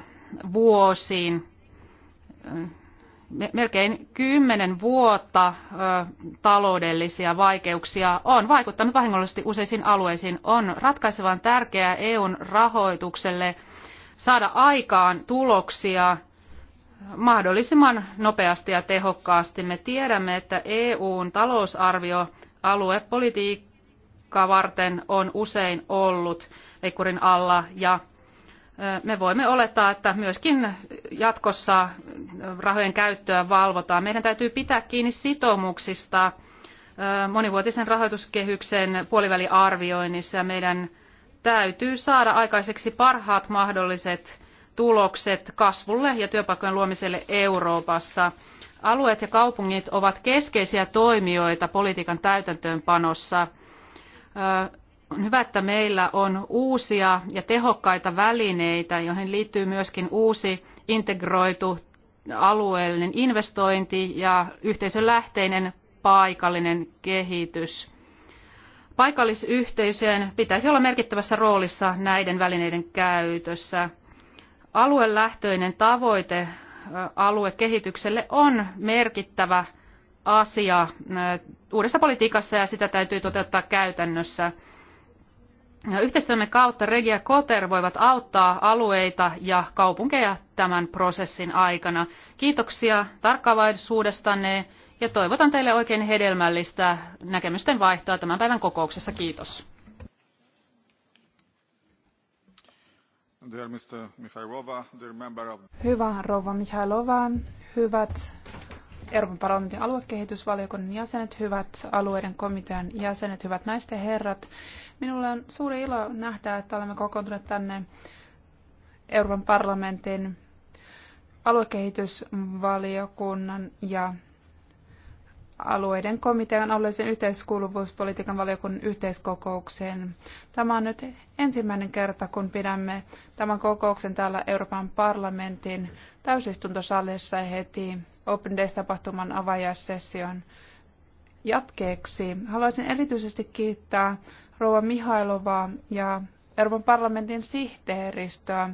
vuosiin. Melkein kymmenen vuotta taloudellisia vaikeuksia on vaikuttanut vahingollisesti useisiin alueisiin. On ratkaisevan tärkeää EUn rahoitukselle saada aikaan tuloksia mahdollisimman nopeasti ja tehokkaasti. Me tiedämme, että EUn talousarvio aluepolitiikka paikkaa varten on usein ollut leikkurin alla ja me voimme olettaa, että myöskin jatkossa rahojen käyttöä valvotaan. Meidän täytyy pitää kiinni sitoumuksista monivuotisen rahoituskehyksen puoliväliarvioinnissa ja meidän täytyy saada aikaiseksi parhaat mahdolliset tulokset kasvulle ja työpaikkojen luomiselle Euroopassa. Alueet ja kaupungit ovat keskeisiä toimijoita politiikan täytäntöönpanossa – on hyvä, että meillä on uusia ja tehokkaita välineitä, joihin liittyy myöskin uusi integroitu alueellinen investointi ja yhteisölähteinen paikallinen kehitys. Paikallisyhteisöjen pitäisi olla merkittävässä roolissa näiden välineiden käytössä. Aluelähtöinen tavoite aluekehitykselle on merkittävä asia äh, uudessa politiikassa ja sitä täytyy toteuttaa käytännössä. Yhteistyömme kautta Regia Koter voivat auttaa alueita ja kaupunkeja tämän prosessin aikana. Kiitoksia tarkkaavaisuudestanne ja toivotan teille oikein hedelmällistä näkemysten vaihtoa tämän päivän kokouksessa. Kiitos. Hyvä rouva Mihailova, hyvät Euroopan parlamentin aluekehitysvaliokunnan jäsenet, hyvät alueiden komitean jäsenet, hyvät naisten herrat. Minulle on suuri ilo nähdä, että olemme kokoontuneet tänne Euroopan parlamentin aluekehitysvaliokunnan ja alueiden komitean alueellisen yhteiskuuluvuuspolitiikan valiokunnan yhteiskokoukseen. Tämä on nyt ensimmäinen kerta, kun pidämme tämän kokouksen täällä Euroopan parlamentin täysistuntosalissa heti Open Days-tapahtuman avajaissession jatkeeksi. Haluaisin erityisesti kiittää rouva Mihailovaa ja Euroopan parlamentin sihteeristöä.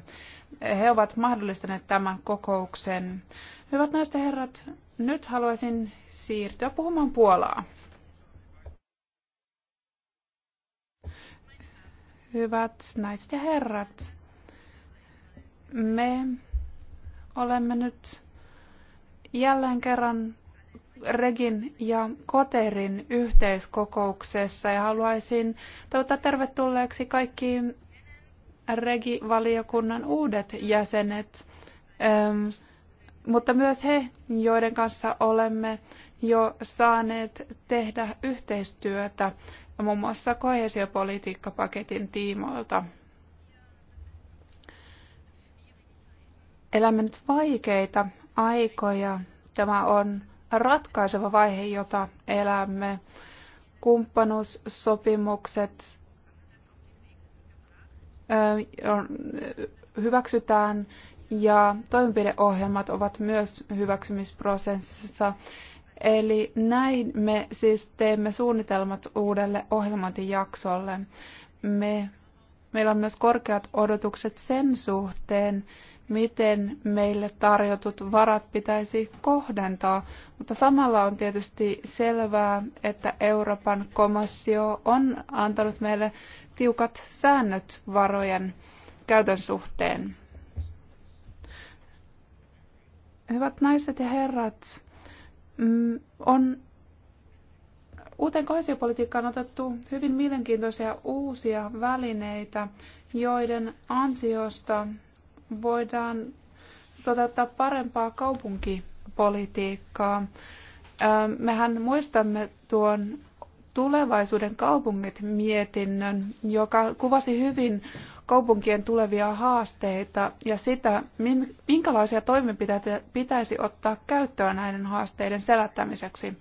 He ovat mahdollistaneet tämän kokouksen. Hyvät naiset ja herrat, nyt haluaisin siirtyä puhumaan Puolaa. Hyvät naiset ja herrat, me olemme nyt jälleen kerran Regin ja Koterin yhteiskokouksessa ja haluaisin toivottaa tervetulleeksi kaikki Regi-valiokunnan uudet jäsenet, ähm, mutta myös he, joiden kanssa olemme jo saaneet tehdä yhteistyötä muun muassa koheesiopolitiikkapaketin tiimoilta. Elämme nyt vaikeita aikoja. Tämä on ratkaiseva vaihe, jota elämme. Kumppanuussopimukset hyväksytään ja toimenpideohjelmat ovat myös hyväksymisprosessissa. Eli näin me siis teemme suunnitelmat uudelle ohjelmointijaksolle. Me, meillä on myös korkeat odotukset sen suhteen, miten meille tarjotut varat pitäisi kohdentaa, mutta samalla on tietysti selvää, että Euroopan komissio on antanut meille tiukat säännöt varojen käytön suhteen. Hyvät naiset ja herrat, mm, on uuteen kohesiopolitiikkaan otettu hyvin mielenkiintoisia uusia välineitä, joiden ansiosta voidaan toteuttaa parempaa kaupunkipolitiikkaa. Mehän muistamme tuon tulevaisuuden kaupungit mietinnön, joka kuvasi hyvin kaupunkien tulevia haasteita ja sitä, minkälaisia toimenpiteitä pitäisi ottaa käyttöön näiden haasteiden selättämiseksi.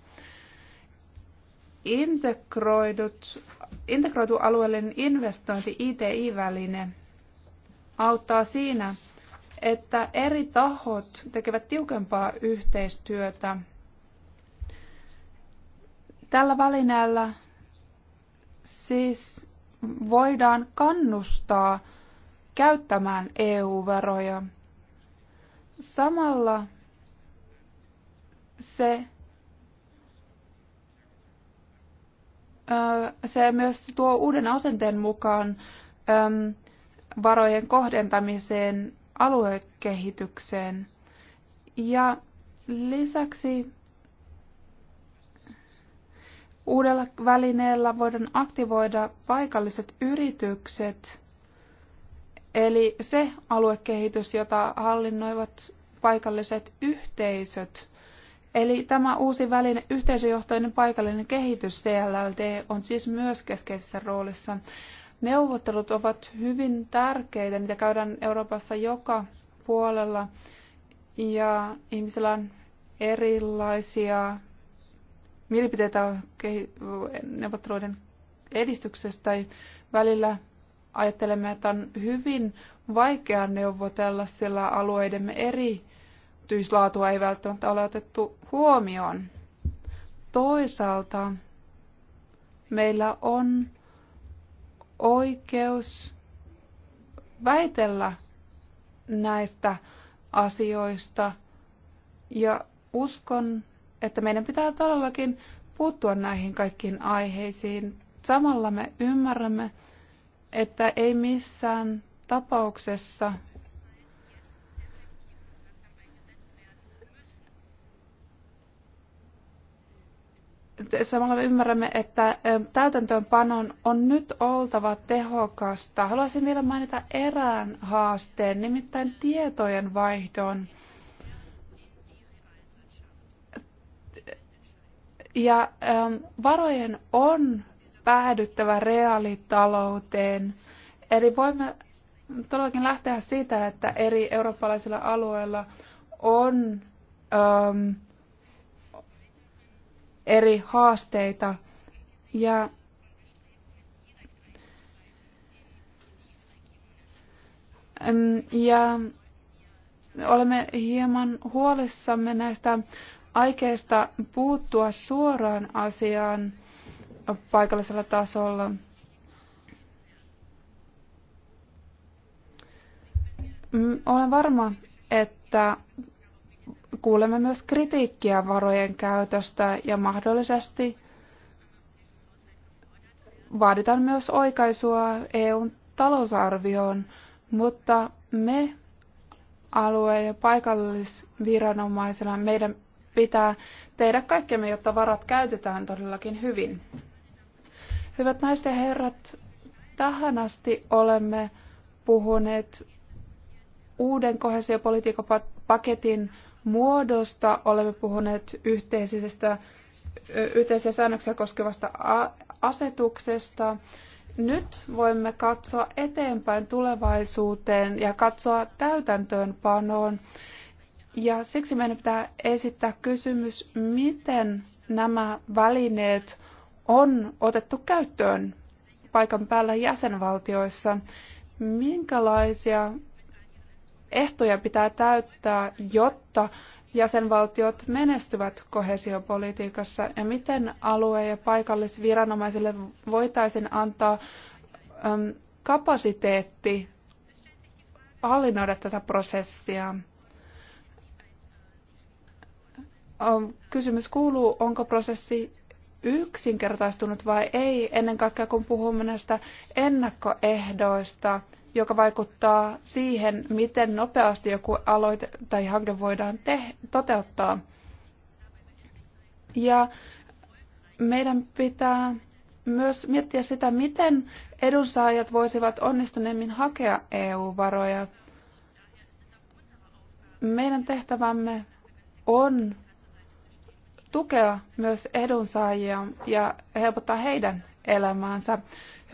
Integroidut, integroitu alueellinen investointi, ITI-väline, auttaa siinä, että eri tahot tekevät tiukempaa yhteistyötä. Tällä välineellä siis voidaan kannustaa käyttämään EU-veroja. Samalla se, se myös tuo uuden asenteen mukaan varojen kohdentamiseen aluekehitykseen. Ja lisäksi uudella välineellä voidaan aktivoida paikalliset yritykset, eli se aluekehitys, jota hallinnoivat paikalliset yhteisöt. Eli tämä uusi väline, yhteisöjohtoinen paikallinen kehitys CLLD, on siis myös keskeisessä roolissa. Neuvottelut ovat hyvin tärkeitä, niitä käydään Euroopassa joka puolella. Ja ihmisillä on erilaisia mielipiteitä neuvotteluiden edistyksestä. Välillä ajattelemme, että on hyvin vaikea neuvotella, sillä alueidemme erityislaatua ei välttämättä ole otettu huomioon. Toisaalta meillä on oikeus väitellä näistä asioista. Ja uskon, että meidän pitää todellakin puuttua näihin kaikkiin aiheisiin. Samalla me ymmärrämme, että ei missään tapauksessa samalla me ymmärrämme, että täytäntöönpanon on nyt oltava tehokasta. Haluaisin vielä mainita erään haasteen, nimittäin tietojen vaihdon. Ja varojen on päädyttävä reaalitalouteen. Eli voimme todellakin lähteä siitä, että eri eurooppalaisilla alueilla on eri haasteita. Ja Ja olemme hieman huolissamme näistä aikeista puuttua suoraan asiaan paikallisella tasolla. Olen varma, että kuulemme myös kritiikkiä varojen käytöstä ja mahdollisesti vaaditaan myös oikaisua EUn talousarvioon, mutta me alue- ja paikallisviranomaisena meidän pitää tehdä kaikkemme, jotta varat käytetään todellakin hyvin. Hyvät naiset ja herrat, tähän asti olemme puhuneet uuden kohesiopolitiikan paketin muodosta olemme puhuneet yhteisestä, yhteisiä säännöksiä koskevasta asetuksesta. Nyt voimme katsoa eteenpäin tulevaisuuteen ja katsoa täytäntöönpanoon. Ja siksi meidän pitää esittää kysymys, miten nämä välineet on otettu käyttöön paikan päällä jäsenvaltioissa. Minkälaisia ehtoja pitää täyttää, jotta jäsenvaltiot menestyvät kohesiopolitiikassa ja miten alue- ja paikallisviranomaisille voitaisiin antaa äm, kapasiteetti hallinnoida tätä prosessia. Kysymys kuuluu, onko prosessi yksinkertaistunut vai ei, ennen kaikkea kun puhumme näistä ennakkoehdoista joka vaikuttaa siihen, miten nopeasti joku aloite tai hanke voidaan te- toteuttaa. Ja meidän pitää myös miettiä sitä, miten edunsaajat voisivat onnistuneemmin hakea EU-varoja. Meidän tehtävämme on tukea myös edunsaajia ja helpottaa heidän elämäänsä.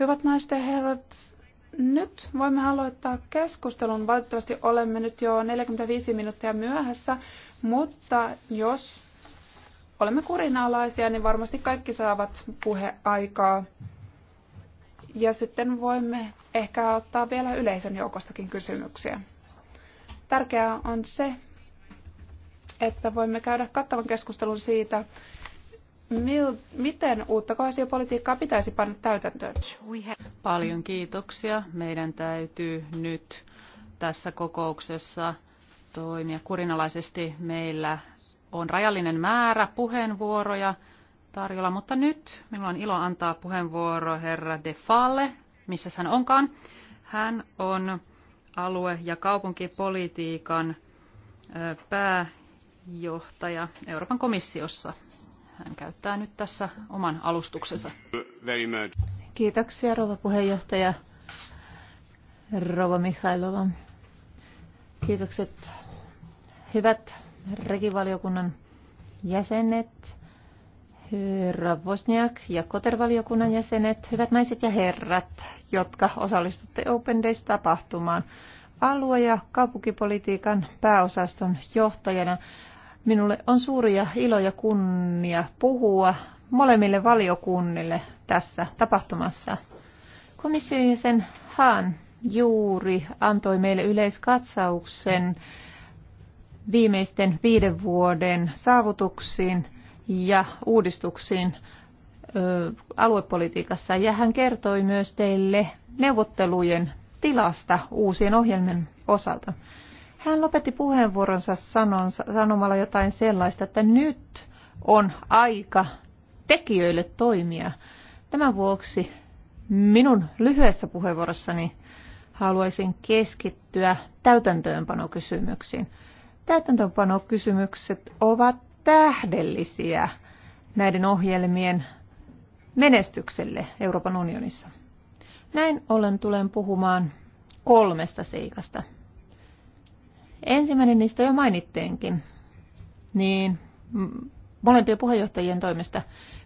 Hyvät naiset ja herrat, nyt voimme aloittaa keskustelun. Valitettavasti olemme nyt jo 45 minuuttia myöhässä, mutta jos olemme kurinalaisia, niin varmasti kaikki saavat puheaikaa. Ja sitten voimme ehkä ottaa vielä yleisön joukostakin kysymyksiä. Tärkeää on se, että voimme käydä kattavan keskustelun siitä, Mil, miten uutta koesiopolitiikkaa pitäisi panna täytäntöön? Paljon kiitoksia. Meidän täytyy nyt tässä kokouksessa toimia kurinalaisesti. Meillä on rajallinen määrä puheenvuoroja tarjolla, mutta nyt minulla on ilo antaa puheenvuoro herra De Falle, missä hän onkaan. Hän on alue- ja kaupunkipolitiikan pääjohtaja Euroopan komissiossa. Hän käyttää nyt tässä oman alustuksensa. Kiitoksia rouva puheenjohtaja rouva Mihailova. Kiitokset hyvät regivaliokunnan jäsenet, herra Vosniak ja Kotervaliokunnan jäsenet, hyvät naiset ja herrat, jotka osallistutte Open Days-tapahtumaan. Alue- ja kaupunkipolitiikan pääosaston johtajana Minulle on suuria ilo ja kunnia puhua molemmille valiokunnille tässä tapahtumassa. Komission sen Haan juuri antoi meille yleiskatsauksen viimeisten viiden vuoden saavutuksiin ja uudistuksiin aluepolitiikassa. Ja hän kertoi myös teille neuvottelujen tilasta uusien ohjelmien osalta. Hän lopetti puheenvuoronsa sanon, sanomalla jotain sellaista, että nyt on aika tekijöille toimia. Tämän vuoksi minun lyhyessä puheenvuorossani haluaisin keskittyä täytäntöönpanokysymyksiin. Täytäntöönpanokysymykset ovat tähdellisiä näiden ohjelmien menestykselle Euroopan unionissa. Näin ollen tulen puhumaan kolmesta seikasta – Ensimmäinen niistä jo mainittiinkin, niin molempien puheenjohtajien toimesta.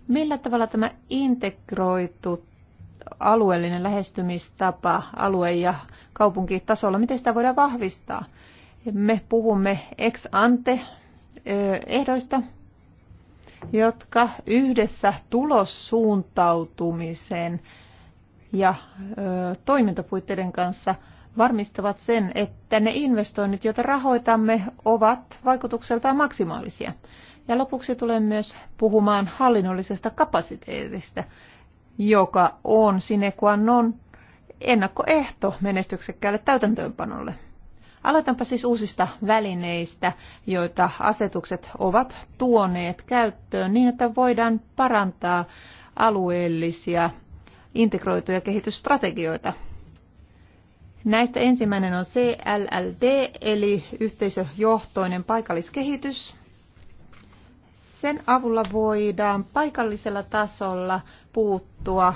Millä tavalla tämä integroitu alueellinen lähestymistapa alue- ja kaupunkitasolla, miten sitä voidaan vahvistaa? Me puhumme ex ante ehdoista, jotka yhdessä tulossuuntautumisen ja toimintapuitteiden kanssa – varmistavat sen, että ne investoinnit, joita rahoitamme, ovat vaikutukseltaan maksimaalisia. Ja lopuksi tulen myös puhumaan hallinnollisesta kapasiteetista, joka on sine qua non ennakkoehto menestyksekkäälle täytäntöönpanolle. Aloitanpa siis uusista välineistä, joita asetukset ovat tuoneet käyttöön niin, että voidaan parantaa alueellisia integroituja kehitysstrategioita Näistä ensimmäinen on CLLD, eli yhteisöjohtoinen paikalliskehitys. Sen avulla voidaan paikallisella tasolla puuttua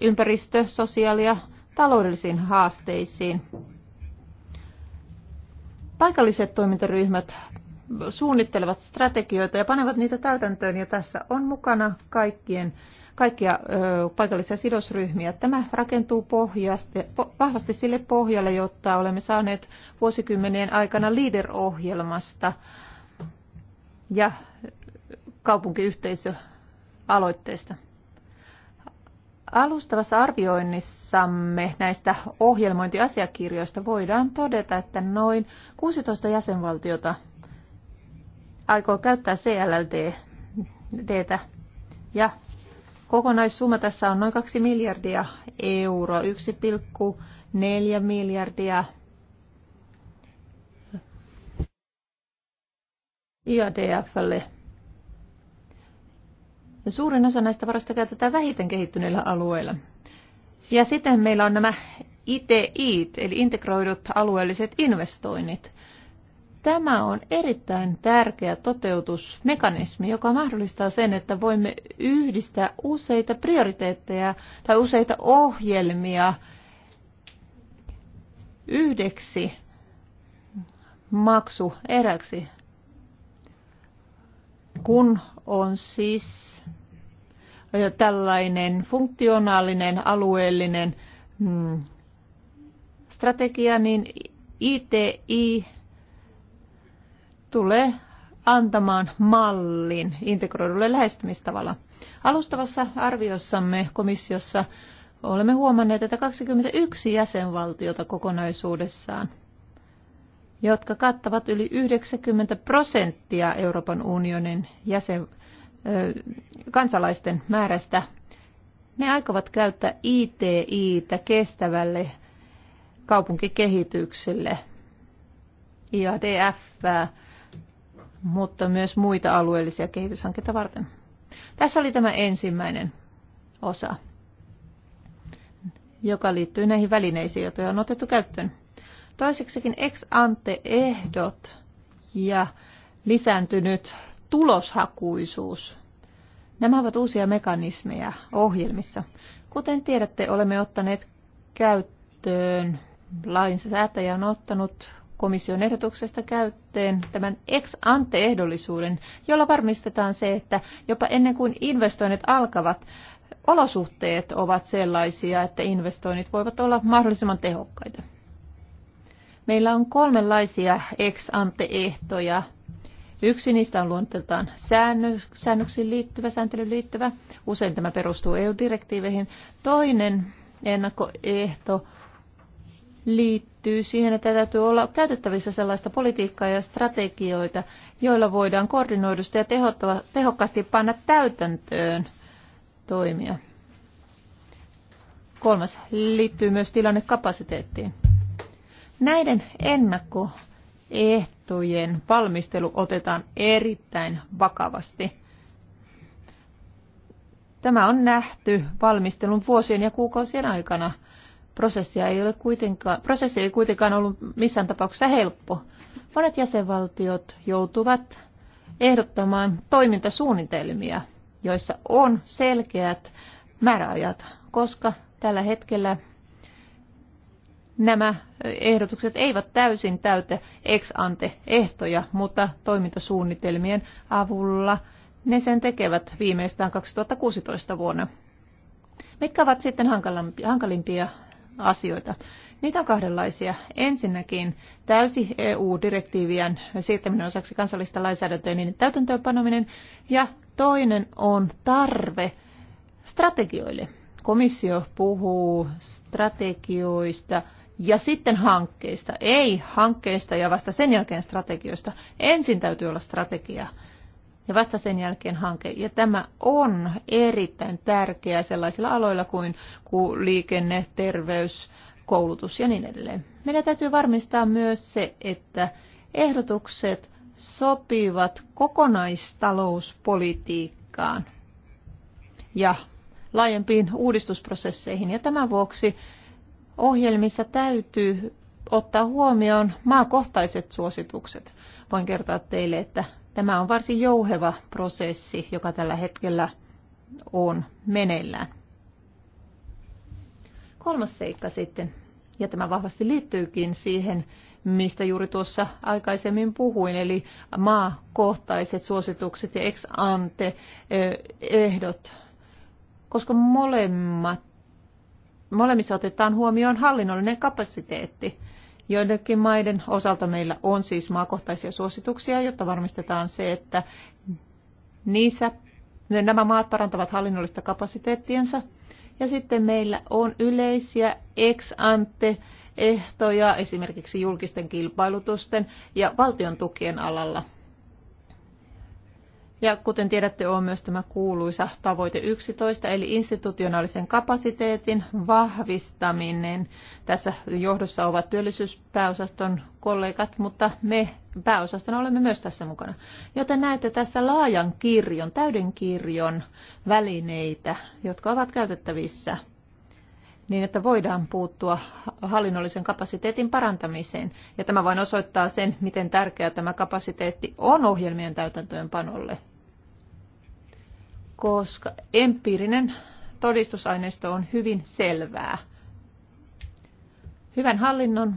ympäristö-, sosiaali- ja taloudellisiin haasteisiin. Paikalliset toimintaryhmät suunnittelevat strategioita ja panevat niitä täytäntöön, ja tässä on mukana kaikkien kaikkia paikallisia sidosryhmiä. Tämä rakentuu pohjasti, vahvasti sille pohjalle, jotta olemme saaneet vuosikymmenien aikana LEADER-ohjelmasta ja kaupunkiyhteisöaloitteesta. Alustavassa arvioinnissamme näistä ohjelmointiasiakirjoista voidaan todeta, että noin 16 jäsenvaltiota aikoo käyttää CLLD -tä ja Kokonaissumma tässä on noin 2 miljardia euroa, 1,4 miljardia IADFlle. Suurin osa näistä varoista käytetään vähiten kehittyneillä alueilla. Ja sitten meillä on nämä ITIt, eli integroidut alueelliset investoinnit. Tämä on erittäin tärkeä toteutusmekanismi, joka mahdollistaa sen, että voimme yhdistää useita prioriteetteja tai useita ohjelmia yhdeksi maksueräksi, kun on siis tällainen funktionaalinen alueellinen mm, strategia, niin ITI tulee antamaan mallin integroidulle lähestymistavalla. Alustavassa arviossamme komissiossa olemme huomanneet, että 21 jäsenvaltiota kokonaisuudessaan, jotka kattavat yli 90 prosenttia Euroopan unionin jäsen, kansalaisten määrästä, ne aikovat käyttää ITItä kestävälle kaupunkikehitykselle, IADF, mutta myös muita alueellisia kehityshankkeita varten. Tässä oli tämä ensimmäinen osa, joka liittyy näihin välineisiin, joita on otettu käyttöön. Toiseksikin ex ante ehdot ja lisääntynyt tuloshakuisuus. Nämä ovat uusia mekanismeja ohjelmissa. Kuten tiedätte, olemme ottaneet käyttöön, lainsäätäjä on ottanut komission ehdotuksesta käyttöön tämän ex-ante-ehdollisuuden, jolla varmistetaan se, että jopa ennen kuin investoinnit alkavat, olosuhteet ovat sellaisia, että investoinnit voivat olla mahdollisimman tehokkaita. Meillä on kolmenlaisia ex-ante-ehtoja. Yksi niistä on luonteeltaan säännöksiin liittyvä, sääntelyyn liittyvä. Usein tämä perustuu EU-direktiiveihin. Toinen ennakkoehto liittyy siihen, että täytyy olla käytettävissä sellaista politiikkaa ja strategioita, joilla voidaan koordinoidusta ja tehokkaasti panna täytäntöön toimia. Kolmas liittyy myös tilannekapasiteettiin. Näiden ennakkoehtojen valmistelu otetaan erittäin vakavasti. Tämä on nähty valmistelun vuosien ja kuukausien aikana – Prosessi ei, ole kuitenkaan, prosessi ei kuitenkaan ollut missään tapauksessa helppo. Monet jäsenvaltiot joutuvat ehdottamaan toimintasuunnitelmia, joissa on selkeät määräajat, koska tällä hetkellä nämä ehdotukset eivät täysin täytä ex ante ehtoja, mutta toimintasuunnitelmien avulla ne sen tekevät viimeistään 2016 vuonna. Mitkä ovat sitten hankalimpia asioita. Niitä on kahdenlaisia. Ensinnäkin täysi EU-direktiivien siirtäminen osaksi kansallista lainsäädäntöä niin täytäntöönpanominen. Ja toinen on tarve strategioille. Komissio puhuu strategioista ja sitten hankkeista. Ei hankkeista ja vasta sen jälkeen strategioista. Ensin täytyy olla strategia ja vasta sen jälkeen hanke. Ja tämä on erittäin tärkeää sellaisilla aloilla kuin liikenne, terveys, koulutus ja niin edelleen. Meidän täytyy varmistaa myös se, että ehdotukset sopivat kokonaistalouspolitiikkaan ja laajempiin uudistusprosesseihin. Ja tämän vuoksi ohjelmissa täytyy ottaa huomioon maakohtaiset suositukset. Voin kertoa teille, että Tämä on varsin jouheva prosessi, joka tällä hetkellä on meneillään. Kolmas seikka sitten, ja tämä vahvasti liittyykin siihen, mistä juuri tuossa aikaisemmin puhuin, eli maakohtaiset suositukset ja ex ante ehdot, koska molemmat, molemmissa otetaan huomioon hallinnollinen kapasiteetti. Joidenkin maiden osalta meillä on siis maakohtaisia suosituksia, jotta varmistetaan se, että niissä nämä maat parantavat hallinnollista kapasiteettiensa. Ja sitten meillä on yleisiä ex ante ehtoja esimerkiksi julkisten kilpailutusten ja valtion tukien alalla – ja kuten tiedätte, on myös tämä kuuluisa tavoite 11, eli institutionaalisen kapasiteetin vahvistaminen. Tässä johdossa ovat työllisyyspääosaston kollegat, mutta me pääosaston olemme myös tässä mukana. Joten näette tässä laajan kirjon, täyden kirjon välineitä, jotka ovat käytettävissä niin, että voidaan puuttua hallinnollisen kapasiteetin parantamiseen. Ja tämä vain osoittaa sen, miten tärkeä tämä kapasiteetti on ohjelmien täytäntöönpanolle koska empiirinen todistusaineisto on hyvin selvää. Hyvän hallinnon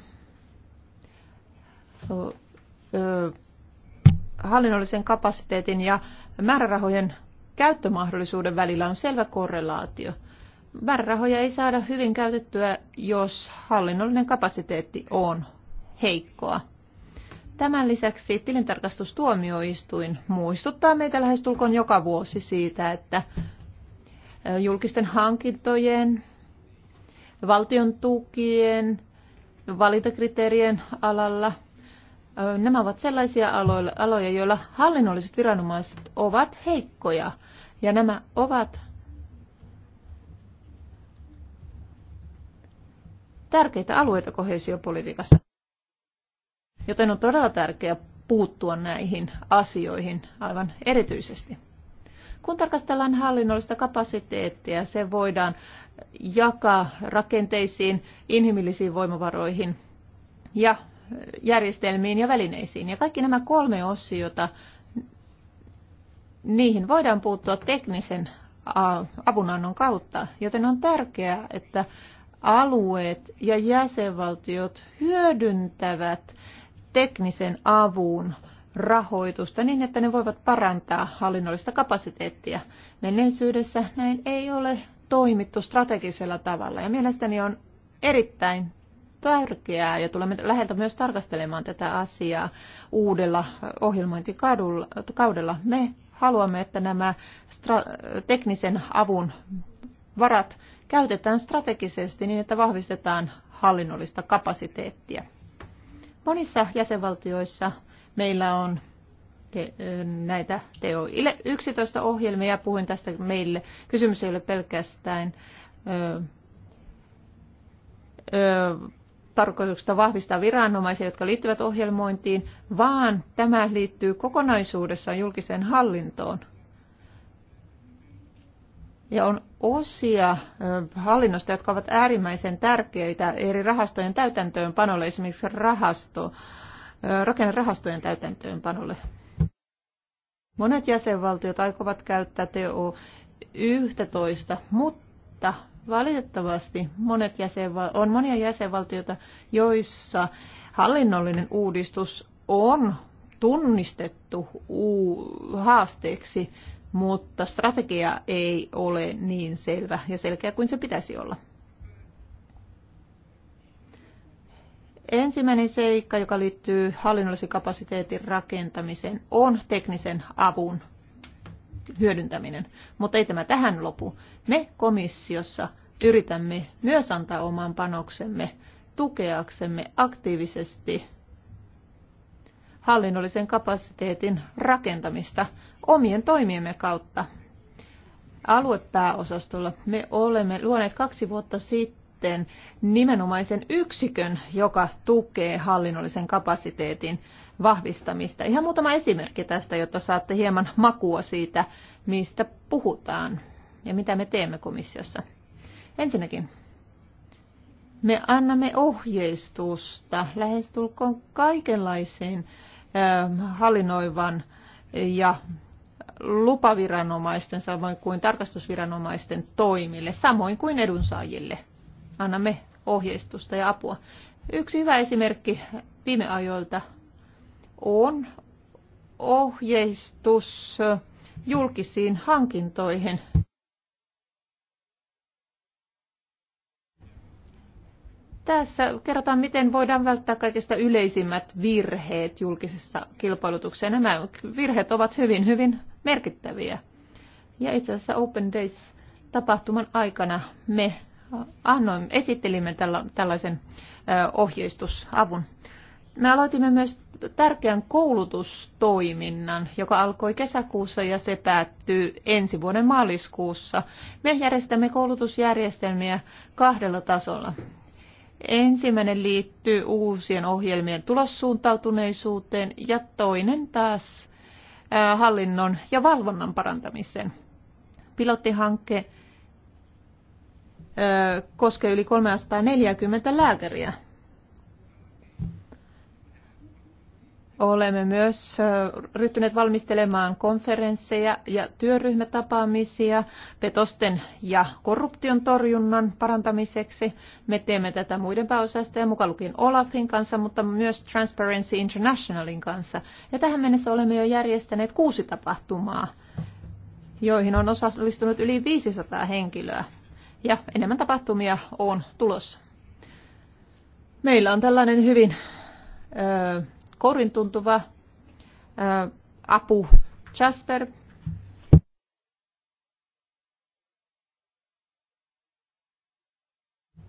hallinnollisen kapasiteetin ja määrärahojen käyttömahdollisuuden välillä on selvä korrelaatio. Määrärahoja ei saada hyvin käytettyä, jos hallinnollinen kapasiteetti on heikkoa. Tämän lisäksi tilintarkastustuomioistuin muistuttaa meitä lähestulkoon joka vuosi siitä, että julkisten hankintojen, valtion tukien, valintakriteerien alalla Nämä ovat sellaisia aloja, joilla hallinnolliset viranomaiset ovat heikkoja. Ja nämä ovat tärkeitä alueita kohesiopolitiikassa. Joten on todella tärkeää puuttua näihin asioihin aivan erityisesti. Kun tarkastellaan hallinnollista kapasiteettia, se voidaan jakaa rakenteisiin, inhimillisiin voimavaroihin ja järjestelmiin ja välineisiin. Ja kaikki nämä kolme osiota, niihin voidaan puuttua teknisen avunannon kautta, joten on tärkeää, että alueet ja jäsenvaltiot hyödyntävät teknisen avun rahoitusta niin, että ne voivat parantaa hallinnollista kapasiteettia. Menneisyydessä näin ei ole toimittu strategisella tavalla ja mielestäni on erittäin tärkeää ja tulemme läheltä myös tarkastelemaan tätä asiaa uudella ohjelmointikaudella. Me haluamme, että nämä teknisen avun varat käytetään strategisesti niin, että vahvistetaan hallinnollista kapasiteettia. Monissa jäsenvaltioissa meillä on näitä TO11 ohjelmia. Puhuin tästä meille. Kysymys ei ole pelkästään ö, ö, tarkoituksesta vahvistaa viranomaisia, jotka liittyvät ohjelmointiin, vaan tämä liittyy kokonaisuudessaan julkiseen hallintoon. Ja on osia hallinnosta, jotka ovat äärimmäisen tärkeitä eri rahastojen täytäntöönpanolle, esimerkiksi rahasto, rakennerahastojen täytäntöönpanolle. Monet jäsenvaltiot aikovat käyttää TO 11, mutta valitettavasti monet jäsenval- on monia jäsenvaltioita, joissa hallinnollinen uudistus on tunnistettu haasteeksi, mutta strategia ei ole niin selvä ja selkeä kuin se pitäisi olla. Ensimmäinen seikka, joka liittyy hallinnollisen kapasiteetin rakentamiseen, on teknisen avun hyödyntäminen. Mutta ei tämä tähän lopu. Me komissiossa yritämme myös antaa oman panoksemme tukeaksemme aktiivisesti hallinnollisen kapasiteetin rakentamista omien toimiemme kautta. Aluepääosastolla me olemme luoneet kaksi vuotta sitten nimenomaisen yksikön, joka tukee hallinnollisen kapasiteetin vahvistamista. Ihan muutama esimerkki tästä, jotta saatte hieman makua siitä, mistä puhutaan ja mitä me teemme komissiossa. Ensinnäkin me annamme ohjeistusta lähestulkoon kaikenlaiseen Ähm, hallinnoivan ja lupaviranomaisten samoin kuin tarkastusviranomaisten toimille, samoin kuin edunsaajille. Annamme ohjeistusta ja apua. Yksi hyvä esimerkki viime ajoilta on ohjeistus julkisiin hankintoihin Tässä kerrotaan, miten voidaan välttää kaikista yleisimmät virheet julkisessa kilpailutuksessa. Nämä virheet ovat hyvin, hyvin merkittäviä. Ja itse asiassa Open Days-tapahtuman aikana me annoimme, esittelimme tällä, tällaisen ohjeistusavun. Me aloitimme myös tärkeän koulutustoiminnan, joka alkoi kesäkuussa ja se päättyy ensi vuoden maaliskuussa. Me järjestämme koulutusjärjestelmiä kahdella tasolla. Ensimmäinen liittyy uusien ohjelmien tulossuuntautuneisuuteen ja toinen taas hallinnon ja valvonnan parantamiseen. Pilottihanke koskee yli 340 lääkäriä Olemme myös ryhtyneet valmistelemaan konferensseja ja työryhmätapaamisia petosten ja korruption torjunnan parantamiseksi. Me teemme tätä muiden pääosastojen mukaan lukien Olafin kanssa, mutta myös Transparency Internationalin kanssa. Ja tähän mennessä olemme jo järjestäneet kuusi tapahtumaa, joihin on osallistunut yli 500 henkilöä. Ja enemmän tapahtumia on tulossa. Meillä on tällainen hyvin... Öö, korin tuntuva apu Jasper.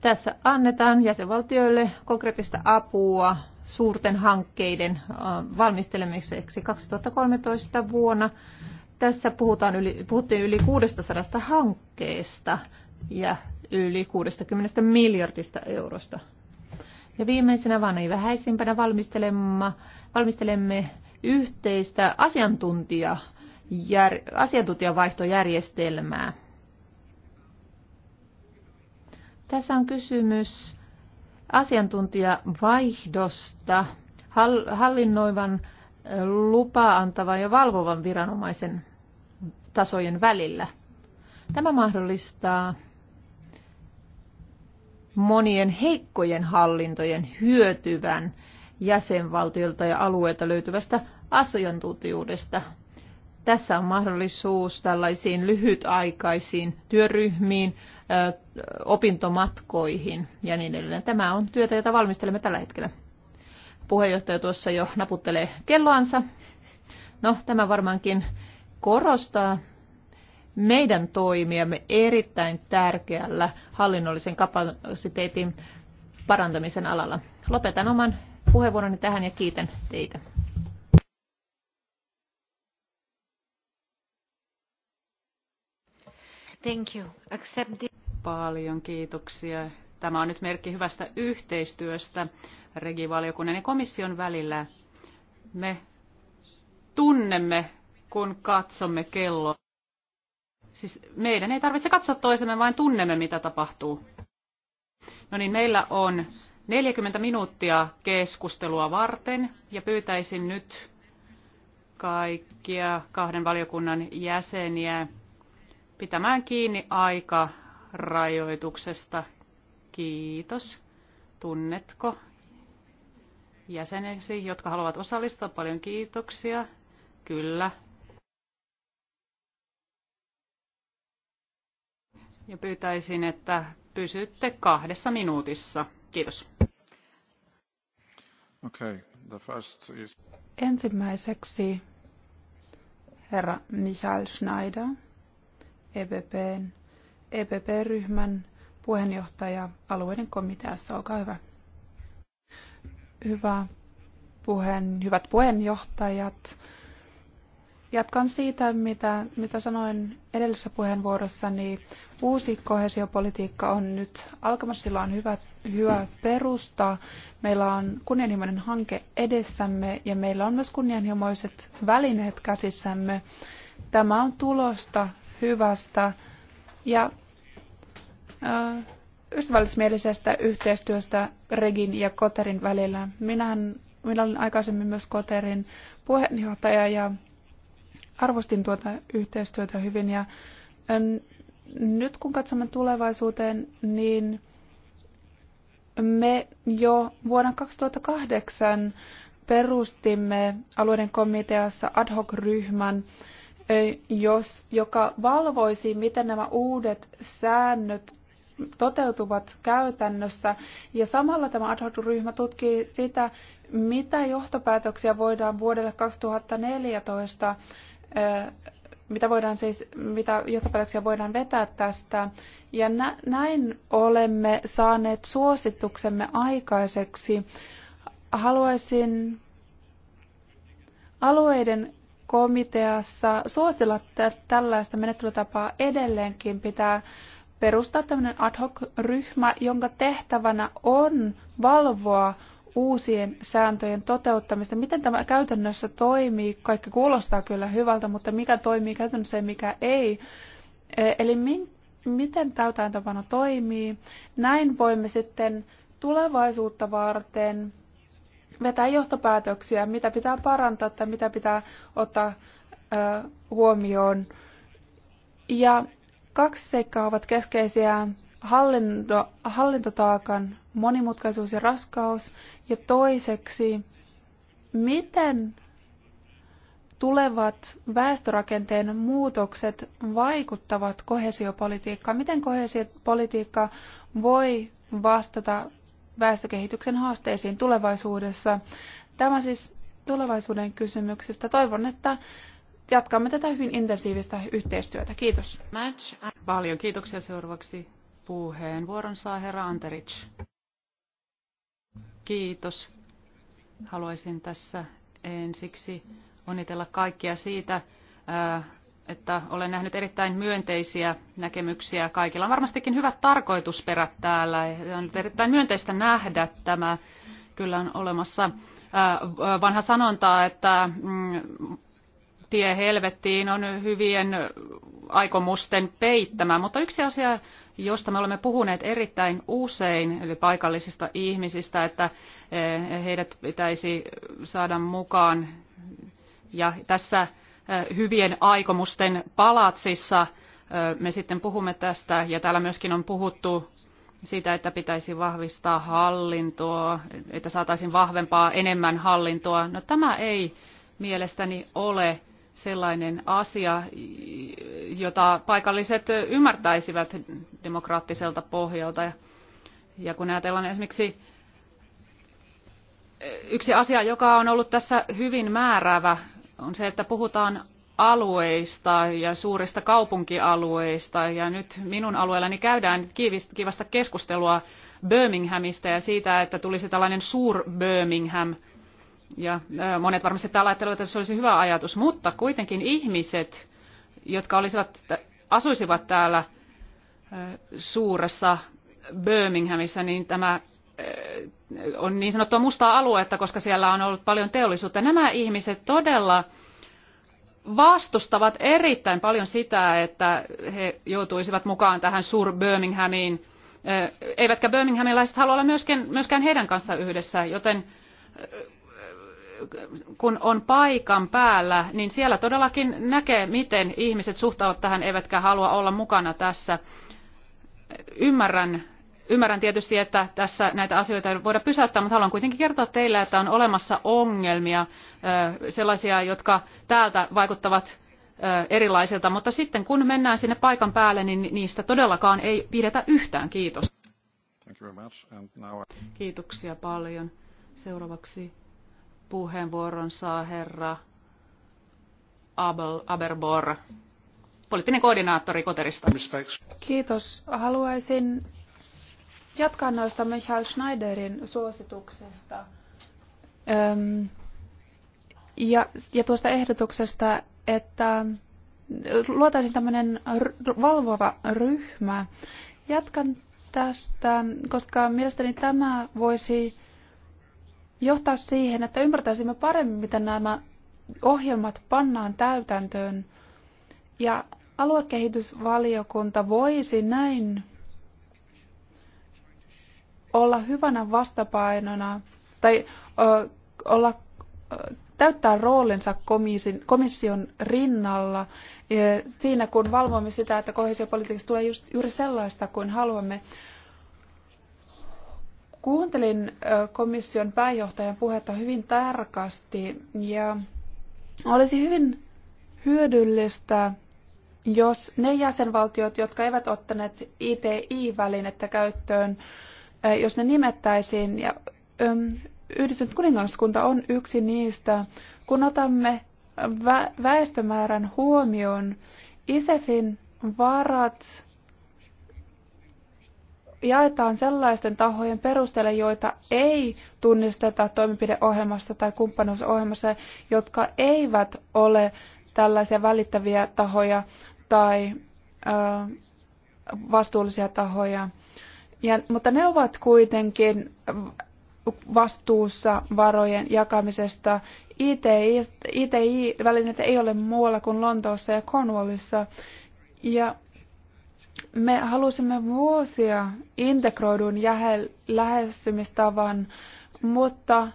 Tässä annetaan jäsenvaltioille konkreettista apua suurten hankkeiden valmistelemiseksi 2013 vuonna. Tässä puhutaan yli, puhuttiin yli 600 hankkeesta ja yli 60 miljardista eurosta ja viimeisenä, vaan ei vähäisimpänä, valmistelemme yhteistä asiantuntija, jär, asiantuntijavaihtojärjestelmää. Tässä on kysymys asiantuntijavaihdosta hallinnoivan lupaa antavan ja valvovan viranomaisen tasojen välillä. Tämä mahdollistaa monien heikkojen hallintojen hyötyvän jäsenvaltiolta ja alueelta löytyvästä asiantuntijuudesta. Tässä on mahdollisuus tällaisiin lyhytaikaisiin työryhmiin, opintomatkoihin ja niin edelleen. Tämä on työtä, jota valmistelemme tällä hetkellä. Puheenjohtaja tuossa jo naputtelee kelloansa. No, tämä varmaankin korostaa meidän toimiamme erittäin tärkeällä hallinnollisen kapasiteetin parantamisen alalla. Lopetan oman puheenvuoroni tähän ja kiitän teitä. Thank you. Accepti- Paljon kiitoksia. Tämä on nyt merkki hyvästä yhteistyöstä regivaliokunnan ja komission välillä. Me tunnemme, kun katsomme kelloa. Siis meidän ei tarvitse katsoa toisemme, vain tunnemme, mitä tapahtuu. No niin, meillä on 40 minuuttia keskustelua varten ja pyytäisin nyt kaikkia kahden valiokunnan jäseniä pitämään kiinni aika rajoituksesta. Kiitos. Tunnetko jäseneksi, jotka haluavat osallistua? Paljon kiitoksia. Kyllä, ja pyytäisin, että pysytte kahdessa minuutissa. Kiitos. Okay, the first is... Ensimmäiseksi herra Michael Schneider, EPPn, EPP-ryhmän puheenjohtaja alueiden komiteassa. Olkaa hyvä. Hyvä puheen, hyvät puheenjohtajat, Jatkan siitä, mitä, mitä sanoin edellisessä niin Uusi kohesiopolitiikka on nyt alkamassa, sillä on hyvä, hyvä perusta. Meillä on kunnianhimoinen hanke edessämme ja meillä on myös kunnianhimoiset välineet käsissämme. Tämä on tulosta hyvästä ja äh, ystävällismielisestä yhteistyöstä Regin ja Koterin välillä. Minähän, minä olin aikaisemmin myös Koterin puheenjohtaja ja arvostin tuota yhteistyötä hyvin ja nyt kun katsomme tulevaisuuteen, niin me jo vuonna 2008 perustimme alueiden komiteassa ad hoc-ryhmän, jos, joka valvoisi, miten nämä uudet säännöt toteutuvat käytännössä. Ja samalla tämä ad hoc-ryhmä tutkii sitä, mitä johtopäätöksiä voidaan vuodelle 2014 mitä, voidaan siis, mitä johtopäätöksiä voidaan vetää tästä. Ja nä, näin olemme saaneet suosituksemme aikaiseksi. Haluaisin alueiden komiteassa suosilla tällaista menettelytapaa edelleenkin pitää perustaa tämmöinen ad hoc-ryhmä, jonka tehtävänä on valvoa uusien sääntöjen toteuttamista. Miten tämä käytännössä toimii? Kaikki kuulostaa kyllä hyvältä, mutta mikä toimii käytännössä ja mikä ei? E, eli min, miten täytäntöpano toimii? Näin voimme sitten tulevaisuutta varten vetää johtopäätöksiä, mitä pitää parantaa tai mitä pitää ottaa huomioon. Ja kaksi seikkaa ovat keskeisiä hallinto, hallintotaakan monimutkaisuus ja raskaus, ja toiseksi, miten tulevat väestörakenteen muutokset vaikuttavat kohesiopolitiikkaan? Miten kohesiopolitiikka voi vastata väestökehityksen haasteisiin tulevaisuudessa? Tämä siis tulevaisuuden kysymyksestä. Toivon, että jatkamme tätä hyvin intensiivistä yhteistyötä. Kiitos. Paljon kiitoksia seuraavaksi Puheenvuoron saa herra Anterich. Kiitos. Haluaisin tässä ensiksi onnitella kaikkia siitä, äh, että olen nähnyt erittäin myönteisiä näkemyksiä kaikilla. On varmastikin hyvät tarkoitusperät täällä. On erittäin myönteistä nähdä tämä. Kyllä on olemassa äh, vanha sanonta, että mm, tie helvettiin on hyvien aikomusten peittämä, mutta yksi asia, josta me olemme puhuneet erittäin usein, eli paikallisista ihmisistä, että eh, heidät pitäisi saada mukaan. Ja tässä eh, hyvien aikomusten palatsissa eh, me sitten puhumme tästä, ja täällä myöskin on puhuttu siitä, että pitäisi vahvistaa hallintoa, että saataisiin vahvempaa, enemmän hallintoa. No tämä ei mielestäni ole sellainen asia, jota paikalliset ymmärtäisivät demokraattiselta pohjalta. Ja kun ajatellaan esimerkiksi yksi asia, joka on ollut tässä hyvin määrävä, on se, että puhutaan alueista ja suurista kaupunkialueista. Ja nyt minun alueellani käydään kiivasta keskustelua Birminghamista ja siitä, että tulisi tällainen suur Birmingham – ja monet varmasti täällä ajattelevat, että se olisi hyvä ajatus, mutta kuitenkin ihmiset, jotka olisivat, asuisivat täällä suuressa Birminghamissa, niin tämä on niin sanottua mustaa aluetta, koska siellä on ollut paljon teollisuutta. Nämä ihmiset todella vastustavat erittäin paljon sitä, että he joutuisivat mukaan tähän Sur Birminghamiin. Eivätkä Birminghamilaiset halua olla myöskään, myöskään heidän kanssa yhdessä, joten kun on paikan päällä, niin siellä todellakin näkee, miten ihmiset suhtautuvat tähän, eivätkä halua olla mukana tässä. Ymmärrän, ymmärrän tietysti, että tässä näitä asioita ei voida pysäyttää, mutta haluan kuitenkin kertoa teille, että on olemassa ongelmia, sellaisia, jotka täältä vaikuttavat erilaisilta, mutta sitten kun mennään sinne paikan päälle, niin niistä todellakaan ei pidetä yhtään. Kiitos. Kiitoksia paljon. Seuraavaksi puheenvuoron saa herra Abel, Aberbor, poliittinen koordinaattori Koterista. Kiitos. Haluaisin jatkaa noista Michael Schneiderin suosituksesta Öm, ja, ja tuosta ehdotuksesta, että luotaisin tämmöinen valvova ryhmä. Jatkan tästä, koska mielestäni tämä voisi johtaa siihen, että ymmärtäisimme paremmin, miten nämä ohjelmat pannaan täytäntöön. Ja aluekehitysvaliokunta voisi näin olla hyvänä vastapainona tai ö, olla, ö, täyttää roolinsa komission, komission rinnalla e, siinä, kun valvomme sitä, että kohesiopolitiikassa tulee just, juuri sellaista kuin haluamme. Kuuntelin komission pääjohtajan puhetta hyvin tarkasti ja olisi hyvin hyödyllistä, jos ne jäsenvaltiot, jotka eivät ottaneet ITI-välinettä käyttöön, jos ne nimettäisiin, ja Yhdistynyt kuningaskunta on yksi niistä, kun otamme väestömäärän huomioon, ISEFin varat jaetaan sellaisten tahojen perusteella, joita ei tunnisteta toimenpideohjelmassa tai kumppanuusohjelmasta, jotka eivät ole tällaisia välittäviä tahoja tai ö, vastuullisia tahoja. Ja, mutta ne ovat kuitenkin vastuussa varojen jakamisesta. ITI-välineitä ei ole muualla kuin Lontoossa ja Cornwallissa. Ja me halusimme vuosia integroidun lähestymistavan, mutta,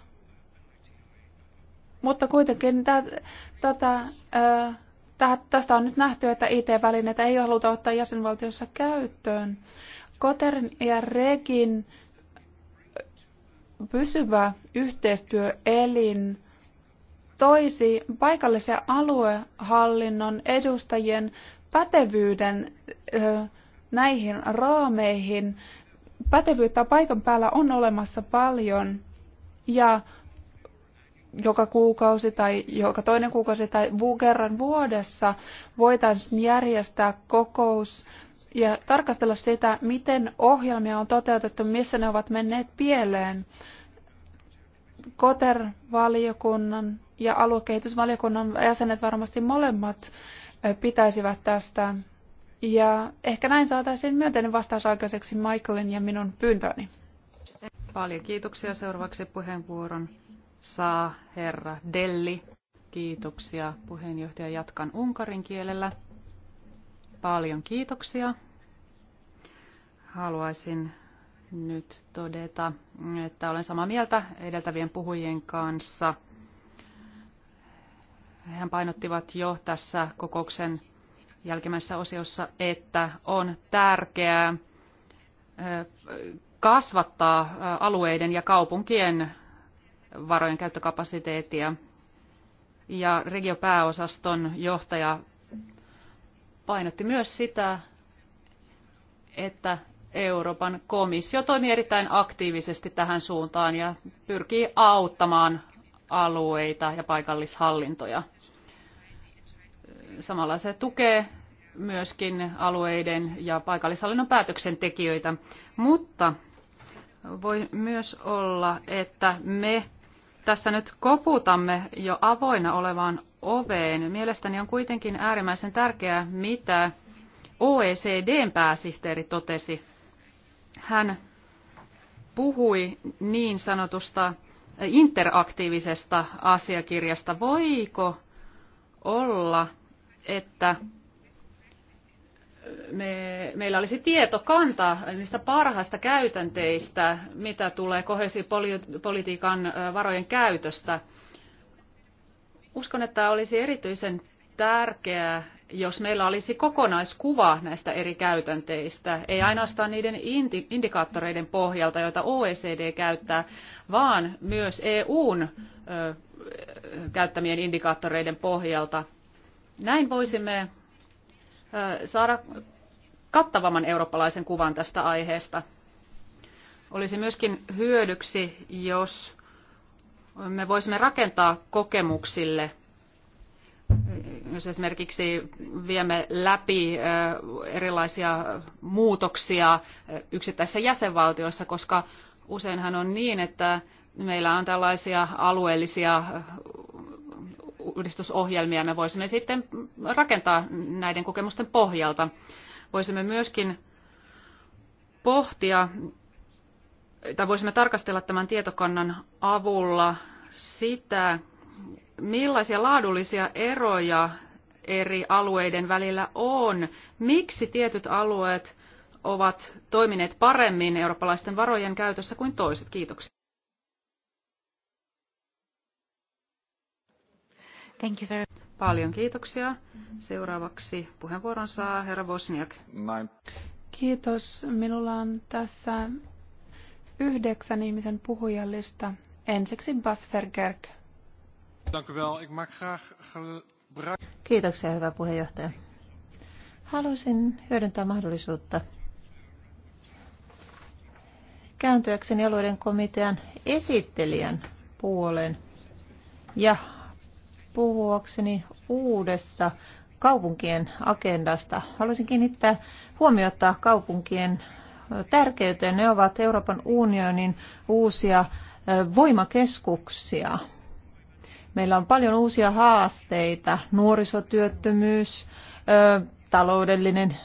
mutta kuitenkin tä, tätä, tästä on nyt nähty, että IT-välineitä ei haluta ottaa jäsenvaltiossa käyttöön. Koterin ja Regin pysyvä yhteistyöelin toisi paikallisen aluehallinnon edustajien pätevyyden näihin raameihin. Pätevyyttä paikan päällä on olemassa paljon ja joka kuukausi tai joka toinen kuukausi tai kerran vuodessa voitaisiin järjestää kokous ja tarkastella sitä, miten ohjelmia on toteutettu, missä ne ovat menneet pieleen. Koter-valiokunnan ja aluekehitysvaliokunnan jäsenet varmasti molemmat pitäisivät tästä ja ehkä näin saataisiin myönteinen vastaus aikaiseksi Michaelin ja minun pyyntöni. Paljon kiitoksia. Seuraavaksi puheenvuoron saa herra Delli. Kiitoksia. Puheenjohtaja jatkan unkarin kielellä. Paljon kiitoksia. Haluaisin nyt todeta, että olen samaa mieltä edeltävien puhujien kanssa. Hän painottivat jo tässä kokouksen jälkimmäisessä osiossa, että on tärkeää kasvattaa alueiden ja kaupunkien varojen käyttökapasiteettia. Ja regiopääosaston johtaja painotti myös sitä, että Euroopan komissio toimii erittäin aktiivisesti tähän suuntaan ja pyrkii auttamaan alueita ja paikallishallintoja samalla se tukee myöskin alueiden ja paikallishallinnon päätöksentekijöitä, mutta voi myös olla, että me tässä nyt koputamme jo avoinna olevaan oveen. Mielestäni on kuitenkin äärimmäisen tärkeää, mitä OECDn pääsihteeri totesi. Hän puhui niin sanotusta interaktiivisesta asiakirjasta. Voiko olla että me, meillä olisi tietokanta niistä parhaista käytänteistä, mitä tulee kohesipolitiikan varojen käytöstä. Uskon, että olisi erityisen tärkeää, jos meillä olisi kokonaiskuva näistä eri käytänteistä, ei ainoastaan niiden indikaattoreiden pohjalta, joita OECD käyttää, vaan myös EUn käyttämien indikaattoreiden pohjalta – näin voisimme saada kattavamman eurooppalaisen kuvan tästä aiheesta. Olisi myöskin hyödyksi, jos me voisimme rakentaa kokemuksille, jos esimerkiksi viemme läpi erilaisia muutoksia yksittäisissä jäsenvaltioissa, koska useinhan on niin, että meillä on tällaisia alueellisia uudistusohjelmia. Me voisimme sitten rakentaa näiden kokemusten pohjalta. Voisimme myöskin pohtia tai voisimme tarkastella tämän tietokannan avulla sitä, millaisia laadullisia eroja eri alueiden välillä on, miksi tietyt alueet ovat toimineet paremmin eurooppalaisten varojen käytössä kuin toiset. Kiitoksia. Thank you very... Paljon kiitoksia. Seuraavaksi puheenvuoron saa herra Bosniak. Näin. Kiitos. Minulla on tässä yhdeksän ihmisen puhujallista. Ensiksi Bas Vergerk. Kiitoksia, hyvä puheenjohtaja. Halusin hyödyntää mahdollisuutta kääntyäkseni alueiden komitean esittelijän puoleen ja puhuakseni uudesta kaupunkien agendasta. Haluaisin kiinnittää huomiota kaupunkien tärkeyteen. Ne ovat Euroopan unionin uusia voimakeskuksia. Meillä on paljon uusia haasteita, nuorisotyöttömyys, taloudellinen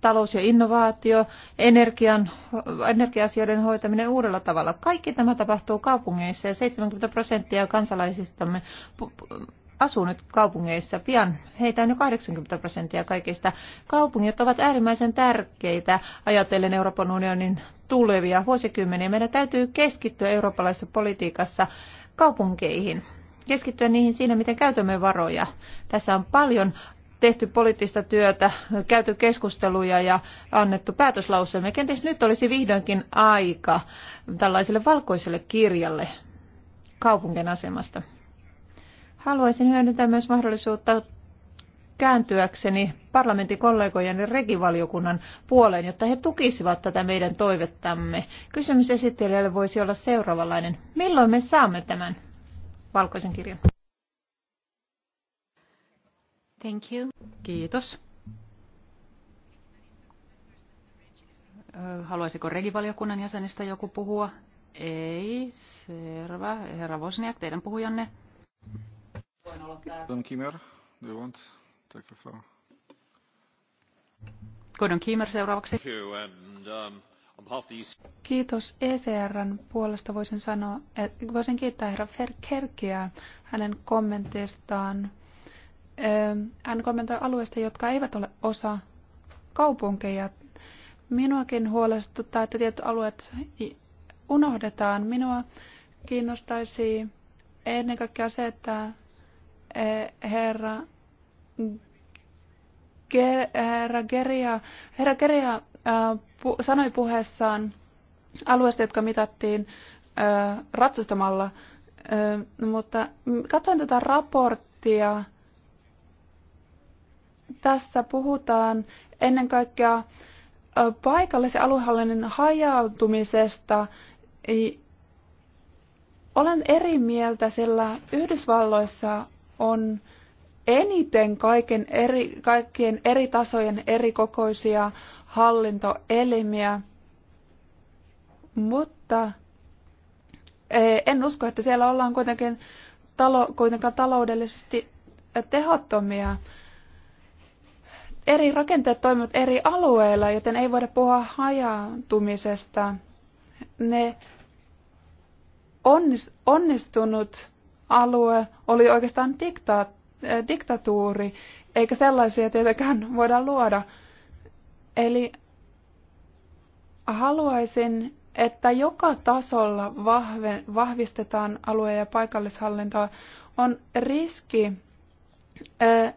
talous ja innovaatio, energian, energiasioiden hoitaminen uudella tavalla. Kaikki tämä tapahtuu kaupungeissa ja 70 prosenttia kansalaisistamme asuu nyt kaupungeissa. Pian heitä on jo 80 prosenttia kaikista. Kaupungit ovat äärimmäisen tärkeitä ajatellen Euroopan unionin tulevia vuosikymmeniä. Meidän täytyy keskittyä eurooppalaisessa politiikassa kaupunkeihin. Keskittyä niihin siinä, miten käytämme varoja. Tässä on paljon tehty poliittista työtä, käyty keskusteluja ja annettu päätöslauselmia. Kenties nyt olisi vihdoinkin aika tällaiselle valkoiselle kirjalle kaupunkien asemasta. Haluaisin hyödyntää myös mahdollisuutta kääntyäkseni parlamentin kollegojen ja regivaliokunnan puoleen, jotta he tukisivat tätä meidän toivettamme. Kysymys esittelijälle voisi olla seuraavanlainen. Milloin me saamme tämän valkoisen kirjan? Thank you. Kiitos. Haluaisiko regivaliokunnan jäsenistä joku puhua? Ei, selvä. Herra Vosniak, teidän puhujanne. Voin aloittaa. Kimmer, do you want to take the floor? Gordon Kimmer seuraavaksi. Um, e Kiitos ECRn puolesta. Voisin, sanoa, että voisin kiittää herra Kerkeä hänen kommenteistaan. Hän kommentoi alueista, jotka eivät ole osa kaupunkeja. Minuakin huolestuttaa, että tietyt alueet unohdetaan. Minua kiinnostaisi ennen kaikkea se, että Eh, herra, herra Geria, herra Geria äh, sanoi puheessaan alueesta, jotka mitattiin äh, ratsastamalla, äh, mutta katsoin tätä raporttia. Tässä puhutaan ennen kaikkea paikallisen aluehallinnon hajautumisesta. Olen eri mieltä, sillä Yhdysvalloissa on eniten kaiken eri, kaikkien eri tasojen eri kokoisia hallintoelimiä, mutta e, en usko, että siellä ollaan kuitenkin talo, kuitenkaan taloudellisesti tehottomia. Eri rakenteet toimivat eri alueilla, joten ei voida puhua hajaantumisesta. Ne onnistunut alue oli oikeastaan dikta, eh, diktatuuri, eikä sellaisia tietenkään voida luoda. Eli haluaisin, että joka tasolla vahvistetaan alue- ja paikallishallintoa. On riski, eh,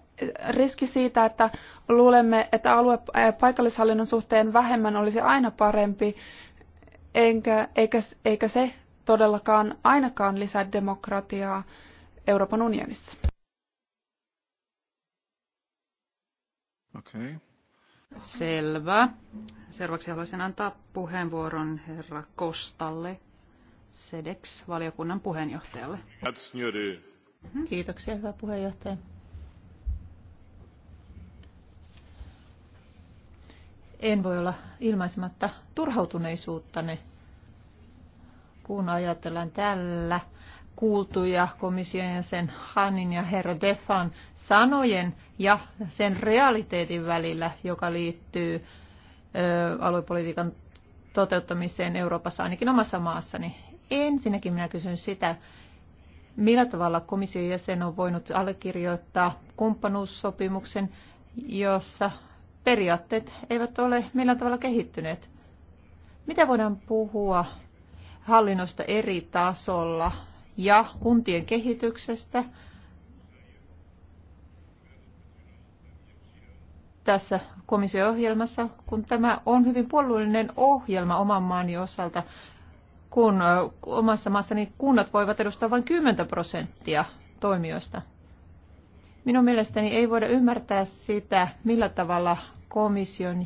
riski siitä, että luulemme, että alue- ja paikallishallinnon suhteen vähemmän olisi aina parempi, enkä, eikä, eikä se todellakaan ainakaan lisää demokratiaa Euroopan unionissa. Okay. Selvä. Seuraavaksi haluaisin antaa puheenvuoron herra Kostalle, SEDEX-valiokunnan puheenjohtajalle. Mhm. Kiitoksia, hyvä puheenjohtaja. En voi olla ilmaisematta turhautuneisuuttani kun ajatellaan tällä kuultuja komission sen Hanin ja herra Defan sanojen ja sen realiteetin välillä, joka liittyy ö, aluepolitiikan toteuttamiseen Euroopassa, ainakin omassa maassani. Ensinnäkin minä kysyn sitä, millä tavalla komission jäsen on voinut allekirjoittaa kumppanuussopimuksen, jossa periaatteet eivät ole millään tavalla kehittyneet. Mitä voidaan puhua hallinnosta eri tasolla ja kuntien kehityksestä. tässä komissio-ohjelmassa, kun tämä on hyvin puolueellinen ohjelma oman maani osalta, kun omassa maassani kunnat voivat edustaa vain 10 prosenttia toimijoista. Minun mielestäni ei voida ymmärtää sitä, millä tavalla komission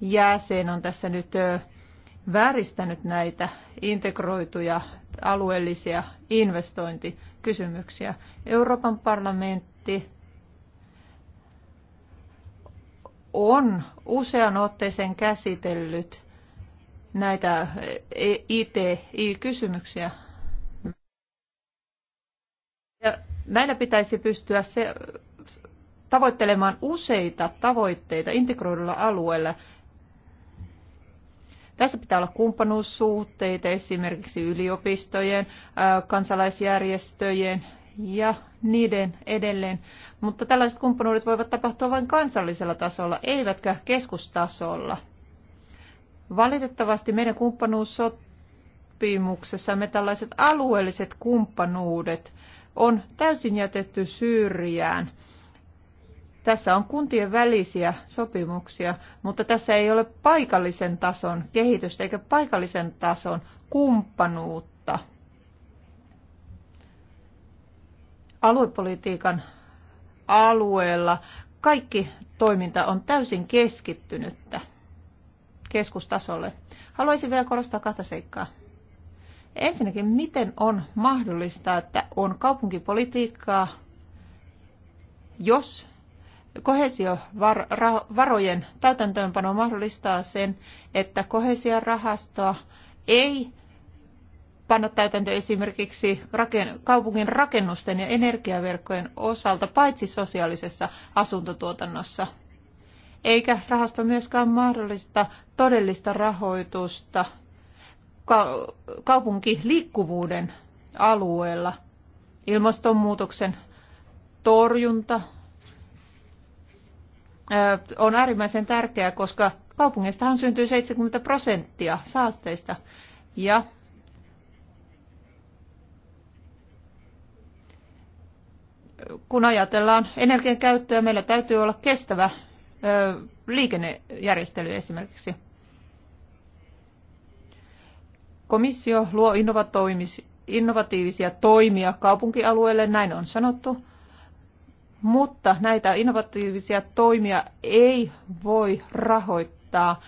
jäsen on tässä nyt vääristänyt näitä integroituja alueellisia investointikysymyksiä. Euroopan parlamentti on usean otteeseen käsitellyt näitä ITI-kysymyksiä. Ja näillä pitäisi pystyä se, tavoittelemaan useita tavoitteita integroidulla alueella tässä pitää olla kumppanuussuhteita esimerkiksi yliopistojen, kansalaisjärjestöjen ja niiden edelleen. Mutta tällaiset kumppanuudet voivat tapahtua vain kansallisella tasolla, eivätkä keskustasolla. Valitettavasti meidän kumppanuussopimuksessamme tällaiset alueelliset kumppanuudet on täysin jätetty syrjään. Tässä on kuntien välisiä sopimuksia, mutta tässä ei ole paikallisen tason kehitystä eikä paikallisen tason kumppanuutta. Aluepolitiikan alueella kaikki toiminta on täysin keskittynyttä keskustasolle. Haluaisin vielä korostaa kahta seikkaa. Ensinnäkin, miten on mahdollista, että on kaupunkipolitiikkaa, jos Kohesiovarojen täytäntöönpano mahdollistaa sen, että kohesiorahastoa ei panna täytäntö esimerkiksi kaupungin rakennusten ja energiaverkkojen osalta, paitsi sosiaalisessa asuntotuotannossa. Eikä rahasto myöskään mahdollista todellista rahoitusta kaupunkiliikkuvuuden alueella. Ilmastonmuutoksen torjunta on äärimmäisen tärkeää, koska kaupungeistahan syntyy 70 prosenttia saasteista. Ja kun ajatellaan energian käyttöä, meillä täytyy olla kestävä liikennejärjestely esimerkiksi. Komissio luo innovatiivisia toimia kaupunkialueelle, näin on sanottu mutta näitä innovatiivisia toimia ei voi rahoittaa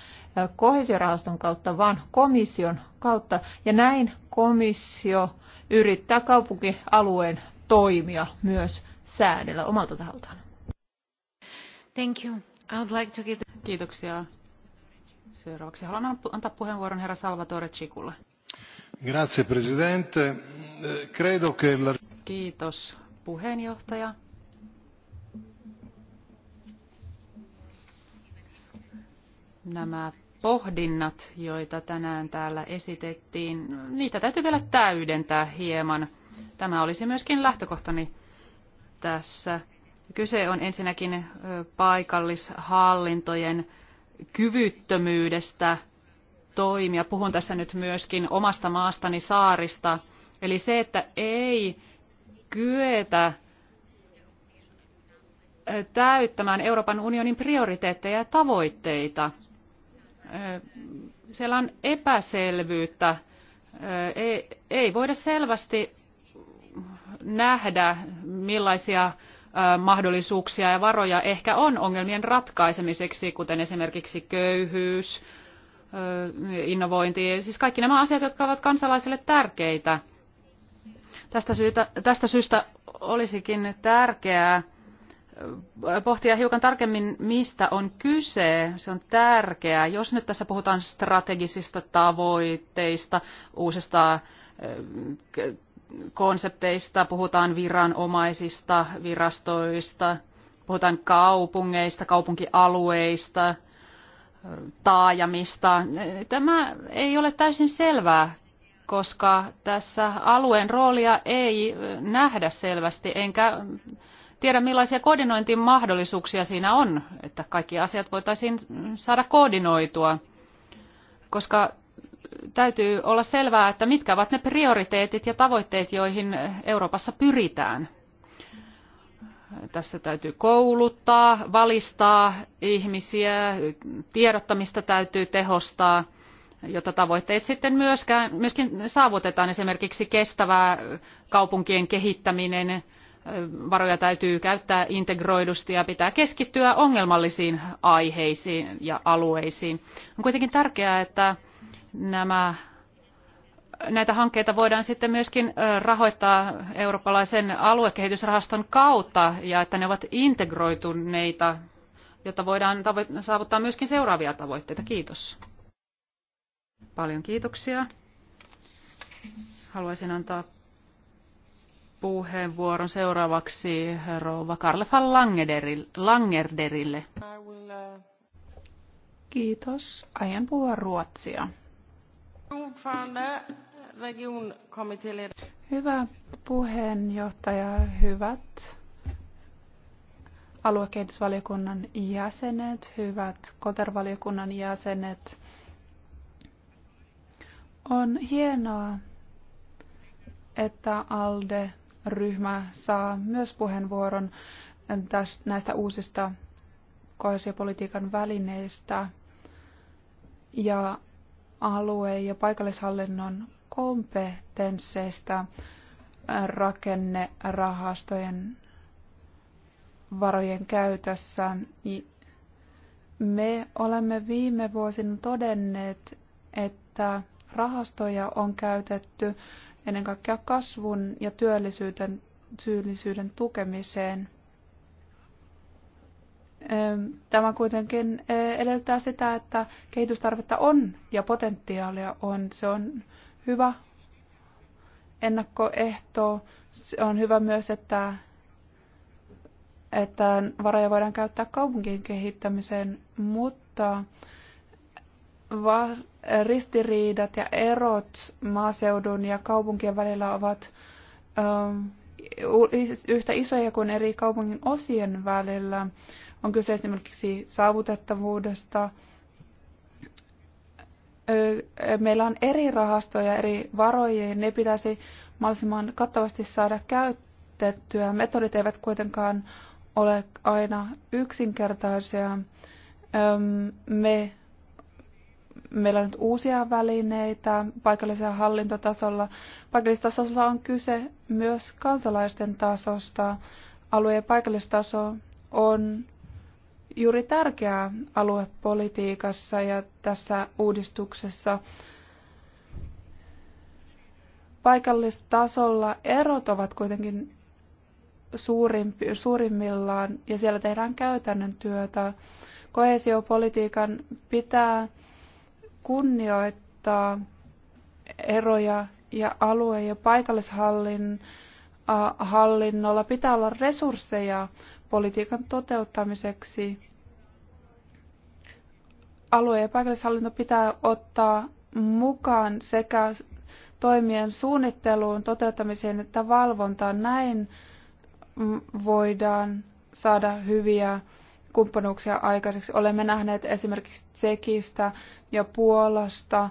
kohesiorahaston kautta, vaan komission kautta. Ja näin komissio yrittää kaupunkialueen toimia myös säädellä omalta taholtaan. Thank you. I would like to give... Kiitoksia. Seuraavaksi haluan antaa puheenvuoron herra Salvatore Cicula. Grazie, presidente. Eh, credo che Kiitos, puheenjohtaja nämä pohdinnat, joita tänään täällä esitettiin, no, niitä täytyy vielä täydentää hieman. Tämä olisi myöskin lähtökohtani tässä. Kyse on ensinnäkin paikallishallintojen kyvyttömyydestä toimia. Puhun tässä nyt myöskin omasta maastani saarista. Eli se, että ei kyetä täyttämään Euroopan unionin prioriteetteja ja tavoitteita – siellä on epäselvyyttä. Ei, ei voida selvästi nähdä, millaisia mahdollisuuksia ja varoja ehkä on ongelmien ratkaisemiseksi, kuten esimerkiksi köyhyys, innovointi, siis kaikki nämä asiat, jotka ovat kansalaisille tärkeitä. Tästä, syytä, tästä syystä olisikin tärkeää, pohtia hiukan tarkemmin, mistä on kyse. Se on tärkeää. Jos nyt tässä puhutaan strategisista tavoitteista, uusista eh, konsepteista, puhutaan viranomaisista, virastoista, puhutaan kaupungeista, kaupunkialueista, eh, taajamista. Niin tämä ei ole täysin selvää, koska tässä alueen roolia ei eh, nähdä selvästi, enkä tiedä, millaisia koordinointimahdollisuuksia siinä on, että kaikki asiat voitaisiin saada koordinoitua, koska täytyy olla selvää, että mitkä ovat ne prioriteetit ja tavoitteet, joihin Euroopassa pyritään. Tässä täytyy kouluttaa, valistaa ihmisiä, tiedottamista täytyy tehostaa, jotta tavoitteet sitten myöskään, myöskin saavutetaan esimerkiksi kestävää kaupunkien kehittäminen, varoja täytyy käyttää integroidusti ja pitää keskittyä ongelmallisiin aiheisiin ja alueisiin. On kuitenkin tärkeää, että nämä, näitä hankkeita voidaan sitten myöskin rahoittaa eurooppalaisen aluekehitysrahaston kautta ja että ne ovat integroituneita, jotta voidaan saavuttaa myöskin seuraavia tavoitteita. Kiitos. Paljon kiitoksia. Haluaisin antaa puheenvuoron seuraavaksi rouva Karle van Langerderille. Uh, Kiitos. Aion puhua ruotsia. Hyvä puheenjohtaja, hyvät aluekehitysvaliokunnan jäsenet, hyvät kotervaliokunnan jäsenet. On hienoa, että ALDE ryhmä saa myös puheenvuoron näistä uusista kohesiopolitiikan välineistä ja alue- ja paikallishallinnon kompetensseista rakennerahastojen varojen käytössä. Me olemme viime vuosina todenneet, että rahastoja on käytetty ennen kaikkea kasvun ja työllisyyden, työllisyyden tukemiseen. Tämä kuitenkin edellyttää sitä, että kehitystarvetta on ja potentiaalia on. Se on hyvä ennakkoehto. Se on hyvä myös, että, että varoja voidaan käyttää kaupunkien kehittämiseen, mutta ristiriidat ja erot maaseudun ja kaupunkien välillä ovat ähm, yhtä isoja kuin eri kaupungin osien välillä. On kyse esimerkiksi saavutettavuudesta. Meillä on eri rahastoja, eri varoja, ja ne pitäisi mahdollisimman kattavasti saada käytettyä. Metodit eivät kuitenkaan ole aina yksinkertaisia. Me meillä on nyt uusia välineitä paikallisella hallintotasolla. Paikallistasolla on kyse myös kansalaisten tasosta. Alue- ja paikallistaso on juuri tärkeää aluepolitiikassa ja tässä uudistuksessa. Paikallistasolla erot ovat kuitenkin suurimmillaan ja siellä tehdään käytännön työtä. Koesiopolitiikan pitää kunnioittaa eroja ja alue- ja paikallishallinnolla pitää olla resursseja politiikan toteuttamiseksi. Alue- ja paikallishallinto pitää ottaa mukaan sekä toimien suunnitteluun, toteuttamiseen että valvontaan. Näin voidaan saada hyviä kumppanuuksia aikaiseksi. Olemme nähneet esimerkiksi Tsekistä ja Puolasta.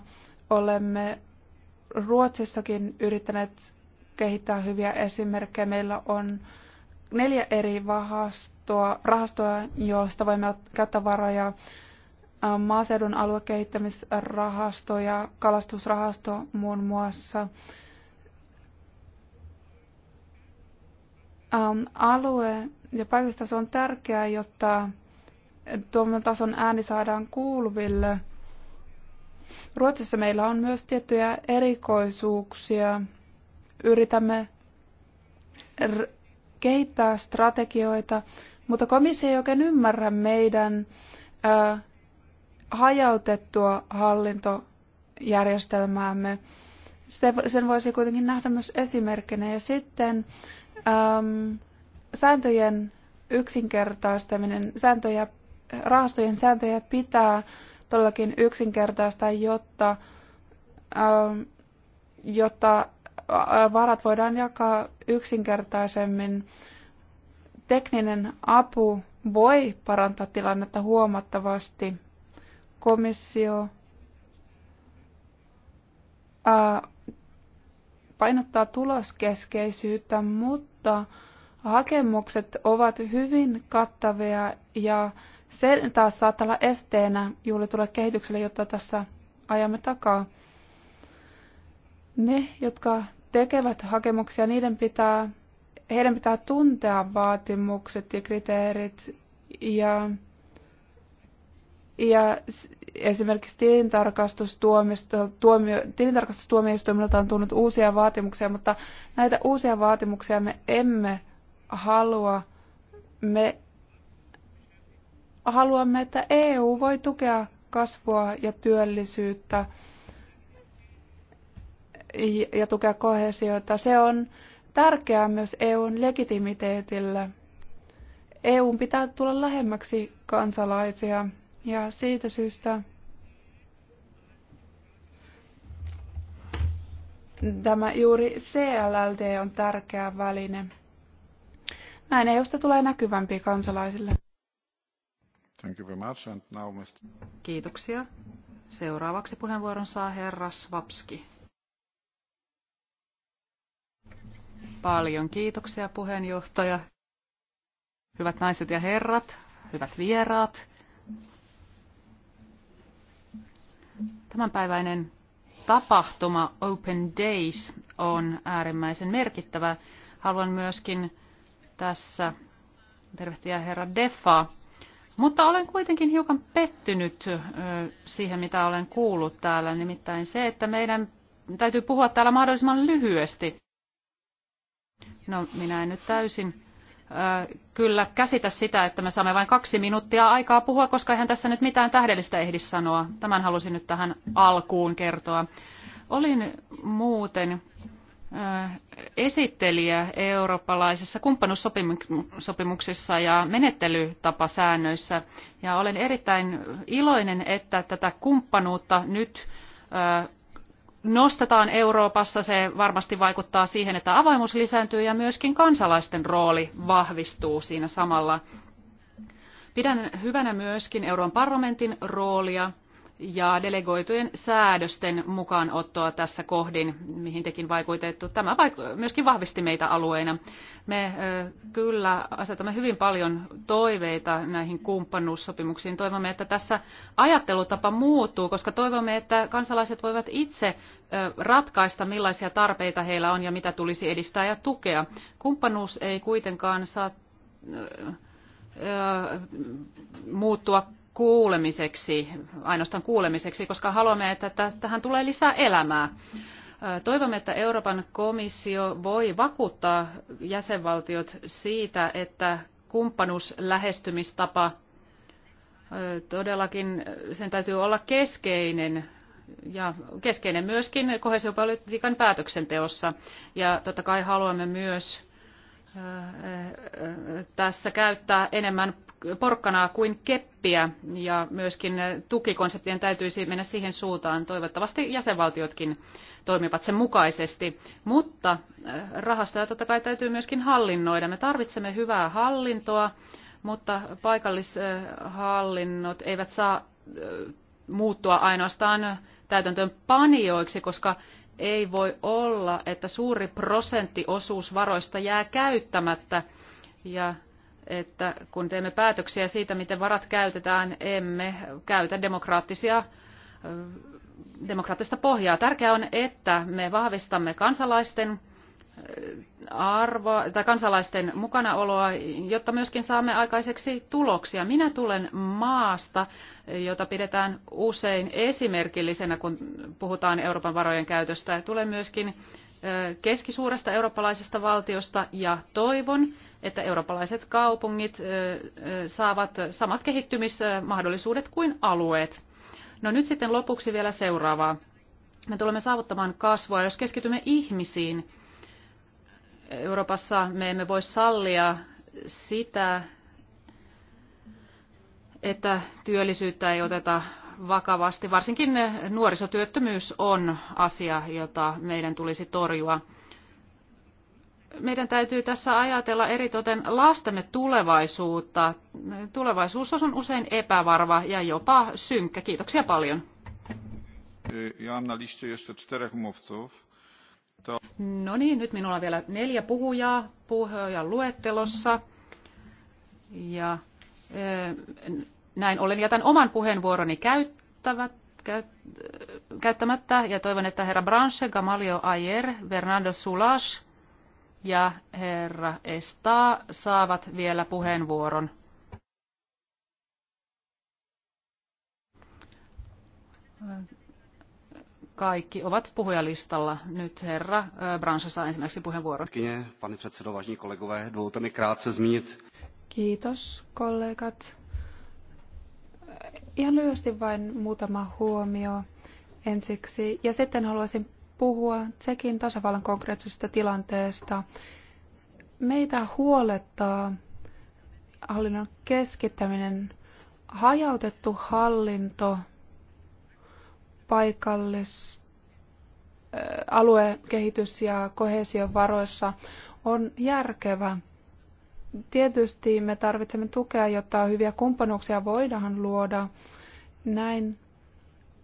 Olemme Ruotsissakin yrittäneet kehittää hyviä esimerkkejä. Meillä on neljä eri rahastoa, rahastoa joista voimme käyttää varoja maaseudun aluekehittämisrahasto ja kalastusrahasto muun muassa. alue- ja paikallistaso on tärkeää, jotta tuon tason ääni saadaan kuuluville. Ruotsissa meillä on myös tiettyjä erikoisuuksia. Yritämme kehittää strategioita, mutta komissio ei oikein ymmärrä meidän ö, hajautettua hallintojärjestelmäämme. Se, sen voisi kuitenkin nähdä myös esimerkkinä. Ja sitten äm, sääntöjen yksinkertaistaminen, sääntöjä, rahastojen sääntöjä pitää todellakin yksinkertaistaa, jotta, äm, jotta äh, varat voidaan jakaa yksinkertaisemmin. Tekninen apu voi parantaa tilannetta huomattavasti. Komissio äh, painottaa tuloskeskeisyyttä, mutta hakemukset ovat hyvin kattavia ja se taas saattaa olla esteenä juuritulle kehitykselle, jotta tässä ajamme takaa. Ne, jotka tekevät hakemuksia, niiden pitää, heidän pitää tuntea vaatimukset ja kriteerit ja ja esimerkiksi tilintarkastustuomioistuimelta on tullut uusia vaatimuksia, mutta näitä uusia vaatimuksia me emme halua. Me haluamme, että EU voi tukea kasvua ja työllisyyttä ja tukea kohesioita. Se on tärkeää myös EUn legitimiteetille. EUn pitää tulla lähemmäksi kansalaisia. Ja siitä syystä tämä juuri CLLD on tärkeä väline. Näin josta tulee näkyvämpi kansalaisille. Thank you very much. And now must... Kiitoksia. Seuraavaksi puheenvuoron saa herra Svapski. Paljon kiitoksia puheenjohtaja. Hyvät naiset ja herrat, hyvät vieraat. Tämänpäiväinen tapahtuma Open Days on äärimmäisen merkittävä. Haluan myöskin tässä tervehtiä herra Defa. Mutta olen kuitenkin hiukan pettynyt siihen, mitä olen kuullut täällä, nimittäin se, että meidän täytyy puhua täällä mahdollisimman lyhyesti. No, minä en nyt täysin kyllä käsitä sitä, että me saamme vain kaksi minuuttia aikaa puhua, koska eihän tässä nyt mitään tähdellistä ehdi sanoa. Tämän halusin nyt tähän alkuun kertoa. Olin muuten esittelijä eurooppalaisessa kumppanuussopimuksissa ja menettelytapasäännöissä. Ja olen erittäin iloinen, että tätä kumppanuutta nyt nostetaan Euroopassa, se varmasti vaikuttaa siihen, että avoimuus lisääntyy ja myöskin kansalaisten rooli vahvistuu siinä samalla. Pidän hyvänä myöskin Euroopan parlamentin roolia ja delegoitujen säädösten mukaanottoa tässä kohdin, mihin tekin vaikutettu. Tämä myöskin vahvisti meitä alueena. Me kyllä asetamme hyvin paljon toiveita näihin kumppanuussopimuksiin. Toivomme, että tässä ajattelutapa muuttuu, koska toivomme, että kansalaiset voivat itse ratkaista, millaisia tarpeita heillä on ja mitä tulisi edistää ja tukea. Kumppanuus ei kuitenkaan saa muuttua kuulemiseksi, ainoastaan kuulemiseksi, koska haluamme, että tähän tulee lisää elämää. Toivomme, että Euroopan komissio voi vakuuttaa jäsenvaltiot siitä, että kumppanuuslähestymistapa todellakin sen täytyy olla keskeinen ja keskeinen myöskin kohesiopolitiikan päätöksenteossa. Ja totta kai haluamme myös tässä käyttää enemmän porkkanaa kuin keppiä ja myöskin tukikonseptien täytyisi mennä siihen suuntaan. Toivottavasti jäsenvaltiotkin toimivat sen mukaisesti, mutta äh, rahastoja totta kai täytyy myöskin hallinnoida. Me tarvitsemme hyvää hallintoa, mutta paikallishallinnot eivät saa äh, muuttua ainoastaan täytäntöön panijoiksi, koska ei voi olla, että suuri prosenttiosuus varoista jää käyttämättä ja että kun teemme päätöksiä siitä, miten varat käytetään, emme käytä demokraattisia demokraattista pohjaa. Tärkeää on, että me vahvistamme kansalaisten arvoa, tai kansalaisten mukanaoloa, jotta myöskin saamme aikaiseksi tuloksia. Minä tulen maasta, jota pidetään usein esimerkillisenä, kun puhutaan Euroopan varojen käytöstä. Tulen myöskin keskisuuresta eurooppalaisesta valtiosta ja toivon, että eurooppalaiset kaupungit saavat samat kehittymismahdollisuudet kuin alueet. No nyt sitten lopuksi vielä seuraavaa. Me tulemme saavuttamaan kasvua, jos keskitymme ihmisiin. Euroopassa me emme voi sallia sitä, että työllisyyttä ei oteta vakavasti. Varsinkin nuorisotyöttömyys on asia, jota meidän tulisi torjua. Meidän täytyy tässä ajatella eritoten lastemme tulevaisuutta. Tulevaisuus on usein epävarva ja jopa synkkä. Kiitoksia paljon. No niin, nyt minulla on vielä neljä puhujaa puhujan luettelossa. Ja e, näin ollen jätän oman puheenvuoroni käyttävät, käyttämättä ja toivon, että herra Branche, Gamalio Ayer, Bernardo Sulas ja herra Esta saavat vielä puheenvuoron. Kaikki ovat puhujalistalla. Nyt herra Branche saa ensimmäiseksi puheenvuoron. Kiitos kollegat. Ihan lyhyesti vain muutama huomio ensiksi. Ja sitten haluaisin puhua Tsekin tasavallan konkreettisesta tilanteesta. Meitä huolettaa hallinnon keskittäminen, hajautettu hallinto, paikallis, aluekehitys ja kohesion varoissa on järkevä tietysti me tarvitsemme tukea, jotta hyviä kumppanuuksia voidaan luoda. Näin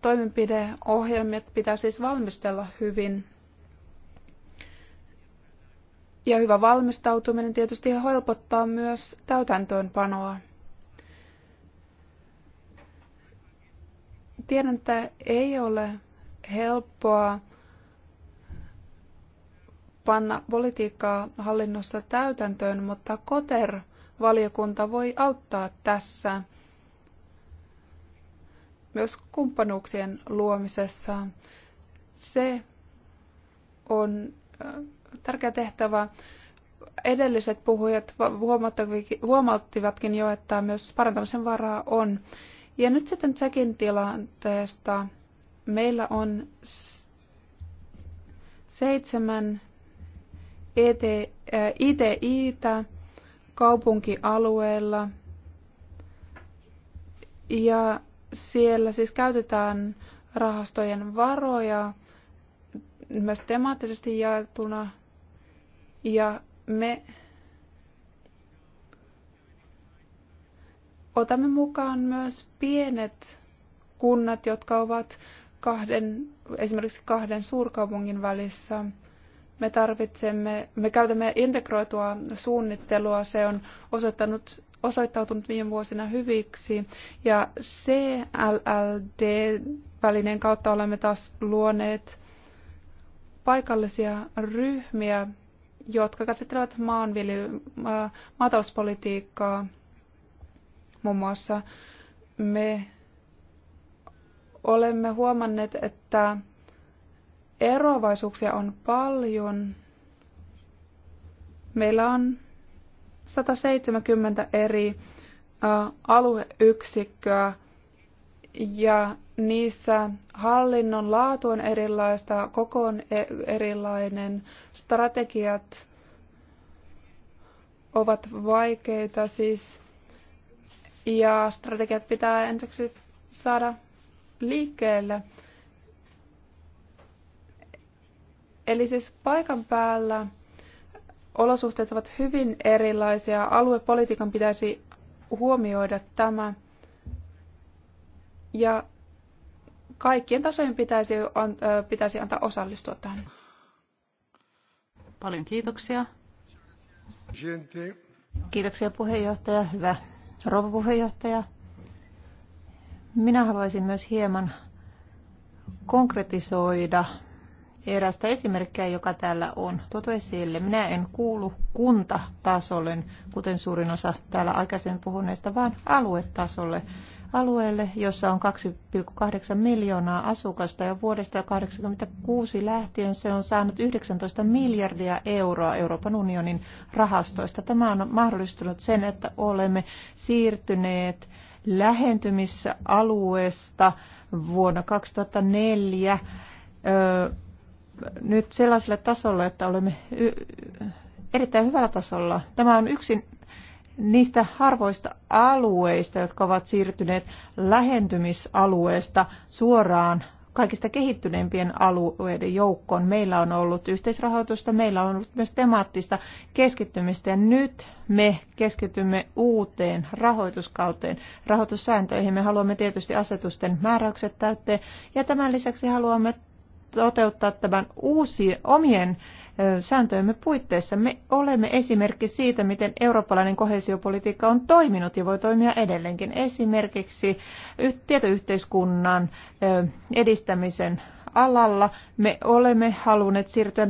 toimenpideohjelmat pitää siis valmistella hyvin. Ja hyvä valmistautuminen tietysti helpottaa myös täytäntöönpanoa. Tiedän, että ei ole helppoa panna politiikkaa hallinnossa täytäntöön, mutta KOTER-valiokunta voi auttaa tässä myös kumppanuuksien luomisessa. Se on tärkeä tehtävä. Edelliset puhujat huomauttivatkin jo, että myös parantamisen varaa on. Ja nyt sitten Tsekin tilanteesta meillä on seitsemän ET, ITItä kaupunkialueella. Ja siellä siis käytetään rahastojen varoja myös temaattisesti jaettuna. Ja me otamme mukaan myös pienet kunnat, jotka ovat kahden, esimerkiksi kahden suurkaupungin välissä. Me tarvitsemme, me käytämme integroitua suunnittelua, se on osoittanut, osoittautunut viime vuosina hyviksi, ja CLLD-välineen kautta olemme taas luoneet paikallisia ryhmiä, jotka käsittelevät maanviljely- maatalouspolitiikkaa muun muassa. Me olemme huomanneet, että eroavaisuuksia on paljon. Meillä on 170 eri alueyksikköä ja niissä hallinnon laatu on erilaista, koko on e, erilainen, strategiat ovat vaikeita siis ja strategiat pitää ensiksi saada liikkeelle. Eli siis paikan päällä olosuhteet ovat hyvin erilaisia. Aluepolitiikan pitäisi huomioida tämä. Ja kaikkien tasojen pitäisi, pitäisi antaa osallistua tähän. Paljon kiitoksia. Kiitoksia puheenjohtaja. Hyvä rouva puheenjohtaja. Minä haluaisin myös hieman konkretisoida erästä esimerkkiä, joka täällä on tuotu esille. Minä en kuulu kuntatasolle, kuten suurin osa täällä aikaisemmin puhuneista, vaan aluetasolle. Alueelle, jossa on 2,8 miljoonaa asukasta ja vuodesta 1986 lähtien se on saanut 19 miljardia euroa Euroopan unionin rahastoista. Tämä on mahdollistunut sen, että olemme siirtyneet lähentymisalueesta vuonna 2004 nyt sellaiselle tasolle, että olemme erittäin hyvällä tasolla. Tämä on yksi niistä harvoista alueista, jotka ovat siirtyneet lähentymisalueesta suoraan kaikista kehittyneimpien alueiden joukkoon. Meillä on ollut yhteisrahoitusta, meillä on ollut myös temaattista keskittymistä ja nyt me keskitymme uuteen rahoituskauteen, rahoitussääntöihin. Me haluamme tietysti asetusten määräykset täyttää ja tämän lisäksi haluamme toteuttaa tämän uusi, omien sääntöjemme puitteissa. Me olemme esimerkki siitä, miten eurooppalainen kohesiopolitiikka on toiminut ja voi toimia edelleenkin. Esimerkiksi tietoyhteiskunnan edistämisen alalla me olemme halunneet siirtyä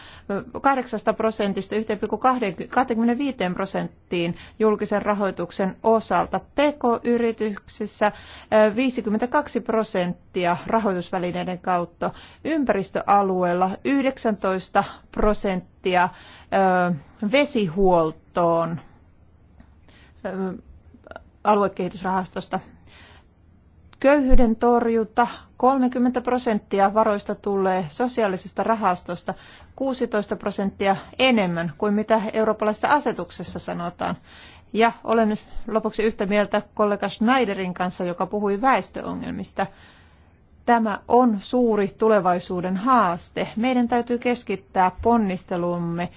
0,8 prosentista 1,25 prosenttiin julkisen rahoituksen osalta. PK-yrityksissä 52 prosenttia rahoitusvälineiden kautta, ympäristöalueella 19 prosenttia vesihuoltoon aluekehitysrahastosta köyhyyden torjunta 30 prosenttia varoista tulee sosiaalisesta rahastosta 16 prosenttia enemmän kuin mitä eurooppalaisessa asetuksessa sanotaan. Ja olen lopuksi yhtä mieltä kollega Schneiderin kanssa, joka puhui väestöongelmista. Tämä on suuri tulevaisuuden haaste. Meidän täytyy keskittää ponnistelumme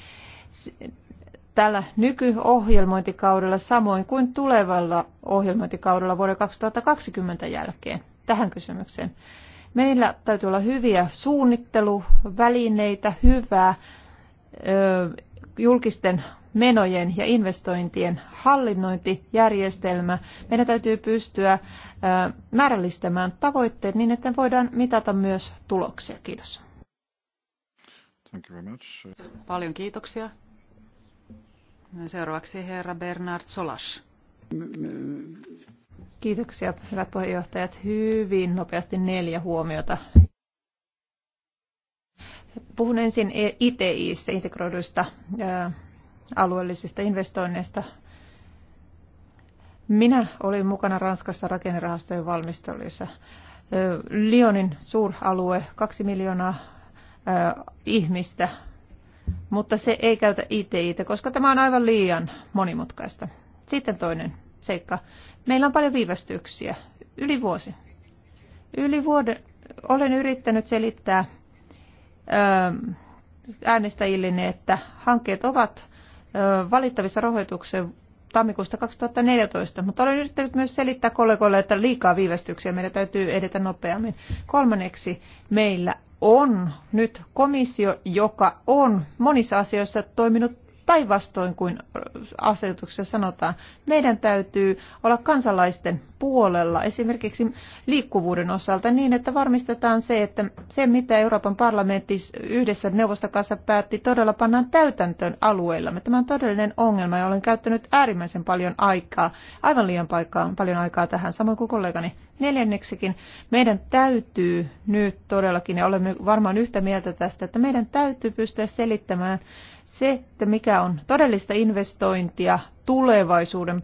tällä nykyohjelmointikaudella samoin kuin tulevalla ohjelmointikaudella vuoden 2020 jälkeen tähän kysymykseen. Meillä täytyy olla hyviä suunnitteluvälineitä, hyvää julkisten menojen ja investointien hallinnointijärjestelmä. Meidän täytyy pystyä määrällistämään tavoitteet niin, että voidaan mitata myös tuloksia. Kiitos. Thank you very much. Paljon kiitoksia. Seuraavaksi herra Bernard Solas. Kiitoksia, hyvät puheenjohtajat. Hyvin nopeasti neljä huomiota. Puhun ensin e- ITIistä, integroiduista alueellisista investoinneista. Minä olin mukana Ranskassa rakennerahastojen valmistelussa. Lyonin suuralue, kaksi miljoonaa ihmistä, mutta se ei käytä ITIitä, koska tämä on aivan liian monimutkaista. Sitten toinen seikka. Meillä on paljon viivästyksiä. Yli vuosi. Yli vuoden olen yrittänyt selittää ähm, äänestäjilleni, että hankkeet ovat äh, valittavissa rahoituksen tammikuusta 2014, mutta olen yrittänyt myös selittää kollegoille, että liikaa viivästyksiä meidän täytyy edetä nopeammin. Kolmanneksi meillä on nyt komissio, joka on monissa asioissa toiminut päinvastoin kuin asetuksessa sanotaan. Meidän täytyy olla kansalaisten puolella esimerkiksi liikkuvuuden osalta niin, että varmistetaan se, että se mitä Euroopan parlamentti yhdessä neuvoston kanssa päätti todella pannaan täytäntöön alueillamme. Tämä on todellinen ongelma ja olen käyttänyt äärimmäisen paljon aikaa, aivan liian paikkaa, paljon aikaa tähän, samoin kuin kollegani. Neljänneksikin meidän täytyy nyt todellakin, ja olemme varmaan yhtä mieltä tästä, että meidän täytyy pystyä selittämään se, että mikä on todellista investointia tulevaisuuden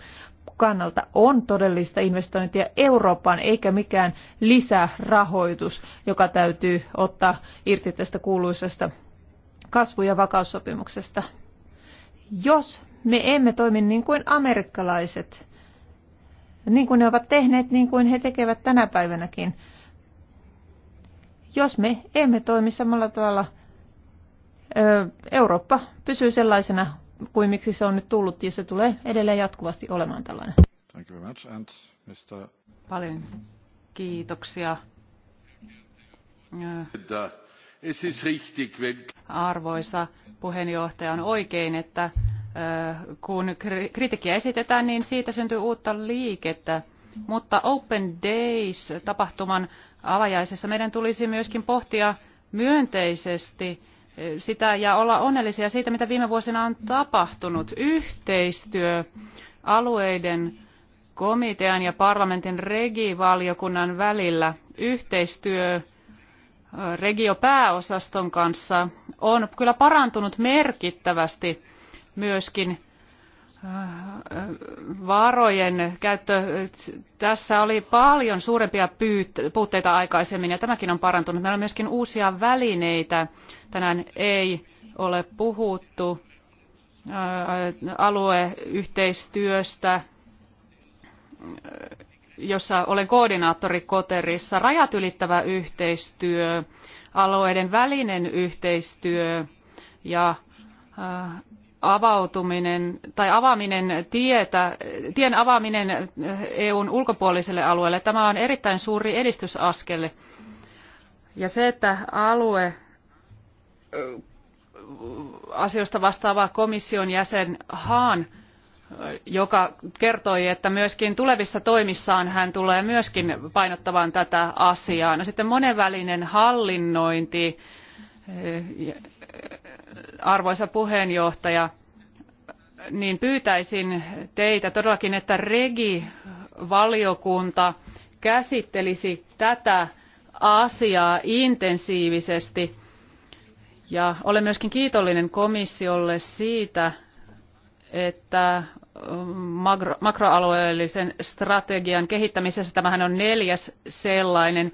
kannalta on todellista investointia Eurooppaan eikä mikään lisärahoitus, joka täytyy ottaa irti tästä kuuluisesta kasvu- ja vakaussopimuksesta. Jos me emme toimi niin kuin amerikkalaiset, niin kuin ne ovat tehneet, niin kuin he tekevät tänä päivänäkin, jos me emme toimi samalla tavalla Eurooppa pysyy sellaisena kuin miksi se on nyt tullut ja se tulee edelleen jatkuvasti olemaan tällainen. Thank you very much. And Mr. Paljon kiitoksia. Äh, Arvoisa puheenjohtaja, on oikein, että äh, kun kritiikkiä esitetään, niin siitä syntyy uutta liikettä. Mutta Open Days-tapahtuman avajaisessa meidän tulisi myöskin pohtia myönteisesti sitä ja olla onnellisia siitä, mitä viime vuosina on tapahtunut. Yhteistyö alueiden komitean ja parlamentin regivaliokunnan välillä, yhteistyö regiopääosaston kanssa on kyllä parantunut merkittävästi myöskin varojen käyttö. Tässä oli paljon suurempia puutteita aikaisemmin ja tämäkin on parantunut. Meillä on myöskin uusia välineitä. Tänään ei ole puhuttu alueyhteistyöstä, jossa olen koordinaattori Koterissa. Rajat ylittävä yhteistyö, alueiden välinen yhteistyö ja avautuminen tai avaaminen tietä, tien avaaminen EUn ulkopuoliselle alueelle, tämä on erittäin suuri edistysaskel. Ja se, että alue asioista vastaava komission jäsen Haan, joka kertoi, että myöskin tulevissa toimissaan hän tulee myöskin painottamaan tätä asiaa. No sitten monenvälinen hallinnointi arvoisa puheenjohtaja, niin pyytäisin teitä todellakin, että Regi-valiokunta käsittelisi tätä asiaa intensiivisesti. Ja olen myöskin kiitollinen komissiolle siitä, että makroalueellisen strategian kehittämisessä tämähän on neljäs sellainen.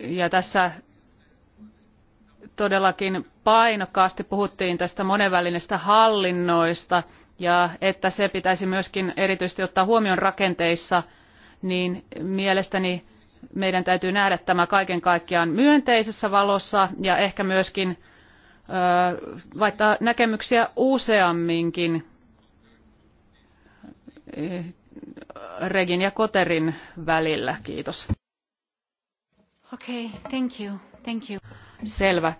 Ja tässä todellakin painokkaasti puhuttiin tästä monenvälisestä hallinnoista ja että se pitäisi myöskin erityisesti ottaa huomioon rakenteissa, niin mielestäni meidän täytyy nähdä tämä kaiken kaikkiaan myönteisessä valossa ja ehkä myöskin vaihtaa näkemyksiä useamminkin eh, Regin ja Koterin välillä. Kiitos. Okay, thank you. Thank you. Selvä.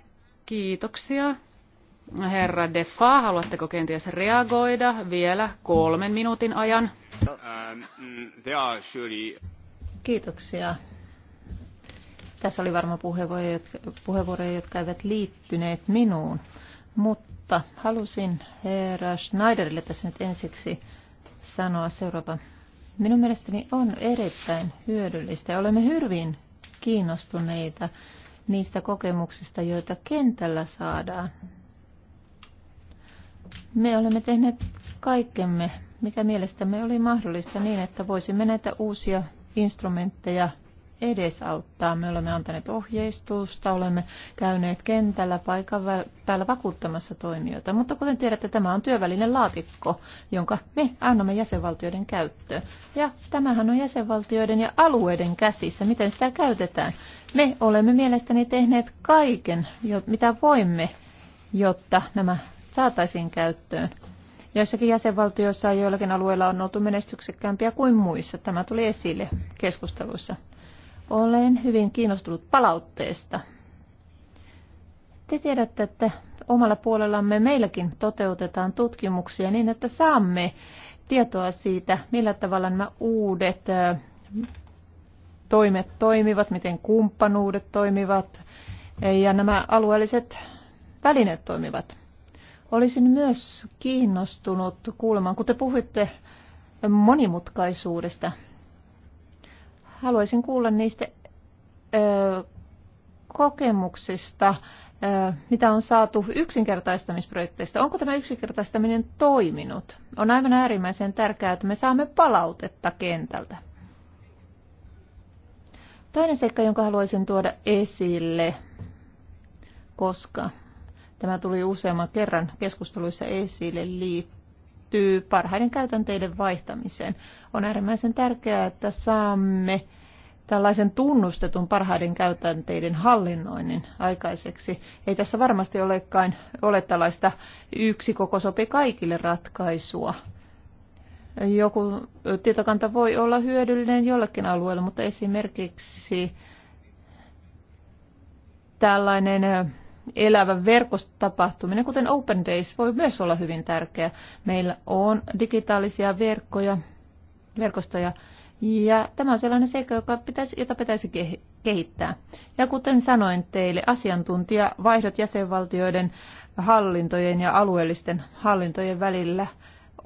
Kiitoksia. Herra Defa, haluatteko kenties reagoida vielä kolmen minuutin ajan? Um, Kiitoksia. Tässä oli varmaan puheenvuoroja, jotka eivät liittyneet minuun, mutta halusin herra Schneiderille tässä nyt ensiksi sanoa seuraava. Minun mielestäni on erittäin hyödyllistä ja olemme hyvin kiinnostuneita niistä kokemuksista, joita kentällä saadaan. Me olemme tehneet kaikkemme, mikä mielestämme oli mahdollista niin, että voisimme näitä uusia instrumentteja edesauttaa. Me olemme antaneet ohjeistusta, olemme käyneet kentällä paikan päällä vakuuttamassa toimijoita. Mutta kuten tiedätte, tämä on työvälinen laatikko, jonka me annamme jäsenvaltioiden käyttöön. Ja tämähän on jäsenvaltioiden ja alueiden käsissä, miten sitä käytetään. Me olemme mielestäni tehneet kaiken, mitä voimme, jotta nämä saataisiin käyttöön. Joissakin jäsenvaltioissa ja joillakin alueilla on oltu menestyksekkäämpiä kuin muissa. Tämä tuli esille keskusteluissa. Olen hyvin kiinnostunut palautteesta. Te tiedätte, että omalla puolellamme meilläkin toteutetaan tutkimuksia niin, että saamme tietoa siitä, millä tavalla nämä uudet toimet toimivat, miten kumppanuudet toimivat ja nämä alueelliset välineet toimivat. Olisin myös kiinnostunut kuulemaan, kun te puhuitte monimutkaisuudesta, Haluaisin kuulla niistä ö, kokemuksista, ö, mitä on saatu yksinkertaistamisprojekteista. Onko tämä yksinkertaistaminen toiminut? On aivan äärimmäisen tärkeää, että me saamme palautetta kentältä. Toinen seikka, jonka haluaisin tuoda esille, koska tämä tuli useamman kerran keskusteluissa esille, liittyy liittyy parhaiden käytänteiden vaihtamiseen. On äärimmäisen tärkeää, että saamme tällaisen tunnustetun parhaiden käytänteiden hallinnoinnin aikaiseksi. Ei tässä varmasti olekaan ole tällaista yksi koko sopi kaikille ratkaisua. Joku tietokanta voi olla hyödyllinen jollekin alueelle, mutta esimerkiksi tällainen elävä verkostotapahtuminen, kuten Open Days, voi myös olla hyvin tärkeä. Meillä on digitaalisia verkkoja, verkostoja, ja tämä on sellainen seikka, joka pitäisi, jota pitäisi kehittää. Ja kuten sanoin teille, vaihdot jäsenvaltioiden hallintojen ja alueellisten hallintojen välillä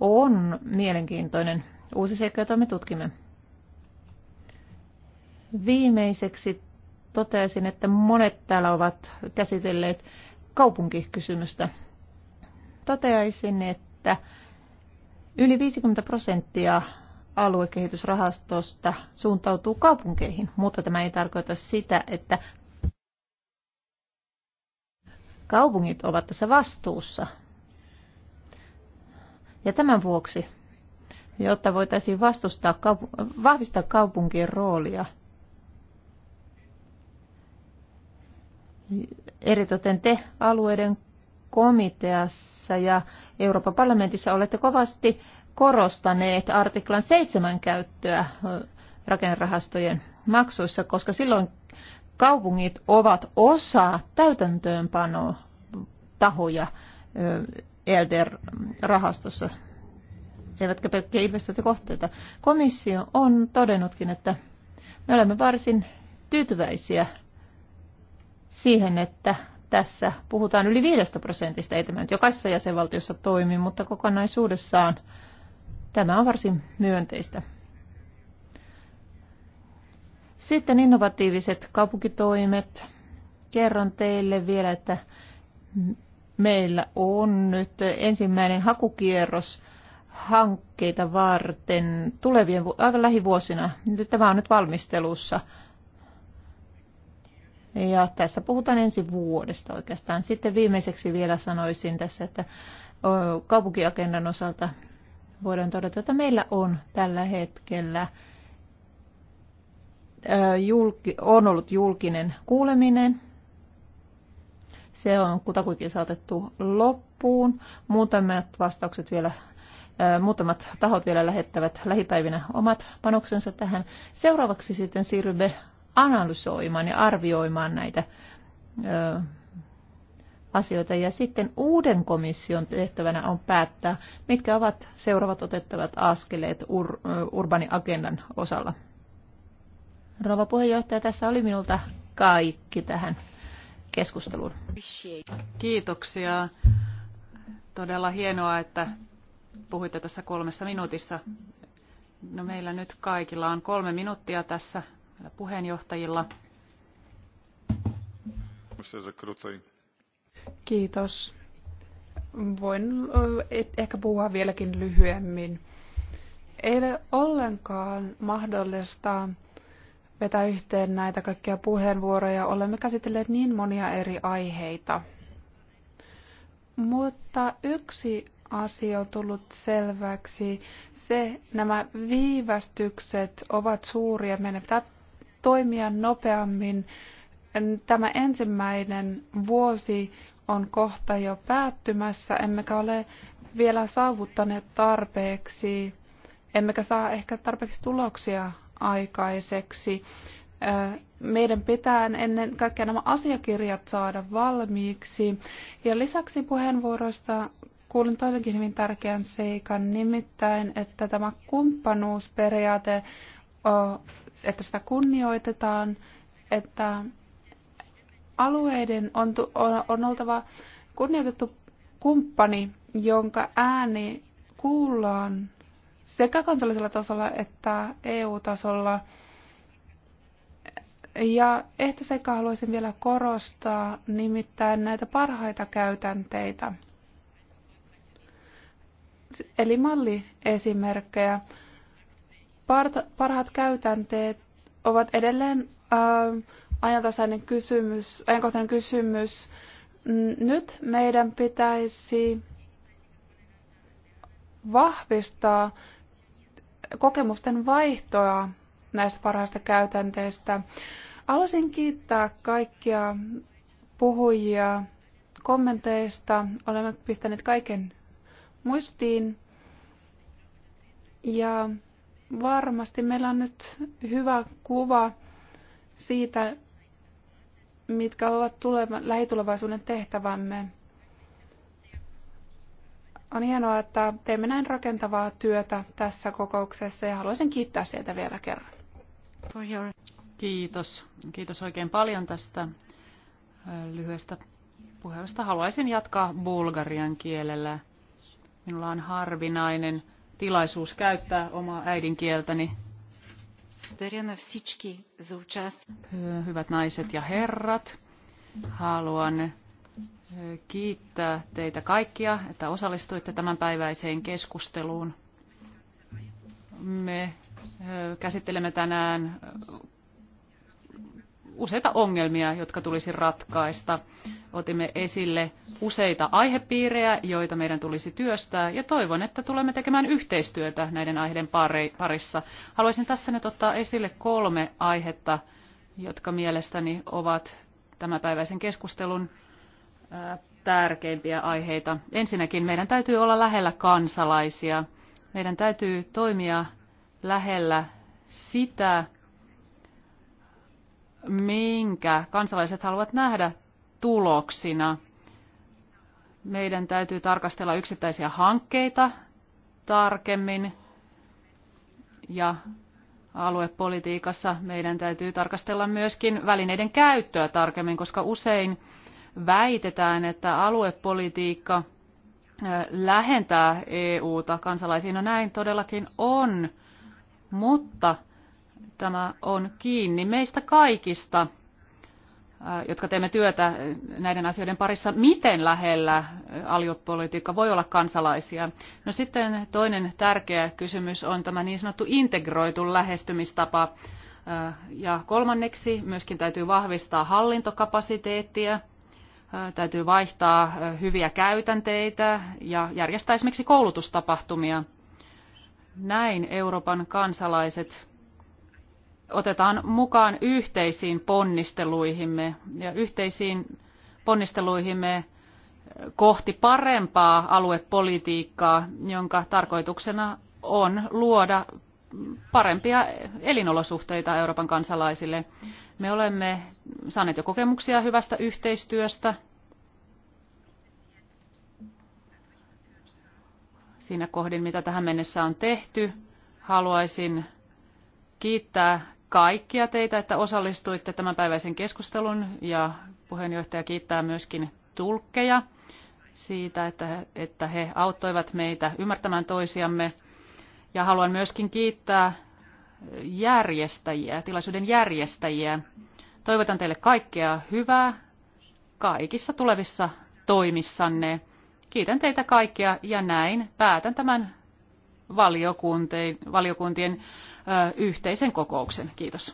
on mielenkiintoinen uusi seikka, jota me tutkimme. Viimeiseksi toteaisin, että monet täällä ovat käsitelleet kaupunkikysymystä. Toteaisin, että yli 50 prosenttia aluekehitysrahastosta suuntautuu kaupunkeihin, mutta tämä ei tarkoita sitä, että kaupungit ovat tässä vastuussa. Ja tämän vuoksi, jotta voitaisiin vastustaa, vahvistaa kaupunkien roolia – eritoten te alueiden komiteassa ja Euroopan parlamentissa olette kovasti korostaneet artiklan 7 käyttöä rakennerahastojen maksuissa, koska silloin kaupungit ovat osa täytäntöönpano tahoja ELDR-rahastossa, eivätkä pelkkiä investointikohteita. Komissio on todennutkin, että me olemme varsin tyytyväisiä siihen, että tässä puhutaan yli 5 prosentista. Ei tämä nyt jokaisessa jäsenvaltiossa toimi, mutta kokonaisuudessaan tämä on varsin myönteistä. Sitten innovatiiviset kaupunkitoimet. Kerron teille vielä, että meillä on nyt ensimmäinen hakukierros hankkeita varten tulevien aivan lähivuosina. Tämä on nyt valmistelussa. Ja tässä puhutaan ensi vuodesta oikeastaan. Sitten viimeiseksi vielä sanoisin tässä, että kaupunkiagendan osalta voidaan todeta, että meillä on tällä hetkellä julki, on ollut julkinen kuuleminen. Se on kutakuinkin saatettu loppuun. Muutamat vastaukset vielä muutamat tahot vielä lähettävät lähipäivinä omat panoksensa tähän. Seuraavaksi sitten siirrymme analysoimaan ja arvioimaan näitä ö, asioita. Ja sitten uuden komission tehtävänä on päättää, mitkä ovat seuraavat otettavat askeleet ur, urbaniagendan osalla. Rova puheenjohtaja, tässä oli minulta kaikki tähän keskusteluun. Kiitoksia. Todella hienoa, että puhuitte tässä kolmessa minuutissa. No meillä nyt kaikilla on kolme minuuttia tässä puheenjohtajilla. Kiitos. Voin e- ehkä puhua vieläkin lyhyemmin. Ei ole ollenkaan mahdollista vetää yhteen näitä kaikkia puheenvuoroja. Olemme käsitelleet niin monia eri aiheita. Mutta yksi asia on tullut selväksi. Se, nämä viivästykset ovat suuria. Meidän pitää toimia nopeammin. Tämä ensimmäinen vuosi on kohta jo päättymässä, emmekä ole vielä saavuttaneet tarpeeksi, emmekä saa ehkä tarpeeksi tuloksia aikaiseksi. Meidän pitää ennen kaikkea nämä asiakirjat saada valmiiksi. Ja lisäksi puheenvuoroista kuulin toisenkin hyvin tärkeän seikan, nimittäin, että tämä kumppanuusperiaate että sitä kunnioitetaan, että alueiden on, on, on oltava kunnioitettu kumppani, jonka ääni kuullaan sekä kansallisella tasolla että EU-tasolla. Ja ehkä sekä haluaisin vielä korostaa nimittäin näitä parhaita käytänteitä, eli malliesimerkkejä. esimerkkejä parhaat käytänteet ovat edelleen äh, ajantasainen kysymys, ajankohtainen kysymys. Nyt meidän pitäisi vahvistaa kokemusten vaihtoa näistä parhaista käytänteistä. Haluaisin kiittää kaikkia puhujia kommenteista. Olemme pistäneet kaiken muistiin. Ja varmasti meillä on nyt hyvä kuva siitä, mitkä ovat tuleva, lähitulevaisuuden tehtävämme. On hienoa, että teemme näin rakentavaa työtä tässä kokouksessa ja haluaisin kiittää sieltä vielä kerran. Kiitos. Kiitos oikein paljon tästä lyhyestä puheesta. Haluaisin jatkaa bulgarian kielellä. Minulla on harvinainen tilaisuus käyttää omaa äidinkieltäni. Hyvät naiset ja herrat, haluan eh, kiittää teitä kaikkia, että osallistuitte tämänpäiväiseen keskusteluun. Me eh, käsittelemme tänään useita ongelmia, jotka tulisi ratkaista. Otimme esille useita aihepiirejä, joita meidän tulisi työstää, ja toivon, että tulemme tekemään yhteistyötä näiden aiheiden parissa. Haluaisin tässä nyt ottaa esille kolme aihetta, jotka mielestäni ovat tämänpäiväisen keskustelun tärkeimpiä aiheita. Ensinnäkin meidän täytyy olla lähellä kansalaisia. Meidän täytyy toimia lähellä sitä, minkä kansalaiset haluavat nähdä tuloksina. Meidän täytyy tarkastella yksittäisiä hankkeita tarkemmin ja aluepolitiikassa meidän täytyy tarkastella myöskin välineiden käyttöä tarkemmin, koska usein väitetään, että aluepolitiikka lähentää EUta kansalaisiin. No näin todellakin on, mutta Tämä on kiinni meistä kaikista, äh, jotka teemme työtä näiden asioiden parissa, miten lähellä äh, aluepolitiikka voi olla kansalaisia. No sitten toinen tärkeä kysymys on tämä niin sanottu integroitu lähestymistapa. Äh, ja kolmanneksi myöskin täytyy vahvistaa hallintokapasiteettia, täytyy vaihtaa hyviä käytänteitä ja järjestää esimerkiksi koulutustapahtumia. Näin Euroopan kansalaiset otetaan mukaan yhteisiin ponnisteluihimme ja yhteisiin ponnisteluihimme kohti parempaa aluepolitiikkaa, jonka tarkoituksena on luoda parempia elinolosuhteita Euroopan kansalaisille. Me olemme saaneet jo kokemuksia hyvästä yhteistyöstä. Siinä kohdin, mitä tähän mennessä on tehty, haluaisin kiittää kaikkia teitä, että osallistuitte päiväisen keskustelun ja puheenjohtaja kiittää myöskin tulkkeja siitä, että, että he auttoivat meitä ymmärtämään toisiamme. Ja haluan myöskin kiittää järjestäjiä, tilaisuuden järjestäjiä. Toivotan teille kaikkea hyvää kaikissa tulevissa toimissanne. Kiitän teitä kaikkia ja näin päätän tämän valiokuntien yhteisen kokouksen. Kiitos.